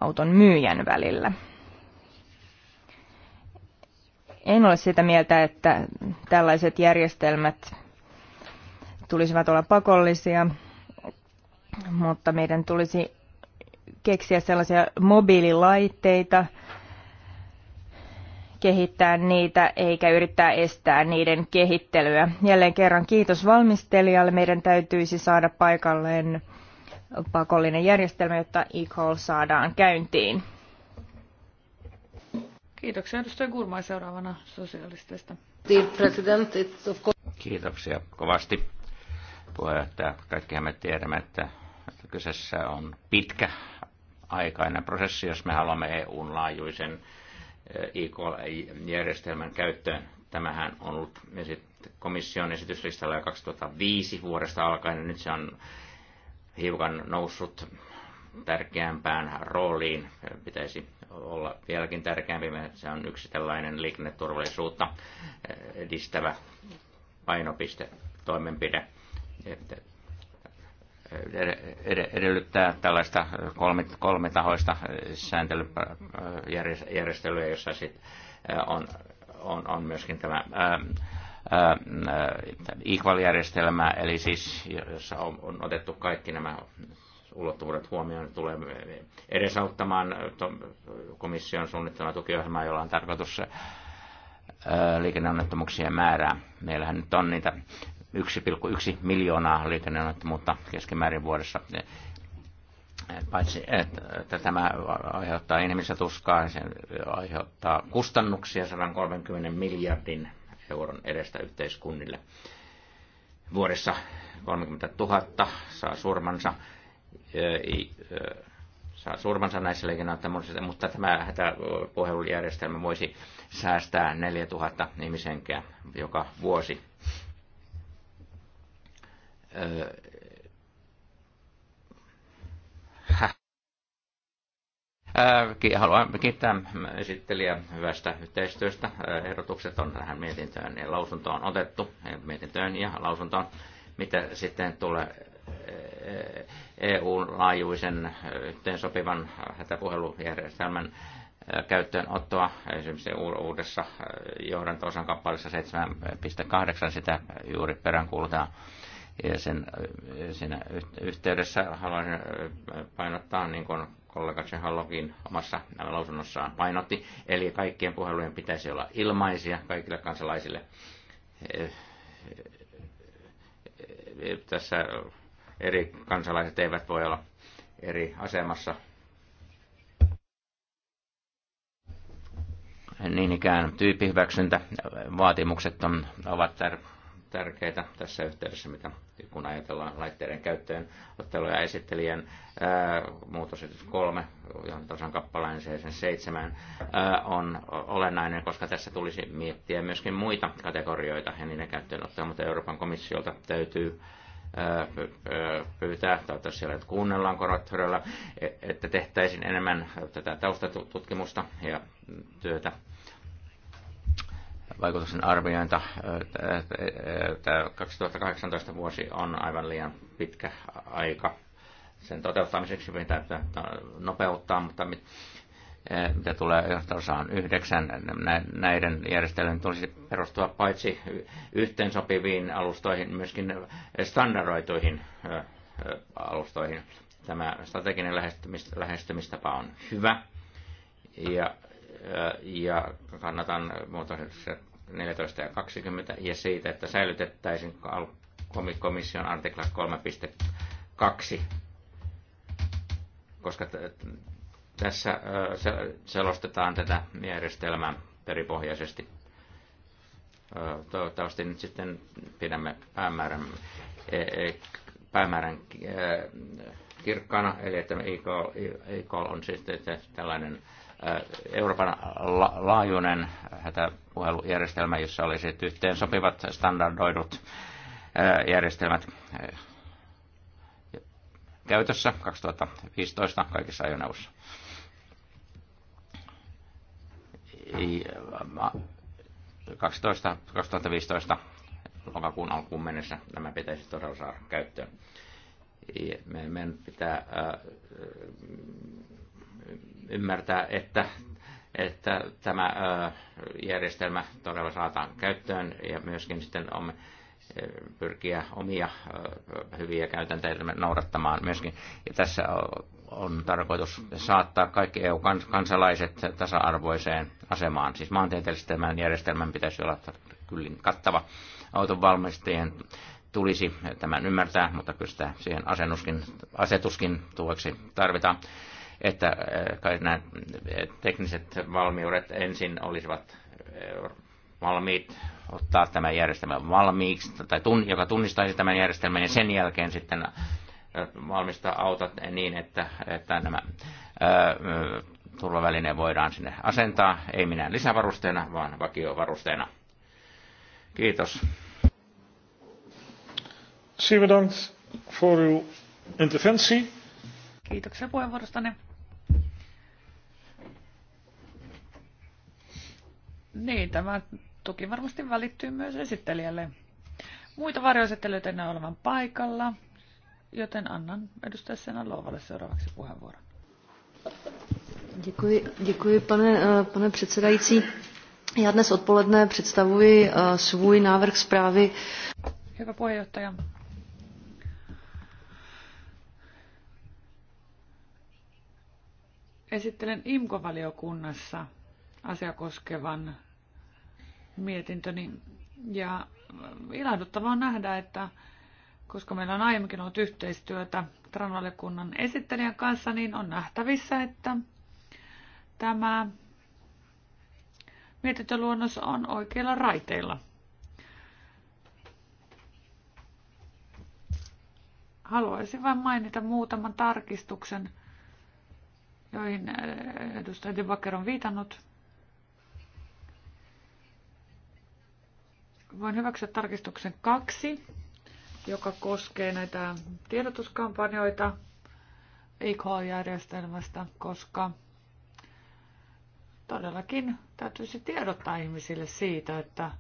auton myyjän välillä. En ole sitä mieltä, että tällaiset järjestelmät tulisivat olla pakollisia, mutta meidän tulisi keksiä sellaisia mobiililaitteita, kehittää niitä eikä yrittää estää niiden kehittelyä. Jälleen kerran kiitos valmistelijalle. Meidän täytyisi saada paikalleen pakollinen järjestelmä, jotta e-call saadaan käyntiin. Kiitoksia. Edustaja Gurmai seuraavana sosiaalisteista. Kiitoksia kovasti puheenjohtaja. Kaikkihan me tiedämme, että, että kyseessä on pitkä aikainen prosessi, jos me haluamme EUn laajuisen IKL-järjestelmän eh, käyttöön. Tämähän on ollut komission esityslistalla jo 2005 vuodesta alkaen, ja nyt se on hiukan noussut tärkeämpään rooliin. Pitäisi olla vieläkin tärkeämpi. Se on yksi tällainen liikenneturvallisuutta edistävä painopiste toimenpide edellyttää tällaista kolmitahoista sääntelyjärjestelyä, jossa sit on, on, on myöskin tämä IQVAL-järjestelmää, eli siis jossa on, on otettu kaikki nämä ulottuvuudet huomioon, tulee edesauttamaan komission suunnittelemaa tukiohjelmaa, jolla on tarkoitus liikenneonnettomuuksien määrää. Meillähän nyt on niitä 1,1 miljoonaa liikenneonnettomuutta keskimäärin vuodessa. Paitsi että tämä aiheuttaa inhimillistä tuskaa, se aiheuttaa kustannuksia 130 miljardin euron edestä yhteiskunnille. Vuodessa 30 000 saa surmansa, saa surmansa näissä liikenneonnettomuuksissa, mutta tämä hätäpuhelujärjestelmä voisi säästää 4000 ihmisenkeä joka vuosi Äh, haluan kiittää esittelijä hyvästä yhteistyöstä. Äh, ehdotukset on tähän mietintöön ja lausuntoon otettu, mietintöön ja lausuntoon, mitä sitten tulee äh, EU-laajuisen sopivan hätäpuhelujärjestelmän käyttöönottoa. Esimerkiksi uudessa johdanto-osan kappaleessa 7.8 sitä juuri peräänkuulutaan. Ja sen, siinä yhteydessä haluaisin painottaa niin kuin kollega Chehalokin omassa lausunnossaan painotti. Eli kaikkien puhelujen pitäisi olla ilmaisia kaikille kansalaisille. Tässä eri kansalaiset eivät voi olla eri asemassa. Niin ikään tyyppihyväksyntä vaatimukset on, ovat tärkeitä tärkeitä tässä yhteydessä, mitä kun ajatellaan laitteiden käyttöön ottelu- ja esittelijän muutosesitys kolme, johon tasan kappaleen sen seitsemän, ää, on olennainen, koska tässä tulisi miettiä myöskin muita kategorioita ja niiden käyttöönottoa, mutta Euroopan komissiolta täytyy pyytää, toivottavasti siellä kuunnellaan korottorilla, e-, että tehtäisiin enemmän tätä taustatutkimusta ja työtä vaikutuksen arviointa. 2018 vuosi on aivan liian pitkä aika sen toteuttamiseksi mitä nopeuttaa, mutta mit, mitä tulee johtosaan yhdeksän, näiden järjestelyjen tulisi perustua paitsi yhteensopiviin alustoihin, myöskin standardoituihin alustoihin. Tämä strateginen lähestymistapa on hyvä ja, ja kannatan muutokset 14 ja 20 ja siitä, että säilytettäisiin komission artikla 3.2, koska tässä selostetaan tätä järjestelmää peripohjaisesti. Toivottavasti nyt sitten pidämme päämäärän, e-, e-, päämäärän kirkkana, eli että IK, on sitten siis, tällainen Euroopan la- laajuinen hätäpuhelujärjestelmä, jossa olisi yhteen sopivat standardoidut järjestelmät käytössä 2015 kaikissa ajoneuvoissa. Ja 12, 2015 lokakuun alkuun mennessä nämä pitäisi todella saada käyttöön. Meidän pitää ymmärtää, että, että tämä järjestelmä todella saataan käyttöön ja myöskin sitten on pyrkiä omia hyviä käytänteitä noudattamaan myöskin. Ja tässä on tarkoitus saattaa kaikki EU-kansalaiset tasa-arvoiseen asemaan. Siis maantieteellisesti tämän järjestelmän pitäisi olla kyllin kattava. Autonvalmistajien tulisi tämän ymmärtää, mutta kyllä sitä siihen asennuskin, asetuskin tuoksi tarvitaan että eh, nämä eh, tekniset valmiudet ensin olisivat eh, valmiit ottaa tämän järjestelmän valmiiksi, tai tun, joka tunnistaisi tämän järjestelmän, ja sen jälkeen sitten valmistaa autot niin, että, että nämä ö, turvaväline voidaan sinne asentaa, ei minä lisävarusteena, vaan vakiovarusteena. Kiitos. Siivä for your intervention. Kiitoksia puheenvuorostanne. Niin, tämä tuki varmasti välittyy myös esittelijälle. Muita varjoesittelyitä ei olevan paikalla, joten annan edustaja Sena Louvalle seuraavaksi puheenvuoron. Děkuji, děkuji pane, eh, pane předsedající. Já dnes odpoledne představuji eh, svůj návrh zprávy. Hyvä puheenjohtaja. Esittelen IMKO-valiokunnassa asiakoskevan mietintöni. Niin- ja ilahduttavaa on nähdä, että koska meillä on aiemminkin ollut yhteistyötä Tranvalikunnan esittelijän kanssa, niin on nähtävissä, että tämä mietintöluonnos on oikeilla raiteilla. Haluaisin vain mainita muutaman tarkistuksen, joihin eh, edustaja Vaker on viitannut. Voin hyväksyä tarkistuksen kaksi, joka koskee näitä tiedotuskampanjoita e-call-järjestelmästä, koska todellakin täytyisi tiedottaa ihmisille siitä, että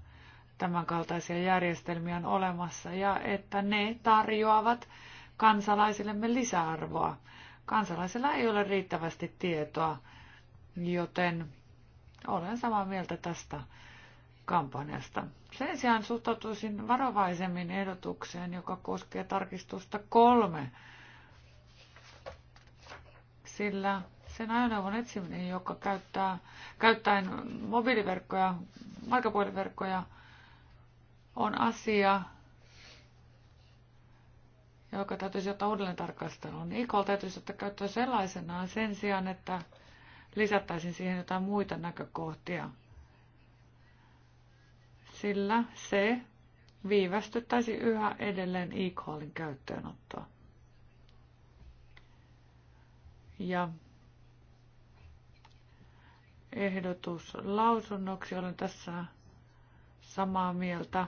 tämänkaltaisia järjestelmiä on olemassa ja että ne tarjoavat kansalaisillemme lisäarvoa. Kansalaisilla ei ole riittävästi tietoa, joten olen samaa mieltä tästä kampanjasta. Sen sijaan suhtautuisin varovaisemmin ehdotukseen, joka koskee tarkistusta kolme, sillä sen ajoneuvon etsiminen, joka käyttää, käyttäen mobiiliverkkoja, markkapuoliverkkoja, on asia, joka täytyisi ottaa uudelleen tarkasteluun. IKOL täytyisi ottaa käyttöön sellaisenaan sen sijaan, että lisättäisiin siihen jotain muita näkökohtia – sillä se viivästyttäisi yhä edelleen e-callin käyttöönottoa. Ja ehdotus lausunnoksi olen tässä samaa mieltä.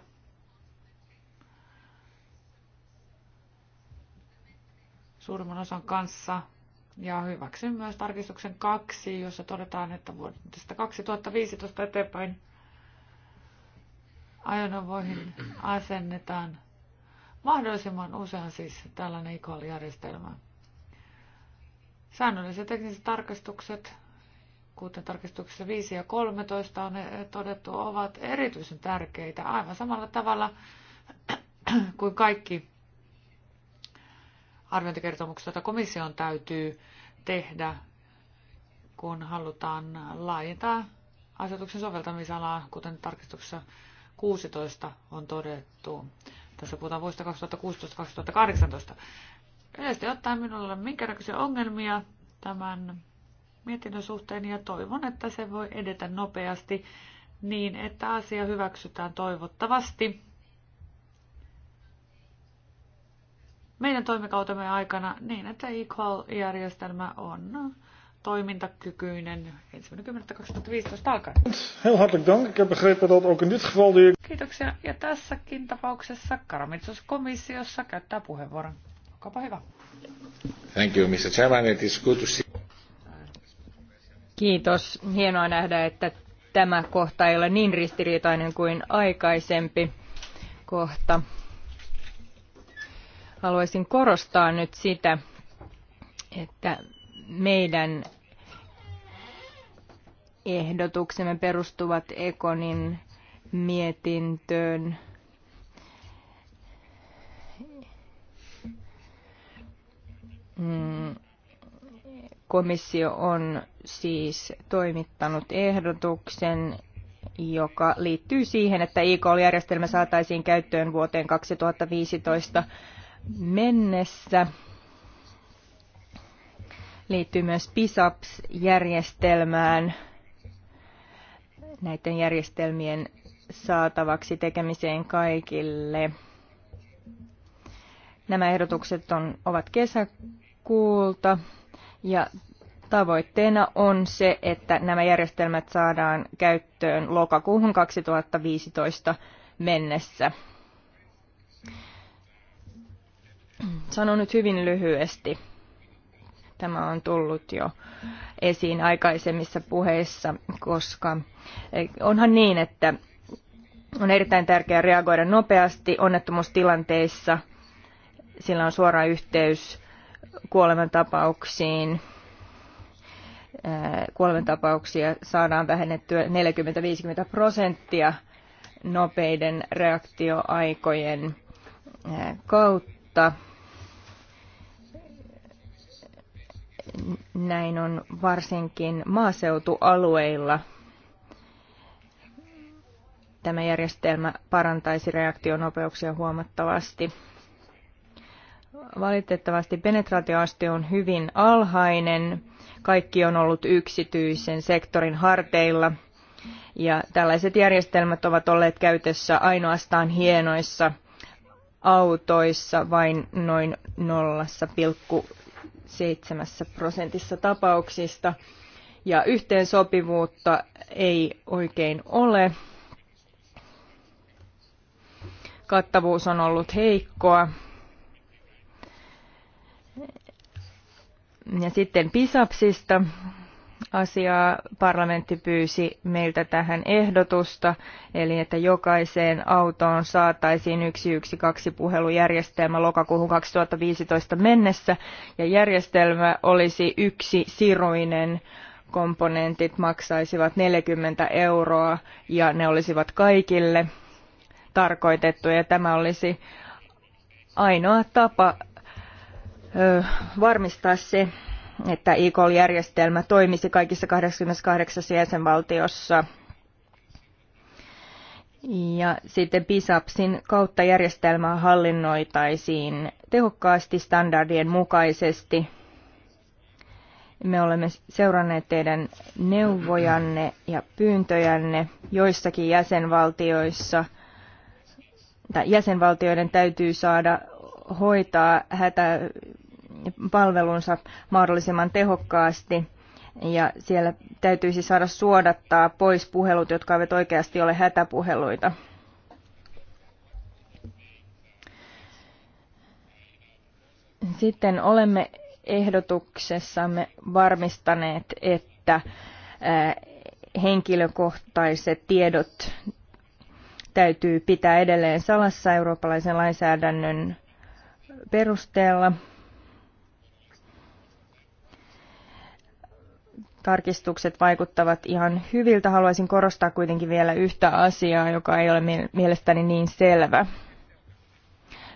suurimman osan kanssa. Ja hyväksyn myös tarkistuksen kaksi, jossa todetaan, että vuodesta 2015 eteenpäin ajoneuvoihin asennetaan mahdollisimman usein siis tällainen ICOL-järjestelmä. Säännölliset tekniset tarkastukset, kuten tarkastuksessa 5 ja 13 on todettu, ovat erityisen tärkeitä aivan samalla tavalla kuin kaikki arviointikertomukset, joita komission täytyy tehdä, kun halutaan laajentaa asetuksen soveltamisalaa, kuten tarkistuksessa 2016 on todettu. Tässä puhutaan vuodesta 2016-2018. Yleisesti ottaen minulla on minkäännäköisiä ongelmia tämän mietinnön suhteen ja toivon, että se voi edetä nopeasti niin, että asia hyväksytään toivottavasti. Meidän toimikautemme aikana niin, että Equal-järjestelmä on toimintakykyinen 1.10.2015 alkaen. Heel hartelijk dank. Ik heb begrepen dat ook in dit geval de... Kiitoksia. Ja tässäkin tapauksessa Karamitsos-komissiossa käyttää puheenvuoron. Olkaapa hyvä. Thank you, Mr. Chairman. It is good to see... Kiitos. Hienoa nähdä, että tämä kohta ei ole niin ristiriitainen kuin aikaisempi kohta. Haluaisin korostaa nyt sitä, että meidän ehdotuksemme perustuvat Ekonin mietintöön. Mm. Komissio on siis toimittanut ehdotuksen, joka liittyy siihen, että IKL-järjestelmä saataisiin käyttöön vuoteen 2015 mennessä liittyy myös PISAPS-järjestelmään, näiden järjestelmien saatavaksi tekemiseen kaikille. Nämä ehdotukset on, ovat kesäkuulta ja tavoitteena on se, että nämä järjestelmät saadaan käyttöön lokakuuhun 2015 mennessä. Sanon nyt hyvin lyhyesti. Tämä on tullut jo esiin aikaisemmissa puheissa, koska eh, onhan niin, että on erittäin tärkeää reagoida nopeasti onnettomuustilanteissa. Sillä on suora yhteys kuolemantapauksiin. Eh, Kuolemantapauksia saadaan vähennettyä 40-50 prosenttia nopeiden reaktioaikojen eh, kautta. Näin on varsinkin maaseutualueilla. Tämä järjestelmä parantaisi reaktionopeuksia huomattavasti. Valitettavasti penetraatioaste on hyvin alhainen. Kaikki on ollut yksityisen sektorin harteilla. Ja tällaiset järjestelmät ovat olleet käytössä ainoastaan hienoissa autoissa vain noin prosentissa tapauksista. Ja yhteensopivuutta ei oikein ole. Kattavuus on ollut heikkoa. Ja sitten PISAPSista asiaa. Parlamentti pyysi meiltä tähän ehdotusta, eli että jokaiseen autoon saataisiin 112 puhelujärjestelmä lokakuuhun 2015 mennessä, ja järjestelmä olisi yksi siruinen komponentit maksaisivat 40 euroa ja ne olisivat kaikille tarkoitettu ja tämä olisi ainoa tapa varmistaa se, että e-call-järjestelmä toimisi kaikissa 28 jäsenvaltiossa. Ja sitten PISAPSin kautta järjestelmää hallinnoitaisiin tehokkaasti standardien mukaisesti. Me olemme seuranneet teidän neuvojanne ja pyyntöjänne joissakin jäsenvaltioissa. Tai jäsenvaltioiden täytyy saada hoitaa hätä palvelunsa mahdollisimman tehokkaasti ja siellä täytyisi saada suodattaa pois puhelut, jotka eivät oikeasti ole hätäpuheluita. Sitten olemme ehdotuksessamme varmistaneet, että henkilökohtaiset tiedot täytyy pitää edelleen salassa eurooppalaisen lainsäädännön perusteella. tarkistukset vaikuttavat ihan hyviltä. Haluaisin korostaa kuitenkin vielä yhtä asiaa, joka ei ole mielestäni niin selvä.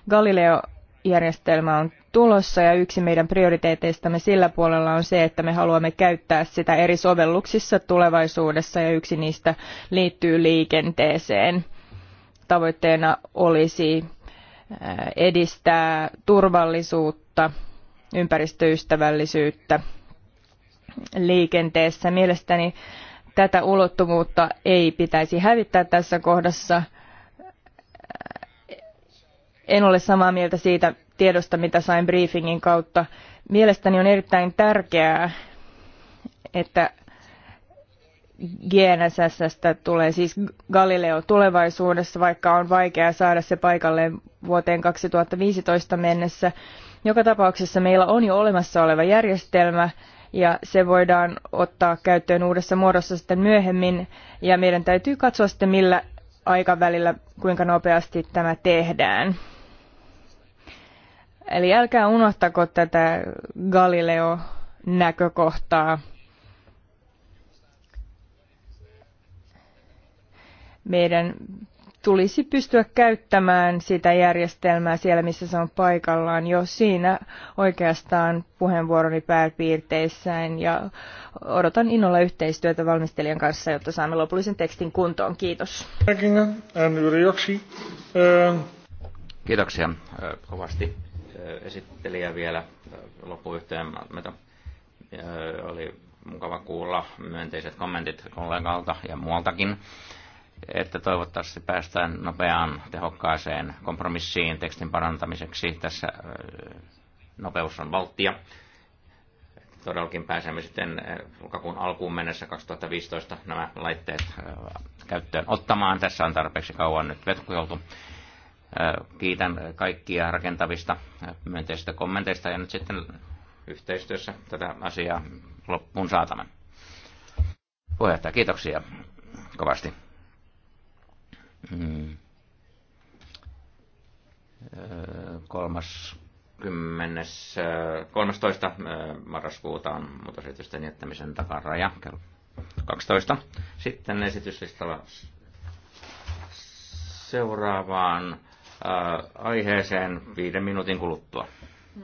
Galileo-järjestelmä on tulossa ja yksi meidän prioriteeteistamme sillä puolella on se, että me haluamme käyttää sitä eri sovelluksissa tulevaisuudessa ja yksi niistä liittyy liikenteeseen. Tavoitteena olisi edistää turvallisuutta, ympäristöystävällisyyttä liikenteessä. Mielestäni tätä ulottuvuutta ei pitäisi hävittää tässä kohdassa. En ole samaa mieltä siitä tiedosta, mitä sain briefingin kautta. Mielestäni on erittäin tärkeää, että GNSS tulee siis Galileo tulevaisuudessa, vaikka on vaikea saada se paikalleen vuoteen 2015 mennessä. Joka tapauksessa meillä on jo olemassa oleva järjestelmä, ja se voidaan ottaa käyttöön uudessa muodossa sitten myöhemmin ja meidän täytyy katsoa sitten millä aikavälillä kuinka nopeasti tämä tehdään. Eli älkää unohtako tätä Galileo-näkökohtaa. Meidän tulisi pystyä käyttämään sitä järjestelmää siellä, missä se on paikallaan jo siinä oikeastaan puheenvuoroni pääpiirteissään ja odotan innolla yhteistyötä valmistelijan kanssa, jotta saamme lopullisen tekstin kuntoon. Kiitos. Kiitoksia kovasti esittelijä vielä loppuyhteen. Oli mukava kuulla myönteiset kommentit kollegalta ja muualtakin että toivottavasti päästään nopeaan tehokkaaseen kompromissiin tekstin parantamiseksi. Tässä nopeus on valttia. Todellakin pääsemme sitten lokakuun alkuun mennessä 2015 nämä laitteet käyttöön ottamaan. Tässä on tarpeeksi kauan nyt vetkuteltu. Kiitän kaikkia rakentavista myönteisistä kommenteista ja nyt sitten yhteistyössä tätä asiaa loppuun saatamme. Puheenjohtaja, kiitoksia kovasti. Mm. Kolmas 30, 13. marraskuuta on muutosesitysten jättämisen takaraja kello 12. Sitten esityslistalla seuraavaan aiheeseen viiden minuutin kuluttua. Mm.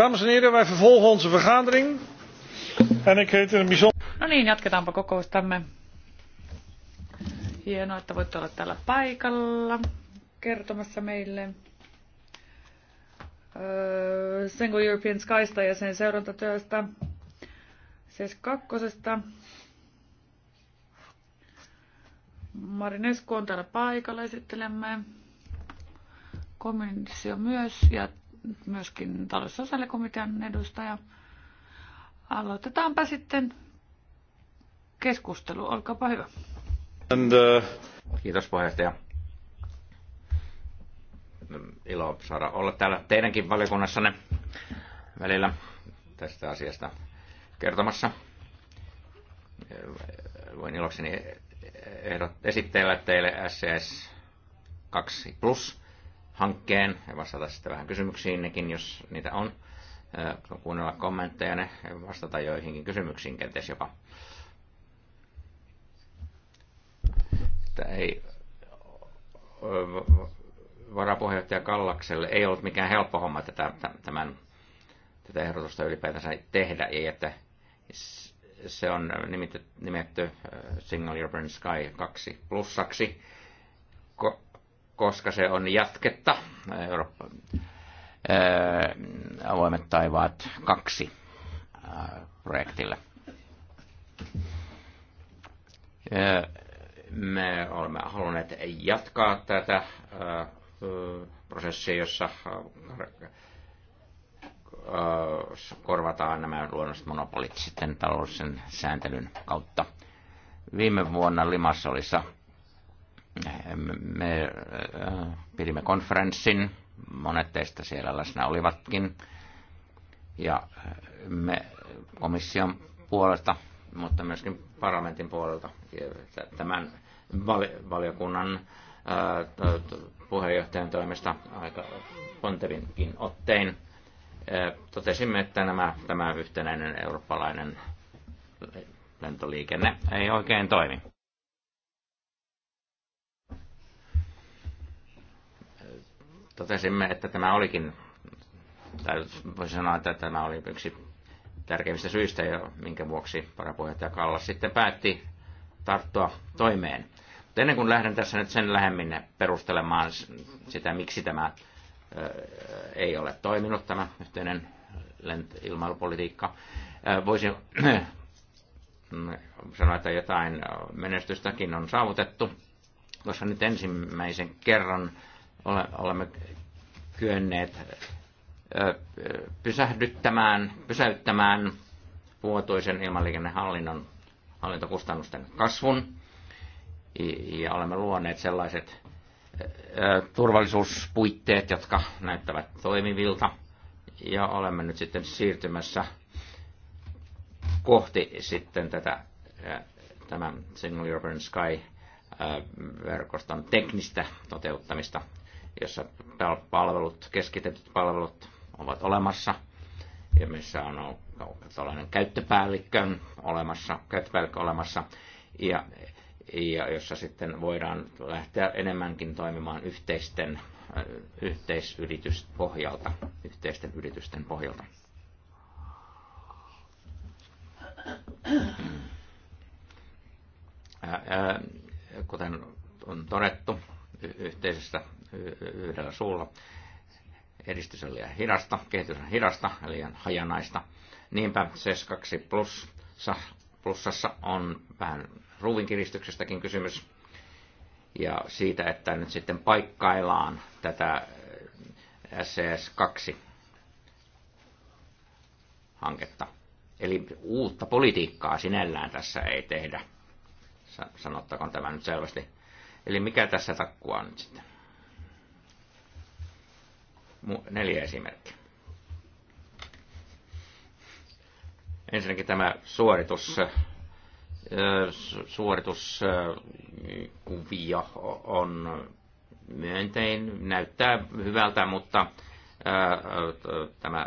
Dames en heren, wij vervolgen onze vergadering. En ik heet in bijzonder... No niin, jatketaanpa kokoustamme. Hienoa, että voitte olla täällä paikalla kertomassa meille öö, Single European Skysta ja sen seurantatyöstä, siis kakkosesta. Marinesku on täällä paikalla, esittelemme komissio myös ja myöskin taloussosiaalikomitean edustaja. Aloitetaanpa sitten keskustelu. Olkaapa hyvä. And, uh... Kiitos puheenjohtaja. Ilo saada olla täällä teidänkin valiokunnassanne välillä tästä asiasta kertomassa. Voin ilokseni ehdot, esitellä teille SCS 2 Plus hankkeen ja vastata sitten vähän kysymyksiin, nekin jos niitä on. Kuunnella kommentteja ne vastata joihinkin kysymyksiin kenties jopa. Että ei varapuheenjohtaja Kallakselle ei ollut mikään helppo homma tätä, tämän, tätä ehdotusta ylipäätänsä tehdä. Ei, että se on nimetty, nimetty Single Urban Sky 2 plussaksi koska se on jatketta Eurooppa, ää, avoimet taivaat kaksi ää, projektille. Ää, me olemme halunneet jatkaa tätä ää, prosessia, jossa korvataan nämä luonnolliset monopolit sitten taloudellisen sääntelyn kautta. Viime vuonna oli me äh, pidimme konferenssin, monet teistä siellä läsnä olivatkin, ja äh, me komission puolelta, mutta myöskin parlamentin puolelta tämän valiokunnan äh, puheenjohtajan toimesta aika pontevinkin ottein totesimme, että nämä, tämä yhtenäinen eurooppalainen lentoliikenne ei oikein toimi. Totesimme, että tämä olikin, tai voisi sanoa, että tämä oli yksi tärkeimmistä syistä, jo, minkä vuoksi varapuheenjohtaja Kallas sitten päätti tarttua toimeen. Mutta ennen kuin lähden tässä nyt sen lähemmin perustelemaan sitä, miksi tämä ei ole toiminut, tämä yhteinen ilmailupolitiikka, voisin sanoa, että jotain menestystäkin on saavutettu, koska nyt ensimmäisen kerran olemme kyenneet pysähdyttämään, pysäyttämään vuotuisen ilmaliikennehallinnon hallintokustannusten kasvun ja olemme luoneet sellaiset turvallisuuspuitteet, jotka näyttävät toimivilta ja olemme nyt sitten siirtymässä kohti sitten tätä tämän Single European Sky verkoston teknistä toteuttamista jossa palvelut, keskitetyt palvelut ovat olemassa ja missä on tällainen käyttöpäällikkö olemassa, käyttöpäällikkö olemassa ja, ja jossa sitten voidaan lähteä enemmänkin toimimaan yhteisten pohjalta, yhteisten yritysten pohjalta. Kuten on todettu, yhteisestä yhdellä suulla. Edistys on liian hidasta, kehitys on hidasta, liian hajanaista. Niinpä SES 2 plus, plussassa on vähän ruuvinkiristyksestäkin kysymys. Ja siitä, että nyt sitten paikkaillaan tätä SES 2 hanketta. Eli uutta politiikkaa sinällään tässä ei tehdä, sanottakoon tämä nyt selvästi. Eli mikä tässä takkua on nyt sitten? Neljä esimerkkiä. Ensinnäkin tämä suoritus, suorituskuvio on myöntein, näyttää hyvältä, mutta tämä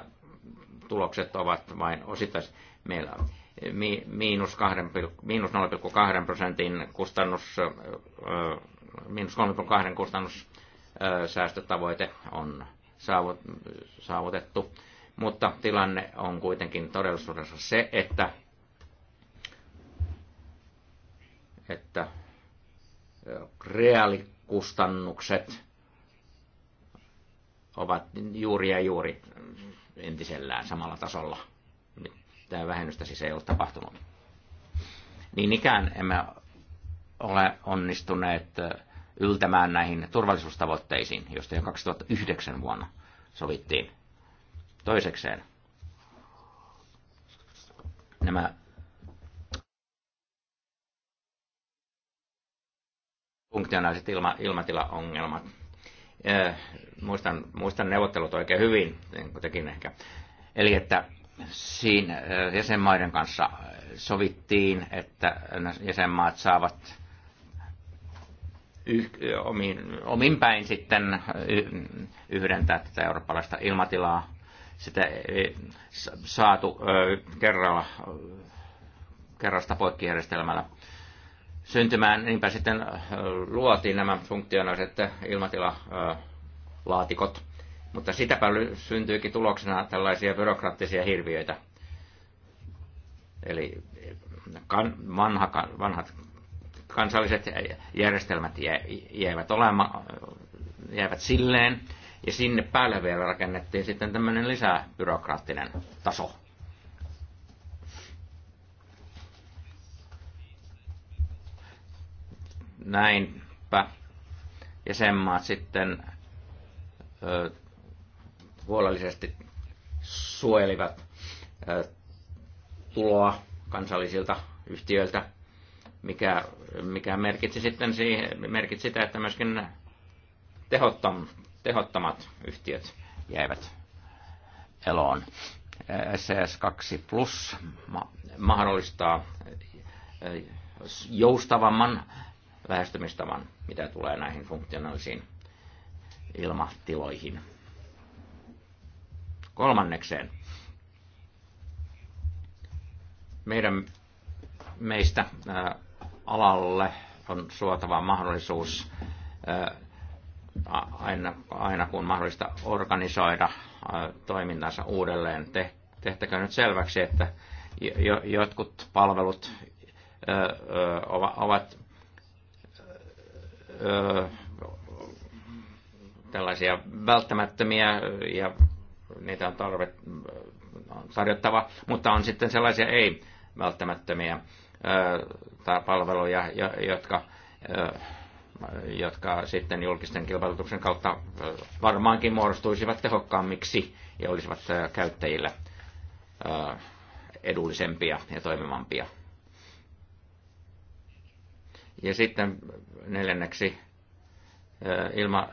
tulokset ovat vain osittain meillä mi, miinus, 2, miinus 0,2 prosentin kustannus, miinus 3,2 kustannussäästötavoite on saavutettu. Mutta tilanne on kuitenkin todellisuudessa se, että, että reaalikustannukset ovat juuri ja juuri entisellään samalla tasolla. Tämä vähennystä siis ei ole tapahtunut. Niin ikään emme ole onnistuneet yltämään näihin turvallisuustavoitteisiin, joista jo 2009 vuonna sovittiin. Toisekseen nämä funktionaaliset ilma, ilmatilaongelmat. Ja muistan, muistan neuvottelut oikein hyvin, niin kuitenkin ehkä. Eli että siinä jäsenmaiden kanssa sovittiin, että jäsenmaat saavat yh, omin, omin päin sitten yhdentää tätä eurooppalaista ilmatilaa. Sitä ei saatu kerralla, kerrasta poikkijärjestelmällä syntymään, niinpä sitten luotiin nämä funktionaaliset ilmatilalaatikot. Mutta sitäpä syntyykin tuloksena tällaisia byrokraattisia hirviöitä. Eli kan, vanha, vanhat kansalliset järjestelmät jäivät, olema, jäivät silleen, ja sinne päälle vielä rakennettiin sitten tämmöinen lisäbyrokraattinen taso. Näinpä maat sitten ö, huolellisesti suojelivat ö, tuloa kansallisilta yhtiöiltä – mikä, mikä merkitsi sitten siihen, merkitsi sitä, että myöskin tehottom, tehottomat yhtiöt jäivät eloon. SES2 Plus mahdollistaa eh, joustavamman lähestymistavan, mitä tulee näihin funktionaalisiin ilmatiloihin. Kolmannekseen. Meidän meistä eh, alalle on suotava mahdollisuus äh, aina, aina kun mahdollista organisoida äh, toimintansa uudelleen. Tehtäkö nyt selväksi, että jotkut palvelut äh, ovat tällaisia välttämättömiä ja niitä on tarve tarjottava, mutta on sitten sellaisia ei välttämättömiä palveluja, jotka, jotka sitten julkisten kilpailutuksen kautta varmaankin muodostuisivat tehokkaammiksi ja olisivat käyttäjille edullisempia ja toimivampia. Ja sitten neljänneksi ilma,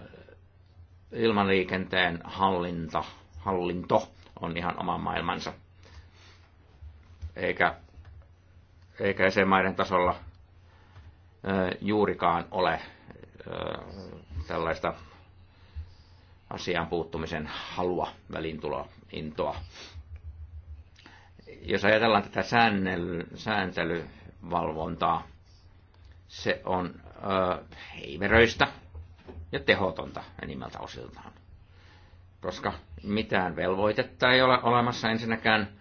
ilmaliikenteen hallinta, hallinto on ihan oma maailmansa. Eikä eikä jäsenmaiden tasolla juurikaan ole tällaista asiaan puuttumisen halua, välintuloa, intoa. Jos ajatellaan tätä sääntelyvalvontaa, se on heiveröistä ja tehotonta enimmältä osiltaan. Koska mitään velvoitetta ei ole olemassa ensinnäkään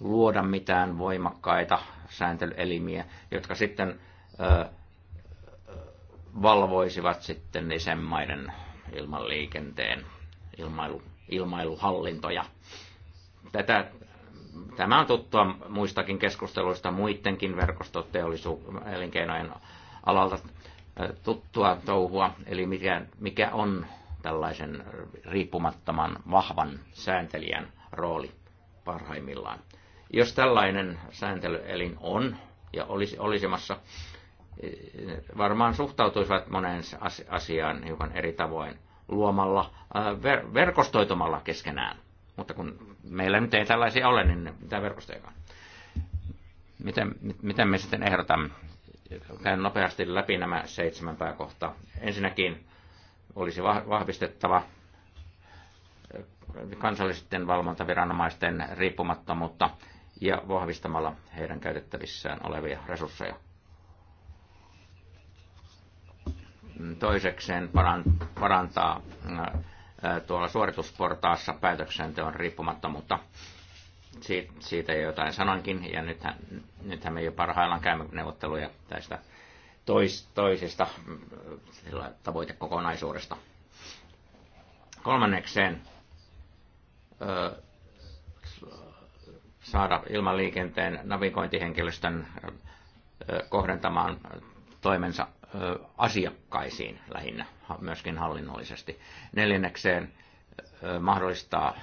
luoda mitään voimakkaita sääntelyelimiä, jotka sitten valvoisivat sitten isänmaiden ilmanliikenteen ilmailu, ilmailuhallintoja. Tätä, tämä on tuttua muistakin keskusteluista muidenkin verkostoteollisuuselinkeinojen alalta tuttua touhua, eli mikä, mikä on tällaisen riippumattoman, vahvan sääntelijän rooli parhaimmillaan. Jos tällainen sääntelyelin on ja olisi olisimassa, eh, varmaan suhtautuisivat moneen asiaan hiukan eri tavoin luomalla, eh, ver- verkostoitumalla keskenään. Mutta kun meillä nyt ei tällaisia ole, niin mitä verkostojakaan. Miten, miten me sitten ehdotamme? Käyn nopeasti läpi nämä seitsemän pääkohtaa. Ensinnäkin olisi vahvistettava eh, kansallisten valvontaviranomaisten riippumattomuutta ja vahvistamalla heidän käytettävissään olevia resursseja. Toisekseen parantaa äh, äh, tuolla suoritusportaassa päätöksenteon riippumattomuutta. Siitä ei jotain sanankin, ja nythän, nythän me jo parhaillaan käymme neuvotteluja tästä tois, toisesta äh, tavoitekokonaisuudesta. Kolmannekseen saada ilmaliikenteen navigointihenkilöstön kohdentamaan toimensa asiakkaisiin lähinnä, myöskin hallinnollisesti. Neljännekseen mahdollistaa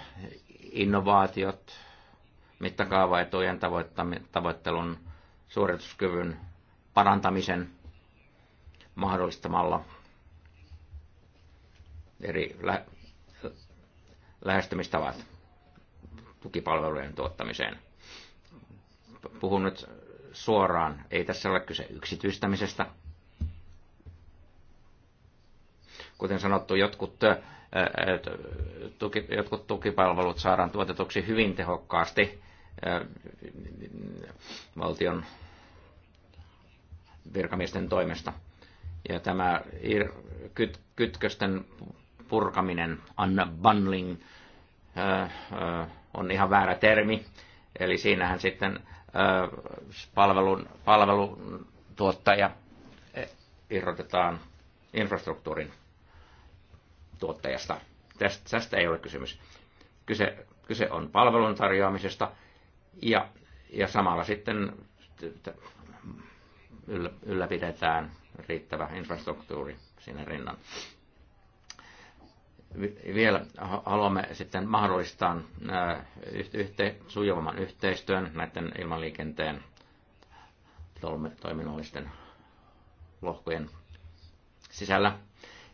innovaatiot, mittakaavaetujen tavoittelun, suorituskyvyn parantamisen mahdollistamalla eri lähestymistavat tukipalvelujen tuottamiseen. Puhun nyt suoraan, ei tässä ole kyse yksityistämisestä. Kuten sanottu, jotkut, tuki, jotkut tukipalvelut saadaan tuotetuksi hyvin tehokkaasti valtion virkamiesten toimesta. Ja tämä kytkösten purkaminen, unbundling, on ihan väärä termi. Eli siinähän sitten palvelun, tuottaja e, irrotetaan infrastruktuurin tuottajasta. Tästä, ei ole kysymys. Kyse, kyse on palvelun tarjoamisesta ja, ja samalla sitten ylläpidetään riittävä infrastruktuuri siinä rinnan vielä haluamme sitten mahdollistaa äh, yhte, sujuvamman yhteistyön näiden ilmaliikenteen toiminnallisten lohkojen sisällä.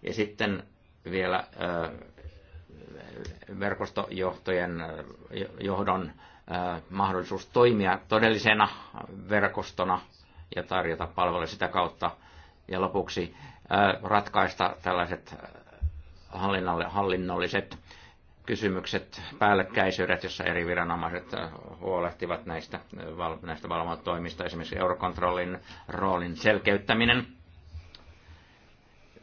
Ja sitten vielä äh, verkostojohtojen johdon äh, mahdollisuus toimia todellisena verkostona ja tarjota palveluja sitä kautta. Ja lopuksi ratkaista tällaiset hallinnolliset kysymykset, päällekkäisyydet, jossa eri viranomaiset äh, huolehtivat näistä, äh, näistä valvontatoimista, esimerkiksi Eurokontrollin roolin selkeyttäminen.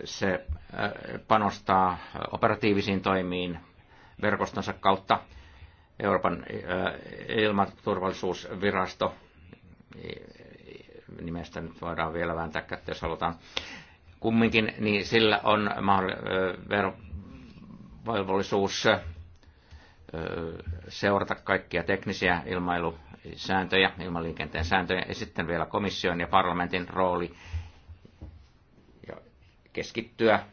Se äh, panostaa operatiivisiin toimiin verkostonsa kautta. Euroopan ilmaturvallisuusvirasto, nimestä nyt voidaan vielä vääntää kättä, jos halutaan, kumminkin, niin sillä on velvollisuus seurata kaikkia teknisiä ilmailusääntöjä, ilmaliikenteen sääntöjä, ja sitten vielä komission ja parlamentin rooli ja keskittyä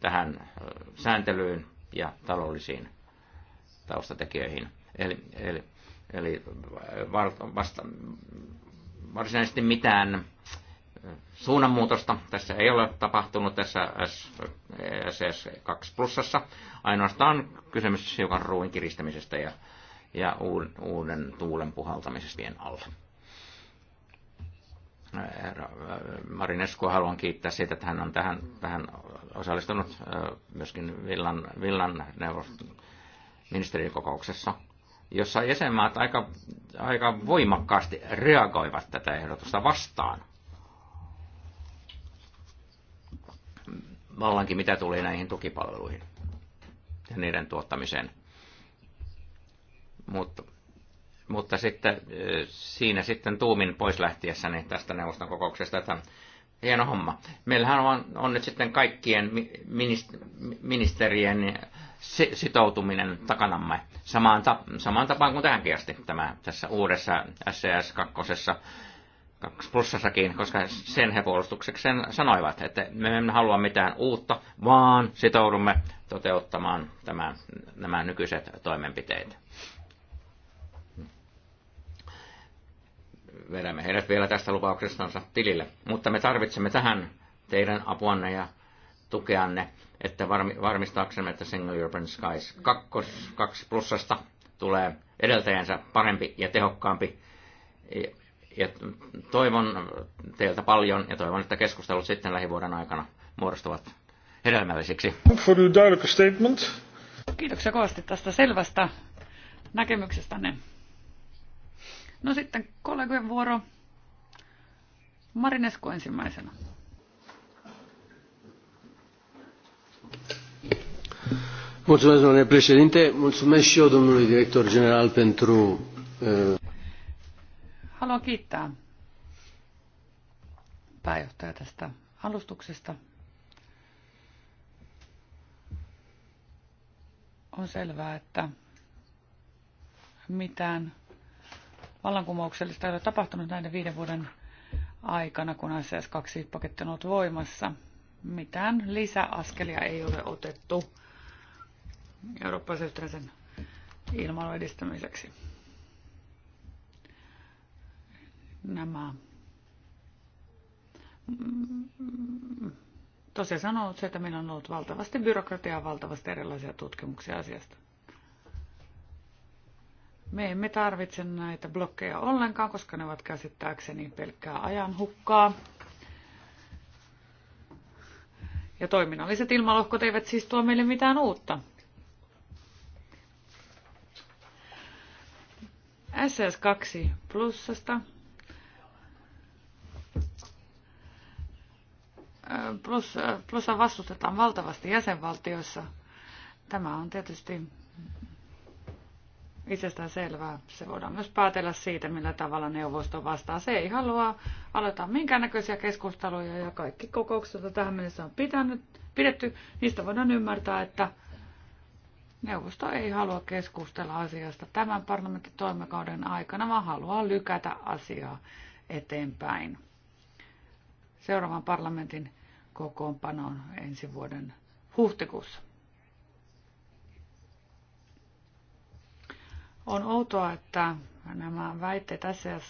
tähän sääntelyyn ja taloudellisiin taustatekijöihin. Eli, eli, eli vasta, varsinaisesti mitään suunnanmuutosta. Tässä ei ole tapahtunut tässä SS2 plussassa. Ainoastaan kysymys hiukan ruuin kiristämisestä ja, ja uuden tuulen puhaltamisesta alla. Äh, äh, Marinesko haluan kiittää siitä, että hän on tähän, tähän osallistunut äh, myöskin Villan, Villan neuvoston ministerikokouksessa, jossa jäsenmaat aika, aika voimakkaasti reagoivat tätä ehdotusta vastaan vallankin, mitä tuli näihin tukipalveluihin ja niiden tuottamiseen. Mutta, mutta sitten siinä sitten tuumin pois lähtiessäni tästä neuvoston kokouksesta, että hieno homma. Meillähän on, on nyt sitten kaikkien ministerien sitoutuminen takanamme samaan, tap, samaan tapaan kuin tähänkin asti tämä, tässä uudessa SCS 2 2 koska sen he puolustukseksen sanoivat, että me emme halua mitään uutta, vaan sitoudumme toteuttamaan tämän, nämä nykyiset toimenpiteet. Vedämme heidät vielä tästä lupauksestansa tilille, mutta me tarvitsemme tähän teidän apuanne ja tukeanne, että varmistaaksemme, että Single European Skies 2, 2 plussasta tulee edeltäjänsä parempi ja tehokkaampi ja toivon teiltä paljon ja toivon, että keskustelut sitten lähivuoden aikana muodostuvat hedelmällisiksi. Kiitoksia kovasti tästä selvästä näkemyksestänne. No sitten kollegojen vuoro. Marinesko ensimmäisenä. Mulțumesc, domnule președinte. Mulțumesc și eu, domnului director general, pentru... Uh... Haluan kiittää pääjohtaja tästä alustuksesta. On selvää, että mitään vallankumouksellista ei ole tapahtunut näiden viiden vuoden aikana, kun ICS-2-paketti on ollut voimassa. Mitään lisäaskelia ei ole otettu eurooppalaisen ilmailun edistämiseksi. nämä tosiaan sanoo se, että meillä on ollut valtavasti byrokratiaa, valtavasti erilaisia tutkimuksia asiasta. Me emme tarvitse näitä blokkeja ollenkaan, koska ne ovat käsittääkseni pelkkää ajan hukkaa. Ja toiminnalliset ilmalohkot eivät siis tuo meille mitään uutta. SS2 plussasta plus, plussa vastustetaan valtavasti jäsenvaltioissa. Tämä on tietysti itsestään selvää. Se voidaan myös päätellä siitä, millä tavalla neuvosto vastaa. Se ei halua aloittaa minkäännäköisiä keskusteluja ja kaikki kokoukset, joita tähän mennessä on pitänyt, pidetty, niistä voidaan ymmärtää, että neuvosto ei halua keskustella asiasta tämän parlamentin toimikauden aikana, vaan haluaa lykätä asiaa eteenpäin seuraavan parlamentin kokoonpanoon ensi vuoden huhtikuussa. On outoa, että nämä väitteet SS2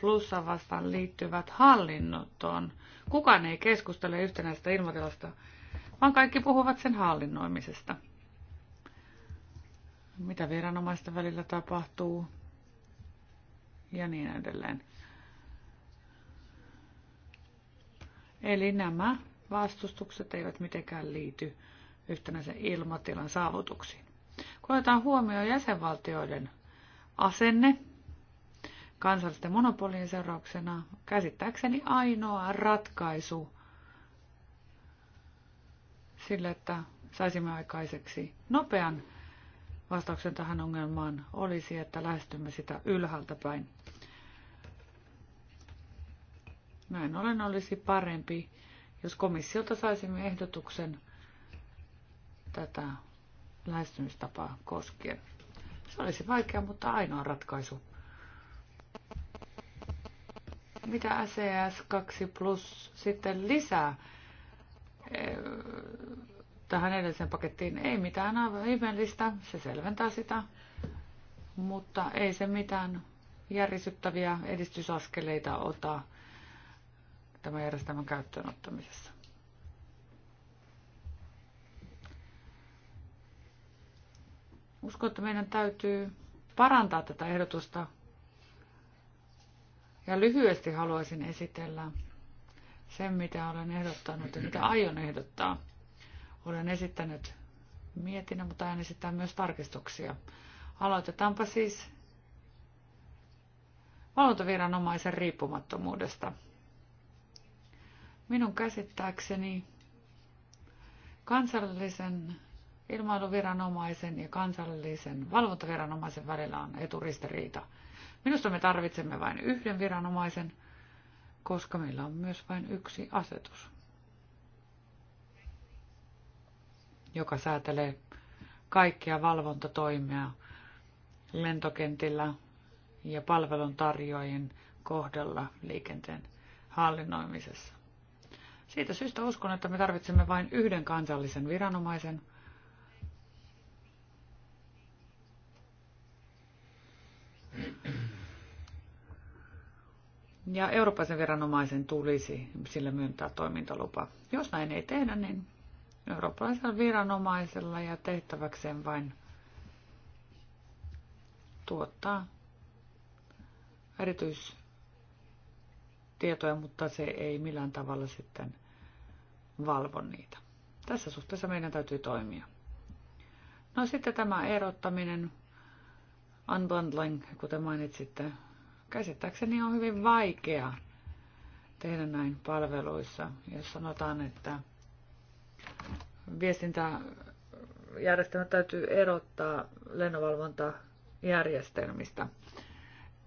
plussa vastaan liittyvät hallinnotoon. Kukaan ei keskustele yhtenäistä ilmatilasta, vaan kaikki puhuvat sen hallinnoimisesta. Mitä viranomaisten välillä tapahtuu ja niin edelleen. Eli nämä vastustukset eivät mitenkään liity yhtenäisen ilmatilan saavutuksiin. Kun otetaan huomioon jäsenvaltioiden asenne kansallisten monopolien seurauksena, käsittääkseni ainoa ratkaisu sille, että saisimme aikaiseksi nopean vastauksen tähän ongelmaan, olisi, että lähestymme sitä ylhäältä päin. Näin ollen olisi parempi, jos komissiolta saisimme ehdotuksen tätä lähestymistapaa koskien. Se olisi vaikea, mutta ainoa ratkaisu. Mitä SES 2 e Plus sitten lisää tähän edelliseen pakettiin? Ei mitään aivan ihmeellistä, se selventää sitä, mutta ei se mitään järisyttäviä edistysaskeleita ota tämän järjestelmän käyttöönottamisessa. Uskon, että meidän täytyy parantaa tätä ehdotusta. Ja lyhyesti haluaisin esitellä sen, mitä olen ehdottanut ja mitä aion ehdottaa. Olen esittänyt mietinnän, mutta aion esittää myös tarkistuksia. Aloitetaanpa siis valvontaviranomaisen riippumattomuudesta. Minun käsittääkseni kansallisen ilmailuviranomaisen ja kansallisen valvontaviranomaisen välillä on eturistiriita. Minusta me tarvitsemme vain yhden viranomaisen, koska meillä on myös vain yksi asetus, joka säätelee kaikkia valvontatoimia lentokentillä ja palveluntarjoajien kohdalla liikenteen hallinnoimisessa. Siitä syystä uskon, että me tarvitsemme vain yhden kansallisen viranomaisen. Ja Euroopan viranomaisen tulisi sillä myöntää toimintalupa. Jos näin ei tehdä, niin eurooppalaisella viranomaisella ja tehtäväkseen vain tuottaa erityistietoja, mutta se ei millään tavalla sitten valvo niitä. Tässä suhteessa meidän täytyy toimia. No sitten tämä erottaminen, unbundling, kuten mainitsitte, käsittääkseni on hyvin vaikea tehdä näin palveluissa, jos sanotaan, että viestintäjärjestelmä täytyy erottaa lennonvalvontajärjestelmistä.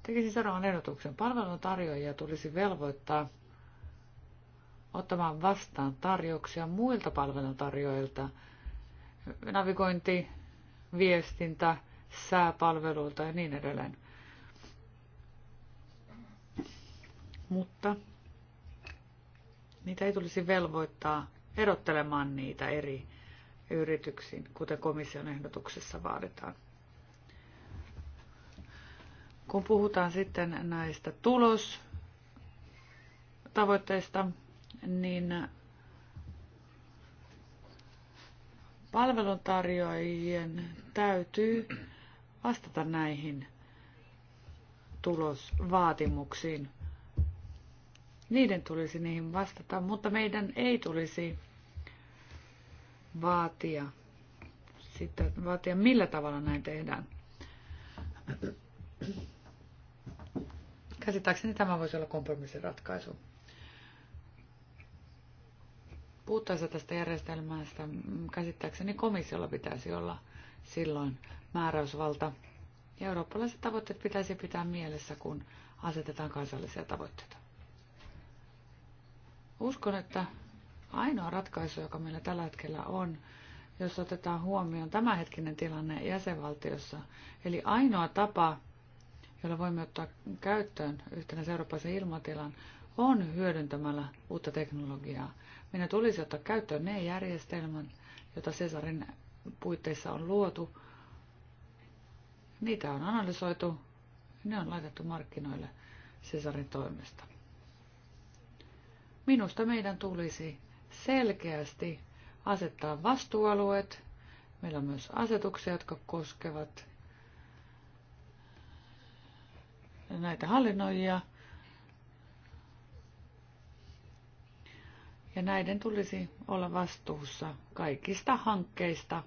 Tekisin seuraavan ehdotuksen. Palveluntarjoajia tulisi velvoittaa ottamaan vastaan tarjouksia muilta palveluntarjoajilta, navigointi, viestintä, sääpalveluilta ja niin edelleen. Mutta niitä ei tulisi velvoittaa erottelemaan niitä eri yrityksiin, kuten komission ehdotuksessa vaaditaan. Kun puhutaan sitten näistä tulostavoitteista, niin palveluntarjoajien täytyy vastata näihin tulosvaatimuksiin. Niiden tulisi niihin vastata, mutta meidän ei tulisi vaatia sitä, vaatia millä tavalla näin tehdään. Käsittääkseni tämä voisi olla kompromissiratkaisu. ratkaisu puhuttaessa tästä järjestelmästä, mm, käsittääkseni komissiolla pitäisi olla silloin määräysvalta. Ja eurooppalaiset tavoitteet pitäisi pitää mielessä, kun asetetaan kansallisia tavoitteita. Uskon, että ainoa ratkaisu, joka meillä tällä hetkellä on, jos otetaan huomioon tämänhetkinen tilanne jäsenvaltiossa, eli ainoa tapa, jolla voimme ottaa käyttöön yhtenä eurooppalaisen ilmatilan, on hyödyntämällä uutta teknologiaa minä tulisi ottaa käyttöön ne järjestelmän, jota Cesarin puitteissa on luotu. Niitä on analysoitu, ne on laitettu markkinoille Cesarin toimesta. Minusta meidän tulisi selkeästi asettaa vastuualueet. Meillä on myös asetuksia, jotka koskevat näitä hallinnoijia – Ja näiden tulisi olla vastuussa kaikista hankkeista,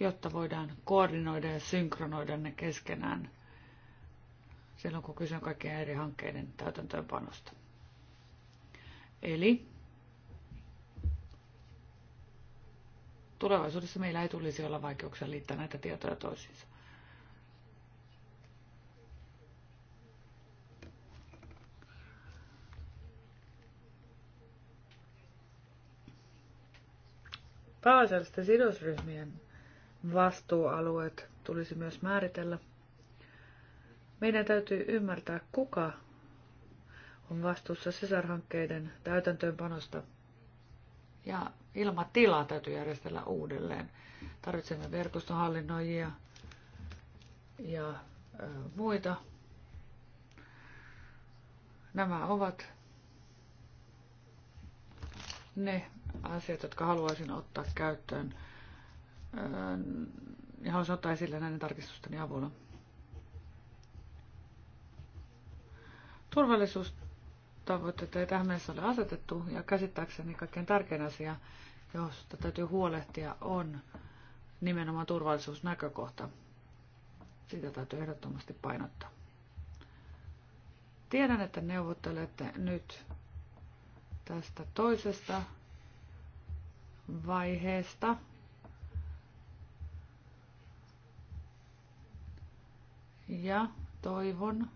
jotta voidaan koordinoida ja synkronoida ne keskenään silloin, kun kyse on kaikkien eri hankkeiden täytäntöönpanosta. Eli tulevaisuudessa meillä ei tulisi olla vaikeuksia liittää näitä tietoja toisiinsa. pääasiallisten sidosryhmien vastuualueet tulisi myös määritellä. Meidän täytyy ymmärtää, kuka on vastuussa sisarhankkeiden täytäntöönpanosta. Ja ilmatilaa täytyy järjestellä uudelleen. Tarvitsemme verkostohallinnoijia ja muita. Nämä ovat ne asiat, jotka haluaisin ottaa käyttöön öö, ja haluaisin ottaa esille näiden tarkistusteni avulla. Turvallisuustavoitteita ei tähän mennessä ole asetettu ja käsittääkseni kaikkein tärkein asia, josta täytyy huolehtia, on nimenomaan turvallisuusnäkökohta. Sitä täytyy ehdottomasti painottaa. Tiedän, että neuvottelette nyt tästä toisesta vaiheesta. Ja toivon,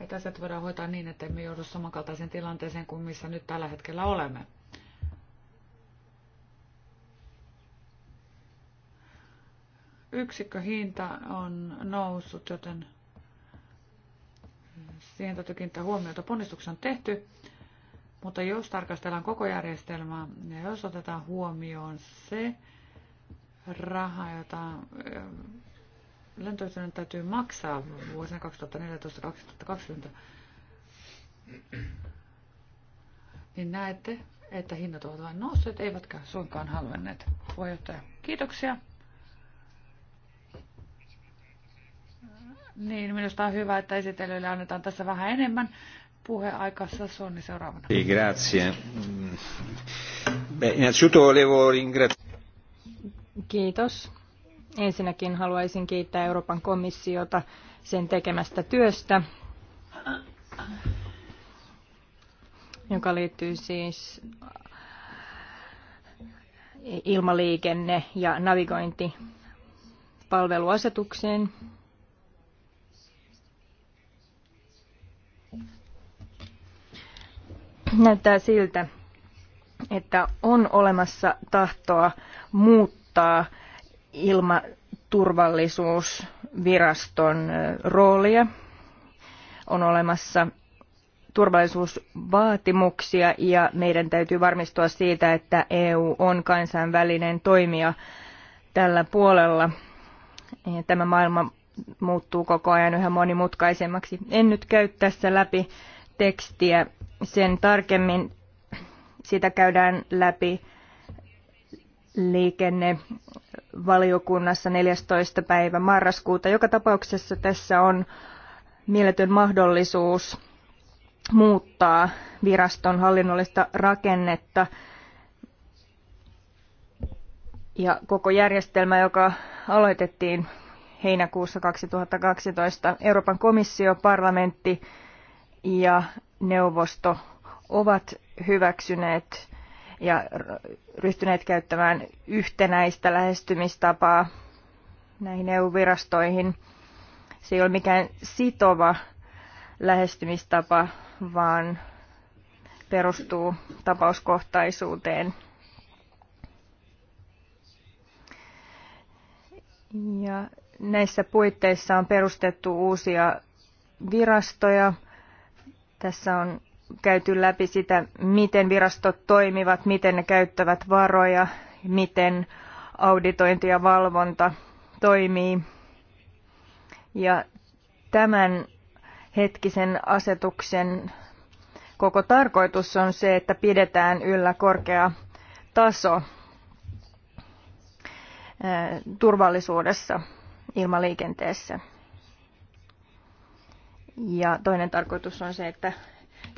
että asiat voidaan hoitaa niin, että emme joudu samankaltaiseen tilanteeseen kuin missä nyt tällä hetkellä olemme. Yksikköhinta on noussut, joten Siihen täytyy kiinnittää huomiota. Ponnistuksia on tehty, mutta jos tarkastellaan koko järjestelmää ja jos otetaan huomioon se raha, jota eh, lentoyhtiön täytyy maksaa vuosina 2014-2020, niin näette, että hinnat ovat vain nousseet, eivätkä suinkaan halvenneet. Puheenjohtaja, kiitoksia. Niin, minusta on hyvä, että esittelyille annetaan tässä vähän enemmän puheaikaa Sassoni seuraavana. Niin, grazie. Kiitos. Ensinnäkin haluaisin kiittää Euroopan komissiota sen tekemästä työstä, joka liittyy siis ilmaliikenne- ja navigointipalveluasetukseen. näyttää siltä, että on olemassa tahtoa muuttaa ilmaturvallisuusviraston roolia. On olemassa turvallisuusvaatimuksia ja meidän täytyy varmistua siitä, että EU on kansainvälinen toimija tällä puolella. Tämä maailma muuttuu koko ajan yhä monimutkaisemmaksi. En nyt käy tässä läpi tekstiä sen tarkemmin. Sitä käydään läpi liikennevaliokunnassa 14. päivä marraskuuta. Joka tapauksessa tässä on mieletön mahdollisuus muuttaa viraston hallinnollista rakennetta ja koko järjestelmä, joka aloitettiin heinäkuussa 2012. Euroopan komissio, parlamentti ja neuvosto ovat hyväksyneet ja ryhtyneet käyttämään yhtenäistä lähestymistapaa näihin EU-virastoihin. Se ei ole mikään sitova lähestymistapa, vaan perustuu tapauskohtaisuuteen. Ja näissä puitteissa on perustettu uusia virastoja, tässä on käyty läpi sitä, miten virastot toimivat, miten ne käyttävät varoja, miten auditointi ja valvonta toimii. Ja tämän hetkisen asetuksen koko tarkoitus on se, että pidetään yllä korkea taso eh, turvallisuudessa ilmaliikenteessä. Ja toinen tarkoitus on se, että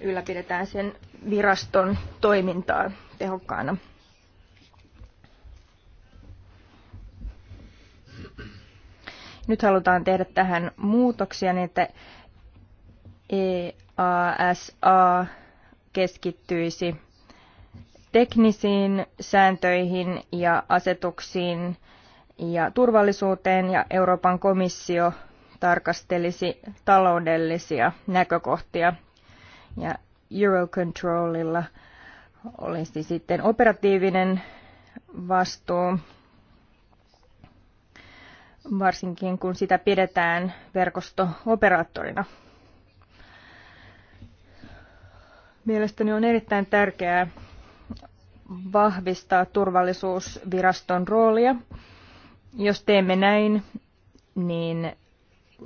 ylläpidetään sen viraston toimintaa tehokkaana. Nyt halutaan tehdä tähän muutoksia niin, että EASA keskittyisi teknisiin sääntöihin ja asetuksiin ja turvallisuuteen ja Euroopan komissio tarkastelisi taloudellisia näkökohtia. Ja Eurocontrolilla olisi sitten operatiivinen vastuu, varsinkin kun sitä pidetään verkostooperaattorina. Mielestäni on erittäin tärkeää vahvistaa turvallisuusviraston roolia. Jos teemme näin, niin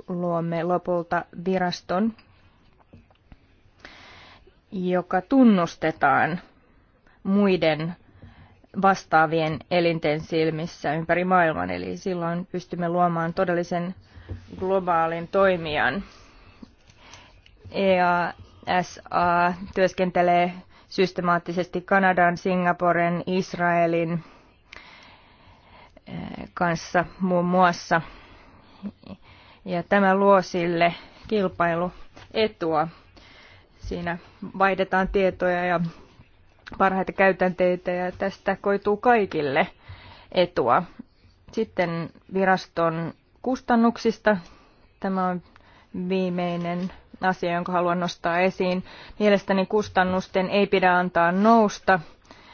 luomme lopulta viraston, joka tunnustetaan muiden vastaavien elinten silmissä ympäri maailman. Eli silloin pystymme luomaan todellisen globaalin toimijan. EASA työskentelee systemaattisesti Kanadan, Singaporen, Israelin eh, kanssa muun muassa ja tämä luo sille kilpailuetua. Siinä vaihdetaan tietoja ja parhaita käytänteitä ja tästä koituu kaikille etua. Sitten viraston kustannuksista. Tämä on viimeinen asia, jonka haluan nostaa esiin. Mielestäni kustannusten ei pidä antaa nousta,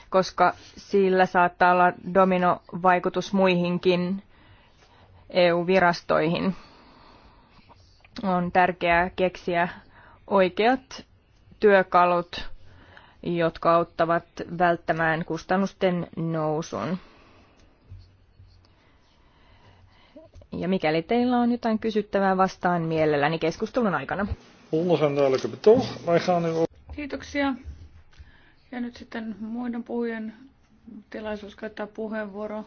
koska sillä saattaa olla dominovaikutus muihinkin EU-virastoihin on tärkeää keksiä oikeat työkalut, jotka auttavat välttämään kustannusten nousun. Ja mikäli teillä on jotain kysyttävää, vastaan mielelläni keskustelun aikana. Kiitoksia. Ja nyt sitten muiden puhujien tilaisuus käyttää puheenvuoro.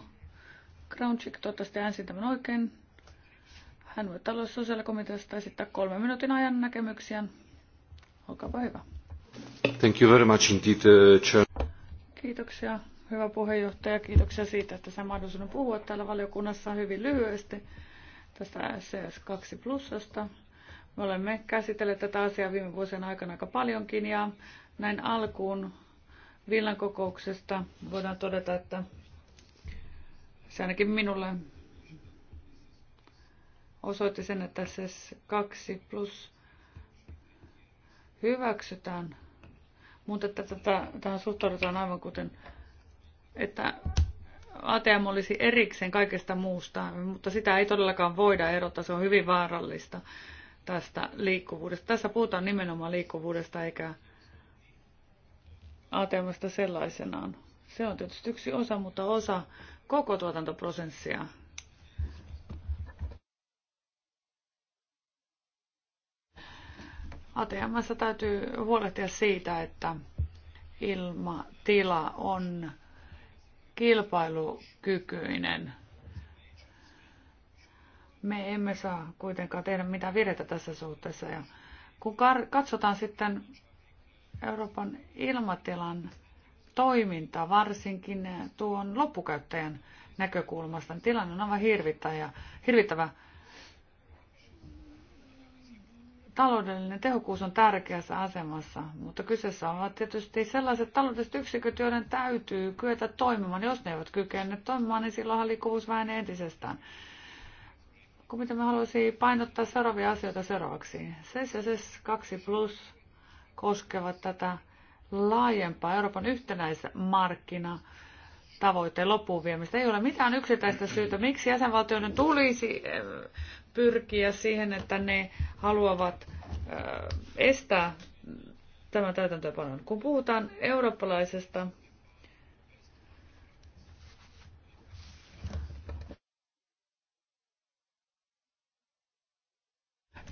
Groundcheck, toivottavasti äänsin tämän oikein. Hän voi talous- sosiaalikomiteasta esittää kolme minuutin ajan näkemyksiä. Olkaapa hyvä. Thank you very much indeed, uh, chair. Kiitoksia, hyvä puheenjohtaja. Kiitoksia siitä, että sain mahdollisuuden puhua täällä valiokunnassa hyvin lyhyesti tästä SCS2 plussasta. Me olemme käsitelleet tätä asiaa viime vuosien aikana aika paljonkin ja näin alkuun Villan kokouksesta voidaan todeta, että se ainakin minulle osoitti sen, että se 2 plus hyväksytään, mutta että tätä, tähän suhtaudutaan aivan kuten, että ATM olisi erikseen kaikesta muusta, mutta sitä ei todellakaan voida erottaa, se on hyvin vaarallista tästä liikkuvuudesta. Tässä puhutaan nimenomaan liikkuvuudesta eikä ATMstä sellaisenaan. Se on tietysti yksi osa, mutta osa koko tuotantoprosessia. ATMssä täytyy huolehtia siitä, että ilmatila on kilpailukykyinen. Me emme saa kuitenkaan tehdä mitään virheitä tässä suhteessa. Ja kun katsotaan sitten Euroopan ilmatilan toiminta, varsinkin tuon loppukäyttäjän näkökulmasta, niin tilanne on aivan hirvittävä. hirvittävä taloudellinen tehokkuus on tärkeässä asemassa, mutta kyseessä ovat tietysti sellaiset taloudelliset yksiköt, joiden täytyy kyetä toimimaan. Jos ne eivät kykene toimimaan, niin silloinhan liikkuvuus vähenee entisestään. Kun mitä mä haluaisin painottaa seuraavia asioita seuraavaksi. SES ja SES 2 Plus koskevat tätä laajempaa Euroopan yhtenäismarkkina tavoitteen loppuun viemistä. Ei ole mitään yksittäistä syytä, miksi jäsenvaltioiden tulisi pyrkiä siihen, että ne haluavat estää tämän täytäntöönpanon. Kun puhutaan eurooppalaisesta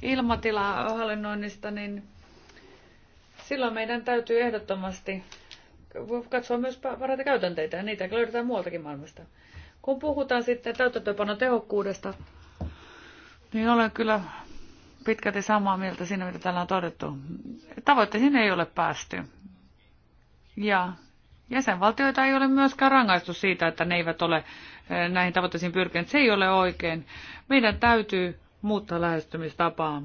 ilmatilahallinnoinnista, niin silloin meidän täytyy ehdottomasti katsoa myös parhaita käytänteitä, ja niitä löydetään muualtakin maailmasta. Kun puhutaan sitten täytäntöönpanon tehokkuudesta, niin olen kyllä pitkälti samaa mieltä siinä, mitä täällä on todettu. Tavoitteisiin ei ole päästy. Ja jäsenvaltioita ei ole myöskään rangaistu siitä, että ne eivät ole eh, näihin tavoitteisiin pyrkineet. Se ei ole oikein. Meidän täytyy muuttaa lähestymistapaa.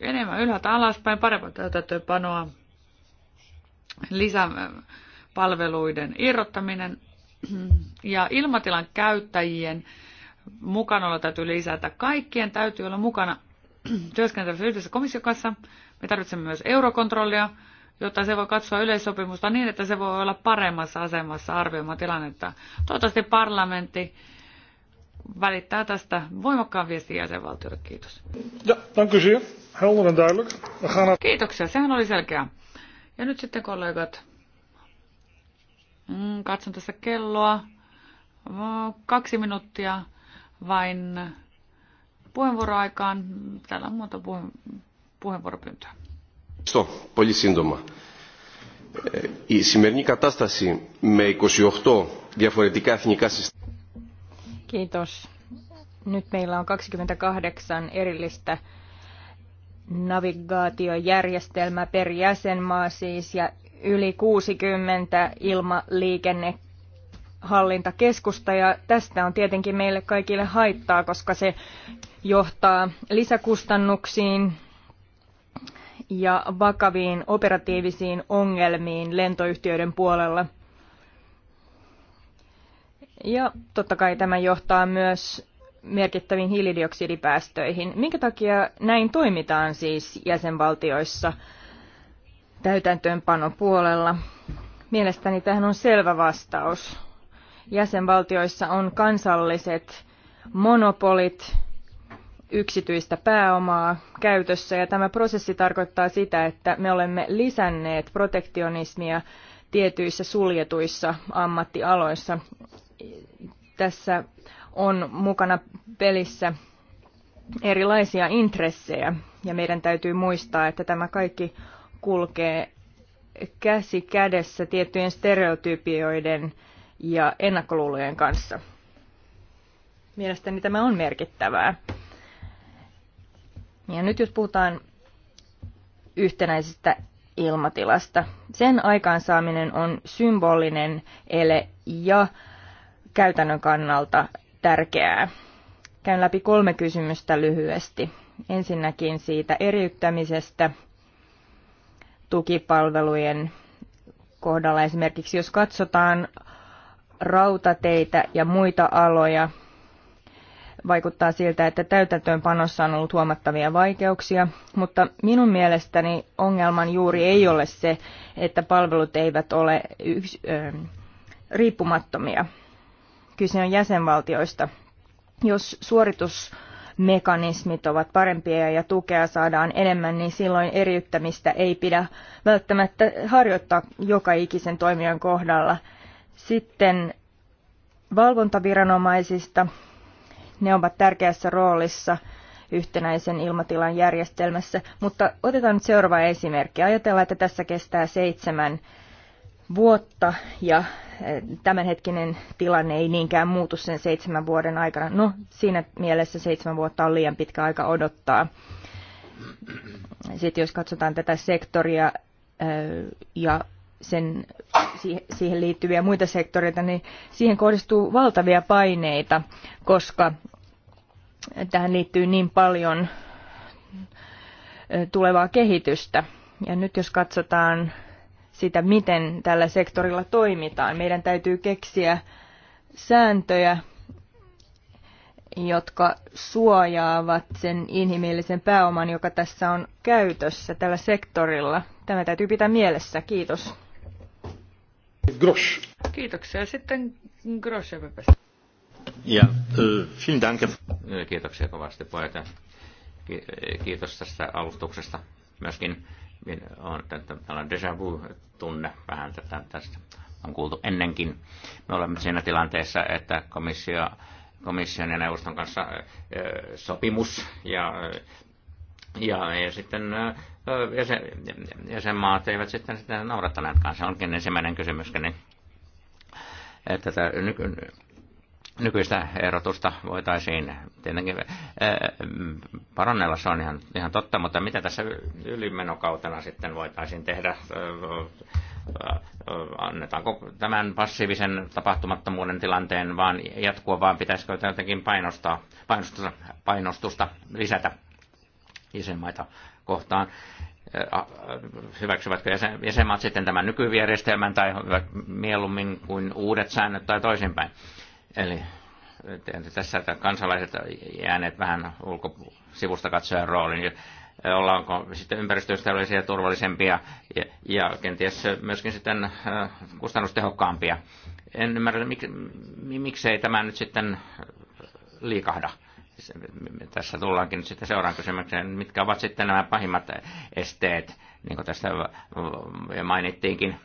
Enemmän ylhäältä alaspäin, parempaa täytäntöönpanoa, lisäpalveluiden irrottaminen ja ilmatilan käyttäjien mukanaolo täytyy lisätä. Kaikkien täytyy olla mukana työskentelyssä yhdessä komission kanssa. Me tarvitsemme myös eurokontrollia, jotta se voi katsoa yleissopimusta niin, että se voi olla paremmassa asemassa arvioimaan tilannetta. Toivottavasti parlamentti välittää tästä voimakkaan viestin jäsenvaltiolle. Kiitos. Ja, dank u Helder en duidelijk. We gaan naar... Kiitoksia, sehän oli selkeä. Ja nyt sitten kollegat. Mm, katson tässä kelloa. Kaksi minuuttia vain puheenvuoroaikaan. Täällä on muuta puhe- puheenvuoropyyntöä. Στο πολύ I Η σημερινή κατάσταση με 28 διαφορετικά εθνικά συστήματα. Kiitos. Nyt meillä on 28 erillistä navigaatiojärjestelmää per jäsenmaa siis ja yli 60 ilmaliikenne hallintakeskusta ja tästä on tietenkin meille kaikille haittaa, koska se johtaa lisäkustannuksiin ja vakaviin operatiivisiin ongelmiin lentoyhtiöiden puolella. Ja totta kai tämä johtaa myös merkittäviin hiilidioksidipäästöihin. Minkä takia näin toimitaan siis jäsenvaltioissa täytäntöönpanon puolella? Mielestäni tähän on selvä vastaus jäsenvaltioissa on kansalliset monopolit yksityistä pääomaa käytössä ja tämä prosessi tarkoittaa sitä, että me olemme lisänneet protektionismia tietyissä suljetuissa ammattialoissa. Tässä on mukana pelissä erilaisia intressejä ja meidän täytyy muistaa, että tämä kaikki kulkee käsi kädessä tiettyjen stereotypioiden ja ennakkoluulojen kanssa. Mielestäni tämä on merkittävää. Ja nyt jos puhutaan yhtenäisestä ilmatilasta, sen aikaansaaminen on symbolinen ele ja käytännön kannalta tärkeää. Käyn läpi kolme kysymystä lyhyesti. Ensinnäkin siitä eriyttämisestä tukipalvelujen kohdalla. Esimerkiksi jos katsotaan rautateitä ja muita aloja. Vaikuttaa siltä, että täytäntöönpanossa on ollut huomattavia vaikeuksia, mutta minun mielestäni ongelman juuri ei ole se, että palvelut eivät ole yks, ö, ähm, riippumattomia. Kyse on jäsenvaltioista. Jos suoritusmekanismit ovat parempia ja tukea saadaan enemmän, niin silloin eriyttämistä ei pidä välttämättä harjoittaa joka ikisen toimijan kohdalla – sitten valvontaviranomaisista. Ne ovat tärkeässä roolissa yhtenäisen ilmatilan järjestelmässä. Mutta otetaan nyt seuraava esimerkki. Ajatellaan, että tässä kestää seitsemän vuotta ja eh, tämänhetkinen tilanne ei niinkään muutu sen seitsemän vuoden aikana. No, siinä mielessä seitsemän vuotta on liian pitkä aika odottaa. Sitten jos katsotaan tätä sektoria eh, ja sen, siihen liittyviä muita sektoreita, niin siihen kohdistuu valtavia paineita, koska tähän liittyy niin paljon tulevaa kehitystä. Ja nyt jos katsotaan sitä, miten tällä sektorilla toimitaan, meidän täytyy keksiä sääntöjä, jotka suojaavat sen inhimillisen pääoman, joka tässä on käytössä tällä sektorilla. Tämä täytyy pitää mielessä. Kiitos. Grosch. Kiitoksia. Sitten Grosch Pepe. Ja, vielen dank. Kiitoksia kovasti pojat. Kiitos tästä alustuksesta myöskin on tällainen déjà vu-tunne vähän tätä tästä on kuultu ennenkin. Me olemme siinä tilanteessa, että komissio, komission ja neuvoston kanssa sopimus ja ja, ja sitten jäsen, jäsenmaat eivät sitten sitä naurattaneetkaan. Se onkin ensimmäinen kysymys, niin että tätä nyky, nykyistä erotusta voitaisiin tietenkin parannella, se on ihan, ihan totta, mutta mitä tässä ylimenokautena sitten voitaisiin tehdä? Annetaanko tämän passiivisen tapahtumattomuuden tilanteen vaan jatkua, vaan pitäisikö jotenkin painostaa, painostusta, painostusta lisätä jäsenmaita kohtaan hyväksyvätkö jäsenmaat sitten tämän nykyjärjestelmän tai mieluummin kuin uudet säännöt tai toisinpäin. Eli tässä kansalaiset jääneet vähän ulkosivusta katsojan rooliin. Ollaanko sitten ympäristöystävällisiä, turvallisempia ja, ja kenties myöskin sitten kustannustehokkaampia. En ymmärrä, mik, miksei tämä nyt sitten liikahda tässä tullaankin nyt sitten seuraan kysymykseen, mitkä ovat sitten nämä pahimmat esteet, niin kuin tässä mainittiinkin.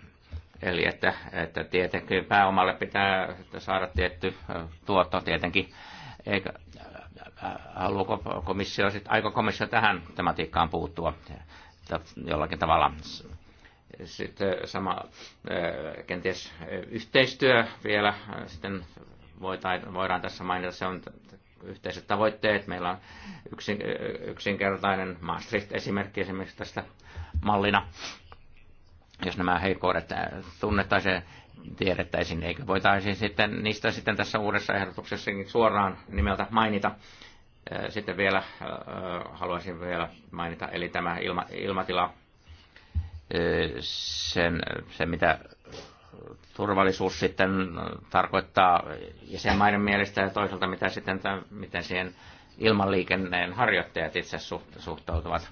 Eli että, että tietenkin pääomalle pitää saada tietty tuotto tietenkin. Eikä, haluuko komissio, sit, aiko komissio tähän tematiikkaan puuttua jollakin tavalla? Sitten sama eh, kenties yhteistyö vielä sitten voidaan tässä mainita, se on yhteiset tavoitteet. Meillä on yksin, yksinkertainen Maastricht-esimerkki esimerkiksi tästä mallina. Jos nämä heikoudet äh, tunnettaisiin, tiedettäisiin, eikö voitaisiin sitten niistä sitten tässä uudessa ehdotuksessa suoraan nimeltä mainita. Äh, sitten vielä äh, haluaisin vielä mainita, eli tämä ilma, ilmatila, sen, sen mitä turvallisuus sitten tarkoittaa jäsenmaiden mielestä ja toisaalta mitä sitten, tämän, miten siihen ilmanliikenneen harjoittajat itse suhtautuvat.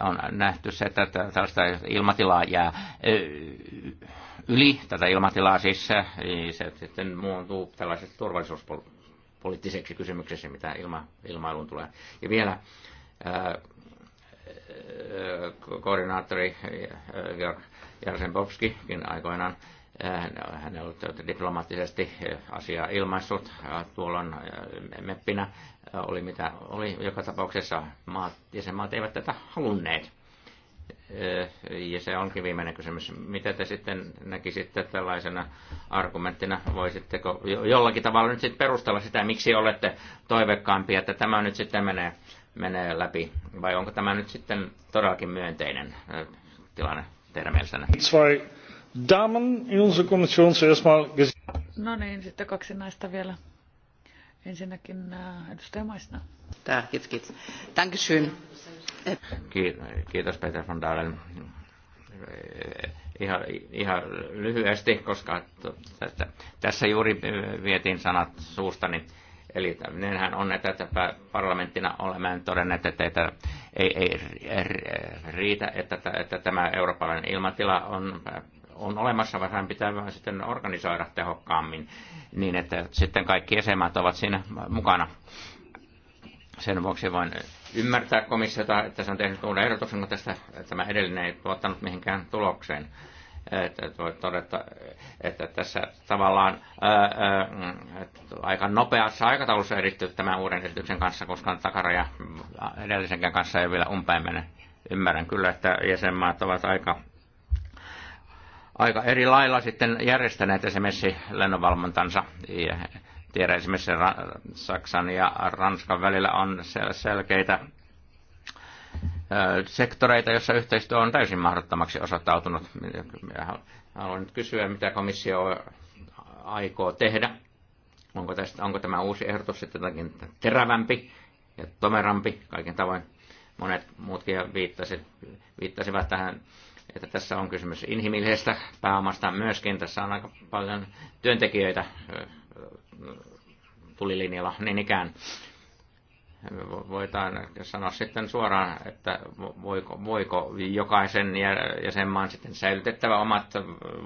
On nähty se, että tällaista ilmatilaa jää yli, tätä ilmatilaa siis, se niin sitten muuntuu tällaiset turvallisuuspoliittiseksi kysymykseksi, mitä ilma, ilmailuun tulee. Ja vielä koordinaattori eh, Jarsenbovskikin aikoinaan eh, hän on ollut diplomaattisesti eh, asiaa ilmaissut tuolloin meppinä, oli mitä oli. Joka tapauksessa maat, jäsenmaat eivät tätä halunneet. Ja se onkin viimeinen kysymys. Mitä te sitten näkisitte tällaisena argumenttina? Voisitteko jollakin tavalla nyt sitten perustella sitä, miksi olette toivekkaampia, että tämä nyt sitten menee menee läpi, vai onko tämä nyt sitten todellakin myönteinen tilanne teidän mielestänne? No niin, sitten kaksi naista vielä. Ensinnäkin äh, edustaja Maisna. Tää, kiitos, kiitos. Dankeschön. Kiitos Peter von Dahlen. Äh, ihan, ihan lyhyesti, koska tässä juuri vietiin sanat suustani. Niin Eli nehän on, että parlamenttina olemme todenneet, että teitä ei, ei riitä, että, että tämä eurooppalainen ilmatila on, on olemassa, vaan pitää vaan sitten organisoida tehokkaammin niin, että sitten kaikki jäsenmaat ovat siinä mukana. Sen vuoksi voin ymmärtää komissiota, että se on tehnyt uuden ehdotuksen, mutta tästä tämä edellinen ei tuottanut mihinkään tulokseen voi todeta, että tässä tavallaan ää, ää, aika nopeassa aikataulussa edisty tämän uuden esityksen kanssa, koska takaraja edellisenkään kanssa ei vielä umpeen mene. Ymmärrän kyllä, että jäsenmaat ovat aika, aika eri lailla sitten järjestäneet esimerkiksi lennonvalmontansa. tiedän esimerkiksi Saksan ja Ranskan välillä on selkeitä sektoreita, joissa yhteistyö on täysin mahdottomaksi osoittautunut. Haluan nyt kysyä, mitä komissio aikoo tehdä. Onko, tästä, onko tämä uusi ehdotus sitten jotakin terävämpi ja tomerampi kaiken tavoin? Monet muutkin viittasivat, viittasivat tähän, että tässä on kysymys inhimillisestä pääomasta myöskin. Tässä on aika paljon työntekijöitä tulilinjalla niin ikään voidaan sanoa sitten suoraan, että voiko, voiko jokaisen jäsenmaan sitten säilytettävä omat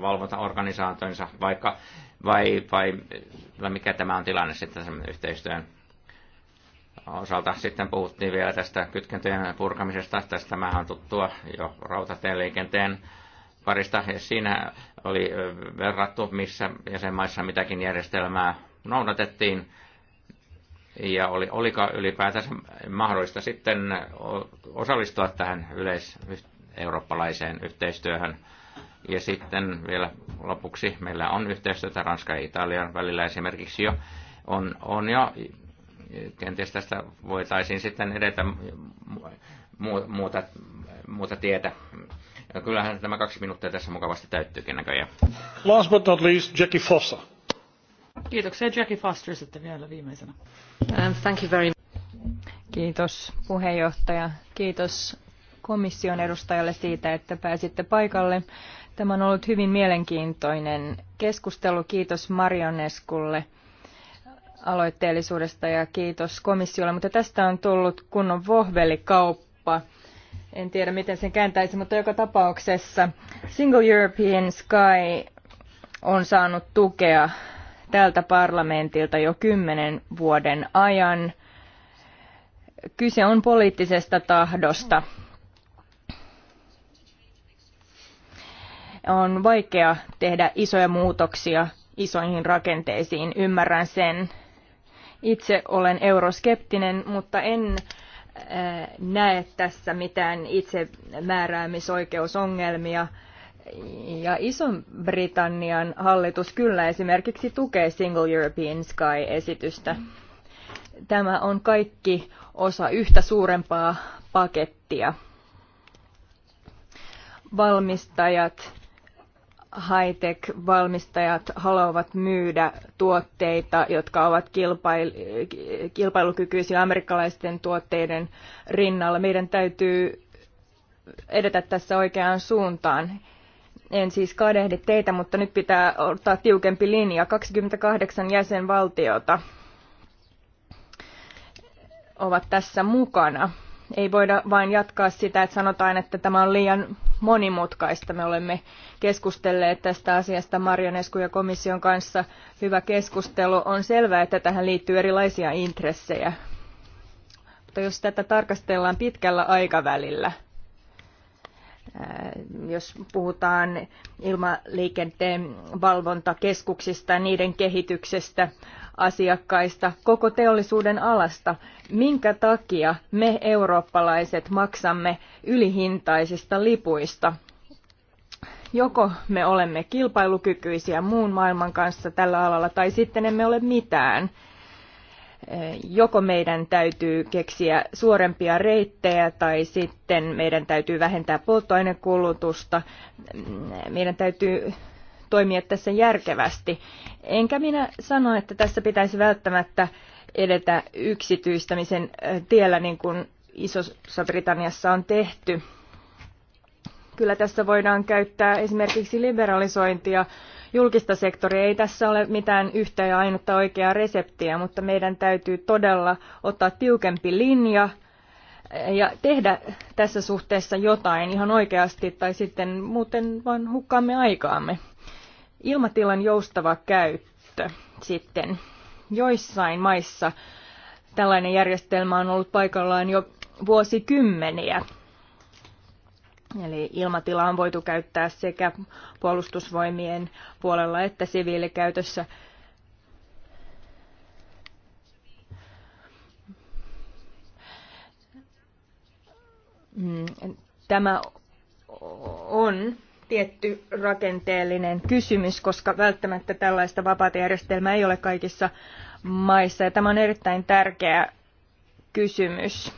valvontaorganisaationsa, vaikka, vai, vai mikä tämä on tilanne sitten sen yhteistyön osalta. Sitten puhuttiin vielä tästä kytkentöjen purkamisesta, tästä tämä on tuttua jo rautatieliikenteen parista, ja siinä oli verrattu, missä jäsenmaissa mitäkin järjestelmää noudatettiin, ja oli, oliko ylipäätänsä mahdollista sitten osallistua tähän yleiseurooppalaiseen yhteistyöhön. Ja sitten vielä lopuksi meillä on yhteistyötä Ranskan ja Italian välillä esimerkiksi jo. On, on jo, kenties tästä voitaisiin sitten edetä muuta, muuta tietä. Kyllähän tämä kaksi minuuttia tässä mukavasti täyttyykin näköjään. Last but not least, Jackie Fossa. Kiitoksia. Jackie Foster sitten vielä viimeisenä. Um, thank you very much. Kiitos puheenjohtaja. Kiitos komission edustajalle siitä, että pääsitte paikalle. Tämä on ollut hyvin mielenkiintoinen keskustelu. Kiitos Marioneskulle aloitteellisuudesta ja kiitos komissiolle, mutta tästä on tullut kunnon vohvelikauppa. En tiedä, miten sen kääntäisi, mutta joka tapauksessa Single European Sky on saanut tukea tältä parlamentilta jo kymmenen vuoden ajan. Kyse on poliittisesta tahdosta. On vaikea tehdä isoja muutoksia isoihin rakenteisiin, ymmärrän sen. Itse olen euroskeptinen, mutta en äh, näe tässä mitään itsemääräämisoikeusongelmia. Ja Ison-Britannian hallitus kyllä esimerkiksi tukee Single European Sky-esitystä. Tämä on kaikki osa yhtä suurempaa pakettia. Valmistajat, high-tech-valmistajat haluavat myydä tuotteita, jotka ovat kilpail- kilpailukykyisiä amerikkalaisten tuotteiden rinnalla. Meidän täytyy edetä tässä oikeaan suuntaan. En siis kadehdi teitä, mutta nyt pitää ottaa tiukempi linja. 28 jäsenvaltiota ovat tässä mukana. Ei voida vain jatkaa sitä, että sanotaan, että tämä on liian monimutkaista. Me olemme keskustelleet tästä asiasta Marjonesku ja komission kanssa. Hyvä keskustelu. On selvää, että tähän liittyy erilaisia intressejä. Mutta jos tätä tarkastellaan pitkällä aikavälillä – Äh, jos puhutaan ilmaliikenteen valvontakeskuksista, niiden kehityksestä, asiakkaista, koko teollisuuden alasta. Minkä takia me eurooppalaiset maksamme ylihintaisista lipuista? Joko me olemme kilpailukykyisiä muun maailman kanssa tällä alalla tai sitten emme ole mitään joko meidän täytyy keksiä suorempia reittejä tai sitten meidän täytyy vähentää polttoainekulutusta. Meidän täytyy toimia tässä järkevästi. Enkä minä sano, että tässä pitäisi välttämättä edetä yksityistämisen tiellä niin kuin Isossa Britanniassa on tehty. Kyllä tässä voidaan käyttää esimerkiksi liberalisointia julkista sektoria. Ei tässä ole mitään yhtä ja ainutta oikeaa reseptiä, mutta meidän täytyy todella ottaa tiukempi linja ja tehdä tässä suhteessa jotain ihan oikeasti, tai sitten muuten vain hukkaamme aikaamme. Ilmatilan joustava käyttö sitten. Joissain maissa tällainen järjestelmä on ollut paikallaan jo vuosikymmeniä Eli ilmatila on voitu käyttää sekä puolustusvoimien puolella että siviilikäytössä. Mm, tämä on tietty rakenteellinen kysymys, koska välttämättä tällaista vapaata järjestelmää ei ole kaikissa maissa. Ja tämä on erittäin tärkeä kysymys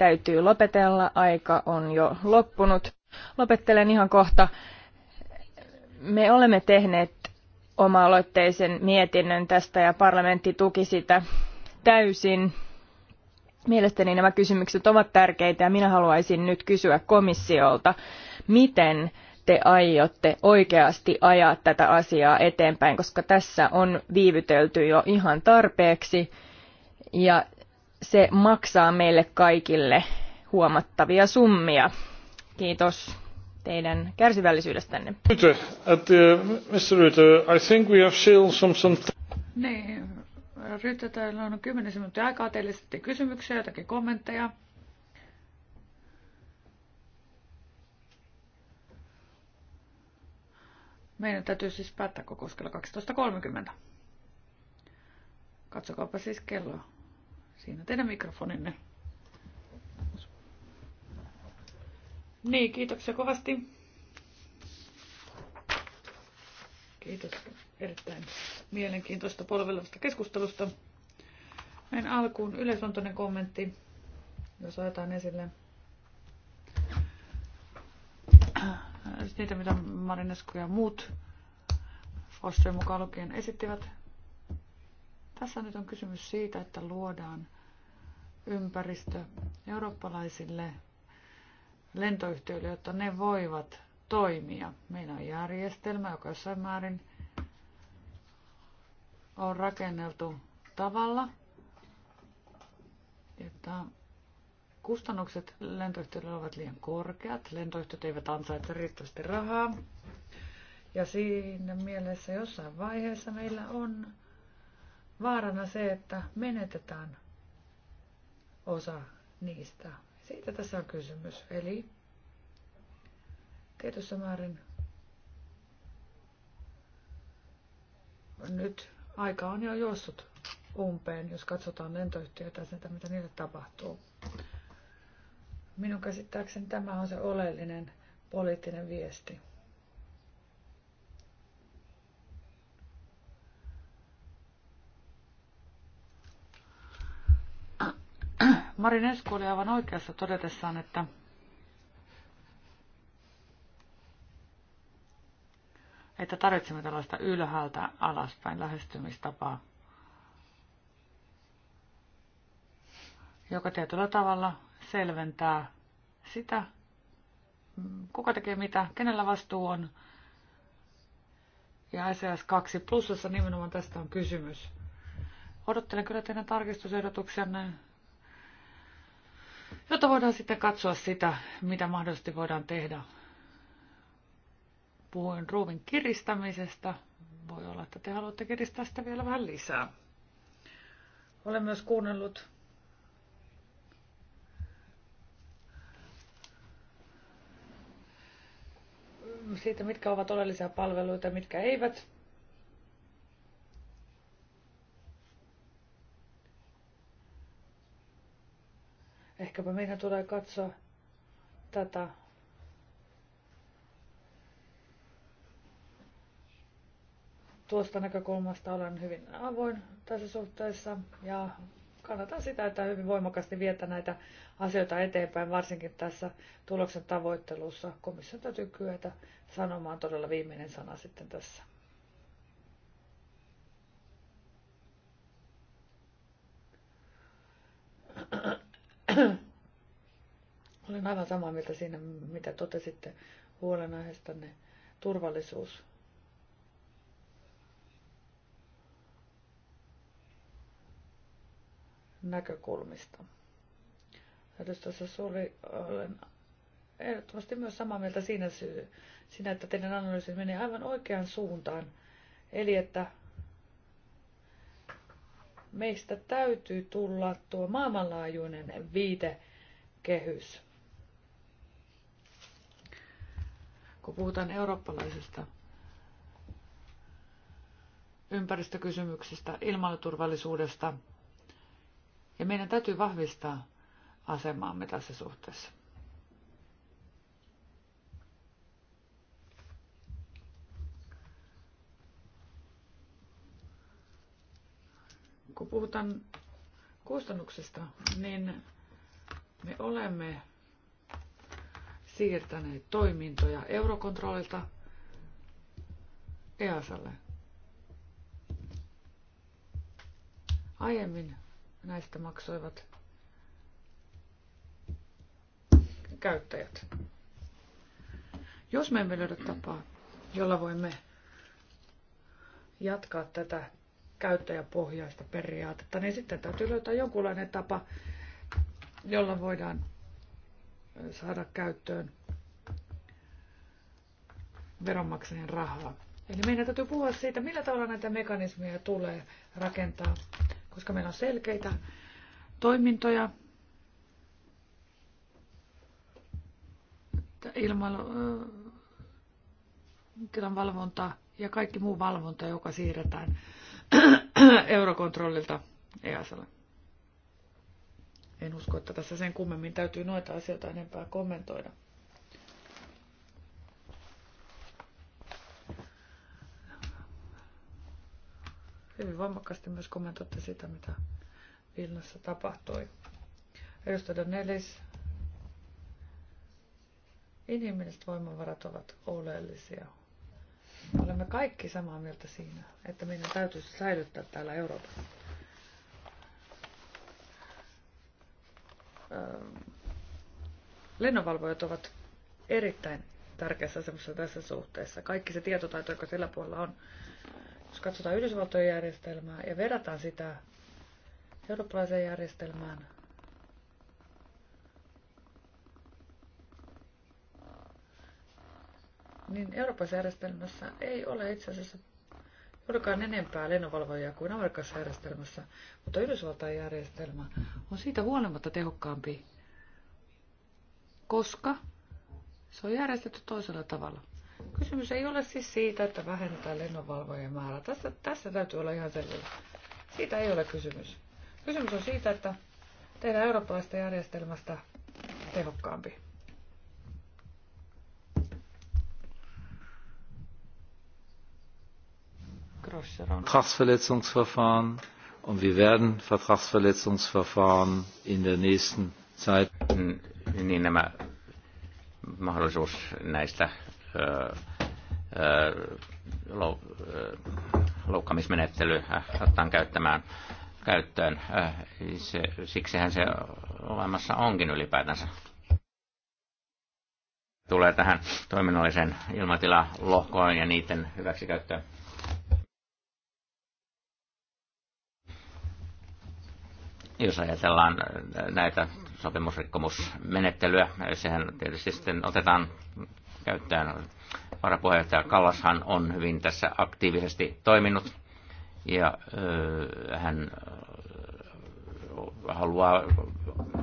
täytyy lopetella. Aika on jo loppunut. Lopettelen ihan kohta. Me olemme tehneet oma-aloitteisen mietinnön tästä ja parlamentti tuki sitä täysin. Mielestäni nämä kysymykset ovat tärkeitä ja minä haluaisin nyt kysyä komissiolta, miten te aiotte oikeasti ajaa tätä asiaa eteenpäin, koska tässä on viivytelty jo ihan tarpeeksi ja se maksaa meille kaikille huomattavia summia. Kiitos teidän kärsivällisyydestänne. Eh, Mr. Rutte, I think we have still some, some... Niin, Rytte, täällä on 10 minuuttia aikaa. Teille sitten kysymyksiä, jotakin kommentteja. Meidän täytyy siis päättää kokous kello 12.30. Katsokaapa siis kelloa. Siinä teidän mikrofoninne. Niin, kiitoksia kovasti. Kiitos erittäin mielenkiintoista polvelevasta keskustelusta. Näin alkuun yleisluontoinen kommentti, jos ajetaan esille siis niitä, mitä Marinesku ja muut Foster mukaan lukien esittivät. Tässä nyt on kysymys siitä, että luodaan ympäristö eurooppalaisille lentoyhtiöille, jotta ne voivat toimia. Meillä on järjestelmä, joka jossain määrin on rakenneltu tavalla, että kustannukset lentoyhtiöille ovat liian korkeat. Lentoyhtiöt eivät ansaitse riittävästi rahaa. Ja siinä mielessä jossain vaiheessa meillä on vaarana se, että menetetään osa niistä. Siitä tässä on kysymys. Eli tietyssä määrin nyt aika on jo juossut umpeen, jos katsotaan lentoyhtiötä sitä, mitä niille tapahtuu. Minun käsittääkseni tämä on se oleellinen poliittinen viesti. Marin Esku oli aivan oikeassa todetessaan, että että tarvitsemme tällaista ylhäältä alaspäin lähestymistapaa, joka tietyllä tavalla selventää sitä, kuka tekee mitä, kenellä vastuu on. Ja ss 2 plussassa nimenomaan tästä on kysymys. Odottelen kyllä teidän tarkistusehdotuksenne jotta voidaan sitten katsoa sitä, mitä mahdollisesti voidaan tehdä. Puhuin ruuvin kiristämisestä. Voi olla, että te haluatte kiristää sitä vielä vähän lisää. Olen myös kuunnellut siitä, mitkä ovat oleellisia palveluita ja mitkä eivät. Ehkäpä meidän tulee katsoa tätä tuosta näkökulmasta olen hyvin avoin tässä suhteessa ja kannatan sitä, että hyvin voimakkaasti vietä näitä asioita eteenpäin, varsinkin tässä tuloksen tavoittelussa. Komissio täytyy kyetä sanomaan todella viimeinen sana sitten tässä. Olen aivan samaa mieltä siinä, mitä totesitte ne Turvallisuus. näkökulmista. tuossa Suuri, olen ehdottomasti myös samaa mieltä siinä, syy, siinä, että teidän analyysi menee aivan oikeaan suuntaan. Eli että meistä täytyy tulla tuo maailmanlaajuinen viitekehys. Kun puhutaan eurooppalaisista ympäristökysymyksistä, ilmailuturvallisuudesta, ja meidän täytyy vahvistaa asemaamme tässä suhteessa. kun puhutaan kustannuksista, niin me olemme siirtäneet toimintoja eurokontrollilta EASalle. Aiemmin näistä maksoivat käyttäjät. Jos me emme löydä tapaa, jolla voimme jatkaa tätä käyttäjäpohjaista periaatetta, niin sitten täytyy löytää jonkunlainen tapa, jolla voidaan saada käyttöön veronmaksajien rahaa. Eli meidän täytyy puhua siitä, millä tavalla näitä mekanismeja tulee rakentaa, koska meillä on selkeitä toimintoja, Ilmailutilan valvonta ja kaikki muu valvonta, joka siirretään eurokontrollilta EASL. En usko, että tässä sen kummemmin täytyy noita asioita enempää kommentoida. Hyvin voimakkaasti myös kommentoitte sitä, mitä Vilnassa tapahtui. Edustaja Nelis, inhimilliset voimavarat ovat oleellisia Olemme kaikki samaa mieltä siinä, että meidän täytyisi säilyttää täällä Euroopassa öö, lennonvalvojat ovat erittäin tärkeässä asemassa tässä suhteessa. Kaikki se tietotaito, joka sillä puolella on, jos katsotaan Yhdysvaltojen järjestelmää ja verrataan sitä eurooppalaiseen järjestelmään, niin Euroopan järjestelmässä ei ole itse asiassa juurikaan enempää lennonvalvojia kuin Amerikassa järjestelmässä, mutta Yhdysvaltain järjestelmä on siitä huolimatta tehokkaampi, koska se on järjestetty toisella tavalla. Kysymys ei ole siis siitä, että vähennetään lennonvalvojen määrää. Tässä, tässä täytyy olla ihan selvä. Siitä ei ole kysymys. Kysymys on siitä, että tehdään eurooppalaisesta järjestelmästä tehokkaampi. Vertragsverletzungsverfahren und wir werden Vertragsverletzungsverfahren in der nächsten Zeit. Niin nämä mahdollisuus näistä äh, äh, äh, käyttämään käyttöön. Se, siksihän se olemassa onkin ylipäätänsä. Tulee tähän toiminnalliseen ilmatilalohkoon ja niiden hyväksikäyttöön. jos ajatellaan äh, näitä sopimusrikkomusmenettelyä, äh, sehän tietysti sitten otetaan käyttöön. Varapuheenjohtaja Kallashan on hyvin tässä aktiivisesti toiminut ja äh, hän haluaa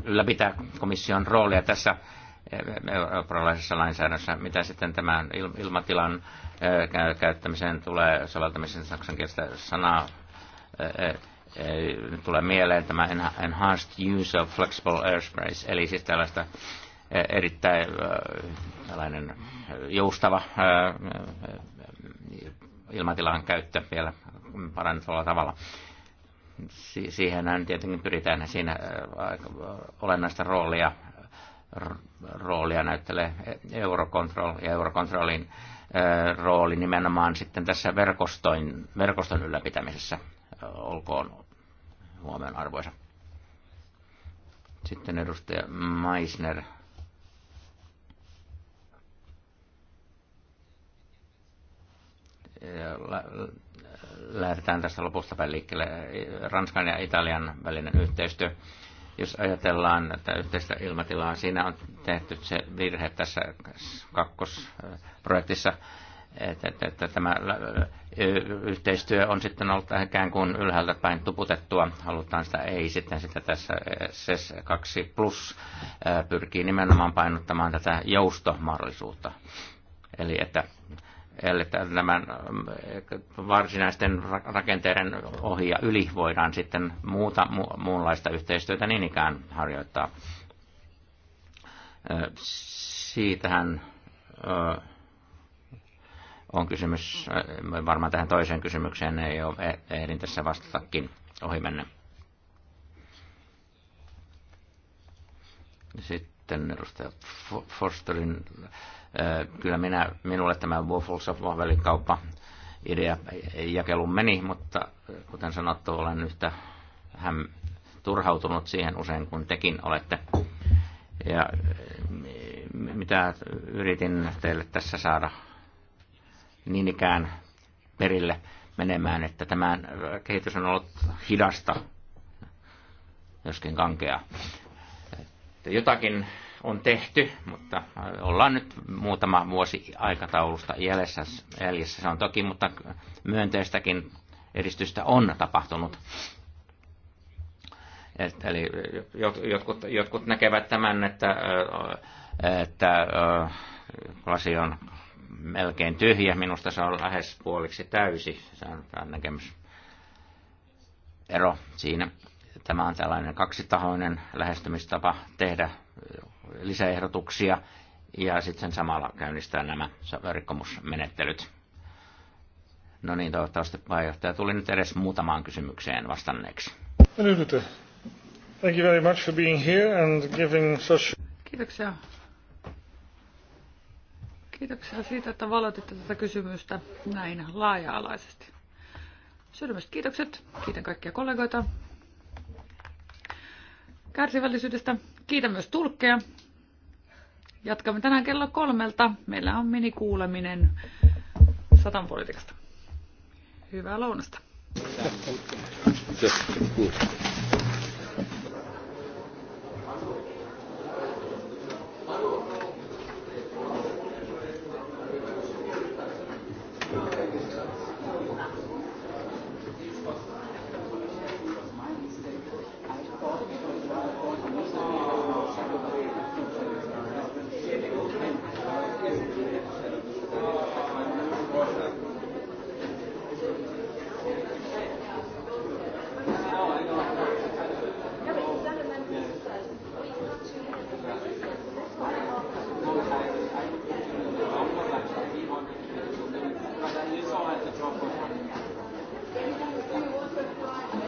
ylläpitää komission roolia tässä eurooppalaisessa lainsäädännössä, mitä sitten tämän ilmatilan käyttämiseen tulee soveltamisen saksankielistä sanaa tulee mieleen tämä Enhanced Use of Flexible Airspace, eli siis tällaista e, erittäin tällainen joustava ilmatilan käyttö vielä parannetulla tavalla. Si- siihenhän tietenkin pyritään siinä olennaista roolia, roolia näyttelee e, Eurocontrol ja Eurocontrolin rooli nimenomaan sitten tässä verkostoin, verkoston ylläpitämisessä olkoon huomion arvoisa. Sitten edustaja Meisner. lähdetään tästä lopusta päin liikkeelle. Ranskan ja Italian välinen yhteistyö. Jos ajatellaan että yhteistä ilmatilaa, siinä on tehty se virhe tässä kakkosprojektissa että, että, että tämä yhteistyö on sitten ollut ikään kuin ylhäältä päin tuputettua. Halutaan sitä ei sitten sitä tässä SES 2 Plus pyrkii nimenomaan painottamaan tätä joustomahdollisuutta. Eli että Eli tämän varsinaisten rakenteiden ohi ja yli voidaan sitten muuta mu, muunlaista yhteistyötä niin ikään harjoittaa. Siitähän on kysymys, varmaan tähän toiseen kysymykseen ei ole, ehdin tässä vastatakin ohi mennä. Sitten edustaja Forsterin, kyllä minä, minulle tämä Waffles of kauppa idea jakelun meni, mutta kuten sanottu, olen yhtä hän turhautunut siihen usein kuin tekin olette. Ja mitä yritin teille tässä saada niin ikään perille menemään, että tämä äh, kehitys on ollut hidasta, joskin kankea. Että jotakin on tehty, mutta äh, ollaan nyt muutama vuosi aikataulusta jäljessä, jäljessä se on toki, mutta myönteistäkin edistystä on tapahtunut. Et, eli jotkut, jotkut näkevät tämän, että, äh, että lasi on melkein tyhjä. Minusta se on lähes puoliksi täysi. Se on näkemys ero siinä. Tämä on tällainen kaksitahoinen lähestymistapa tehdä lisäehdotuksia ja sitten samalla käynnistää nämä rikkomusmenettelyt. No niin, toivottavasti puheenjohtaja tuli nyt edes muutamaan kysymykseen vastanneeksi. Thank you very much for being here and giving such... Kiitoksia Kiitoksia siitä, että valotitte tätä kysymystä näin laaja-alaisesti. Sydämestä kiitokset. Kiitän kaikkia kollegoita kärsivällisyydestä. Kiitän myös tulkkeja. Jatkamme tänään kello kolmelta. Meillä on minikuuleminen satanpolitiikasta. Hyvää lounasta. Just,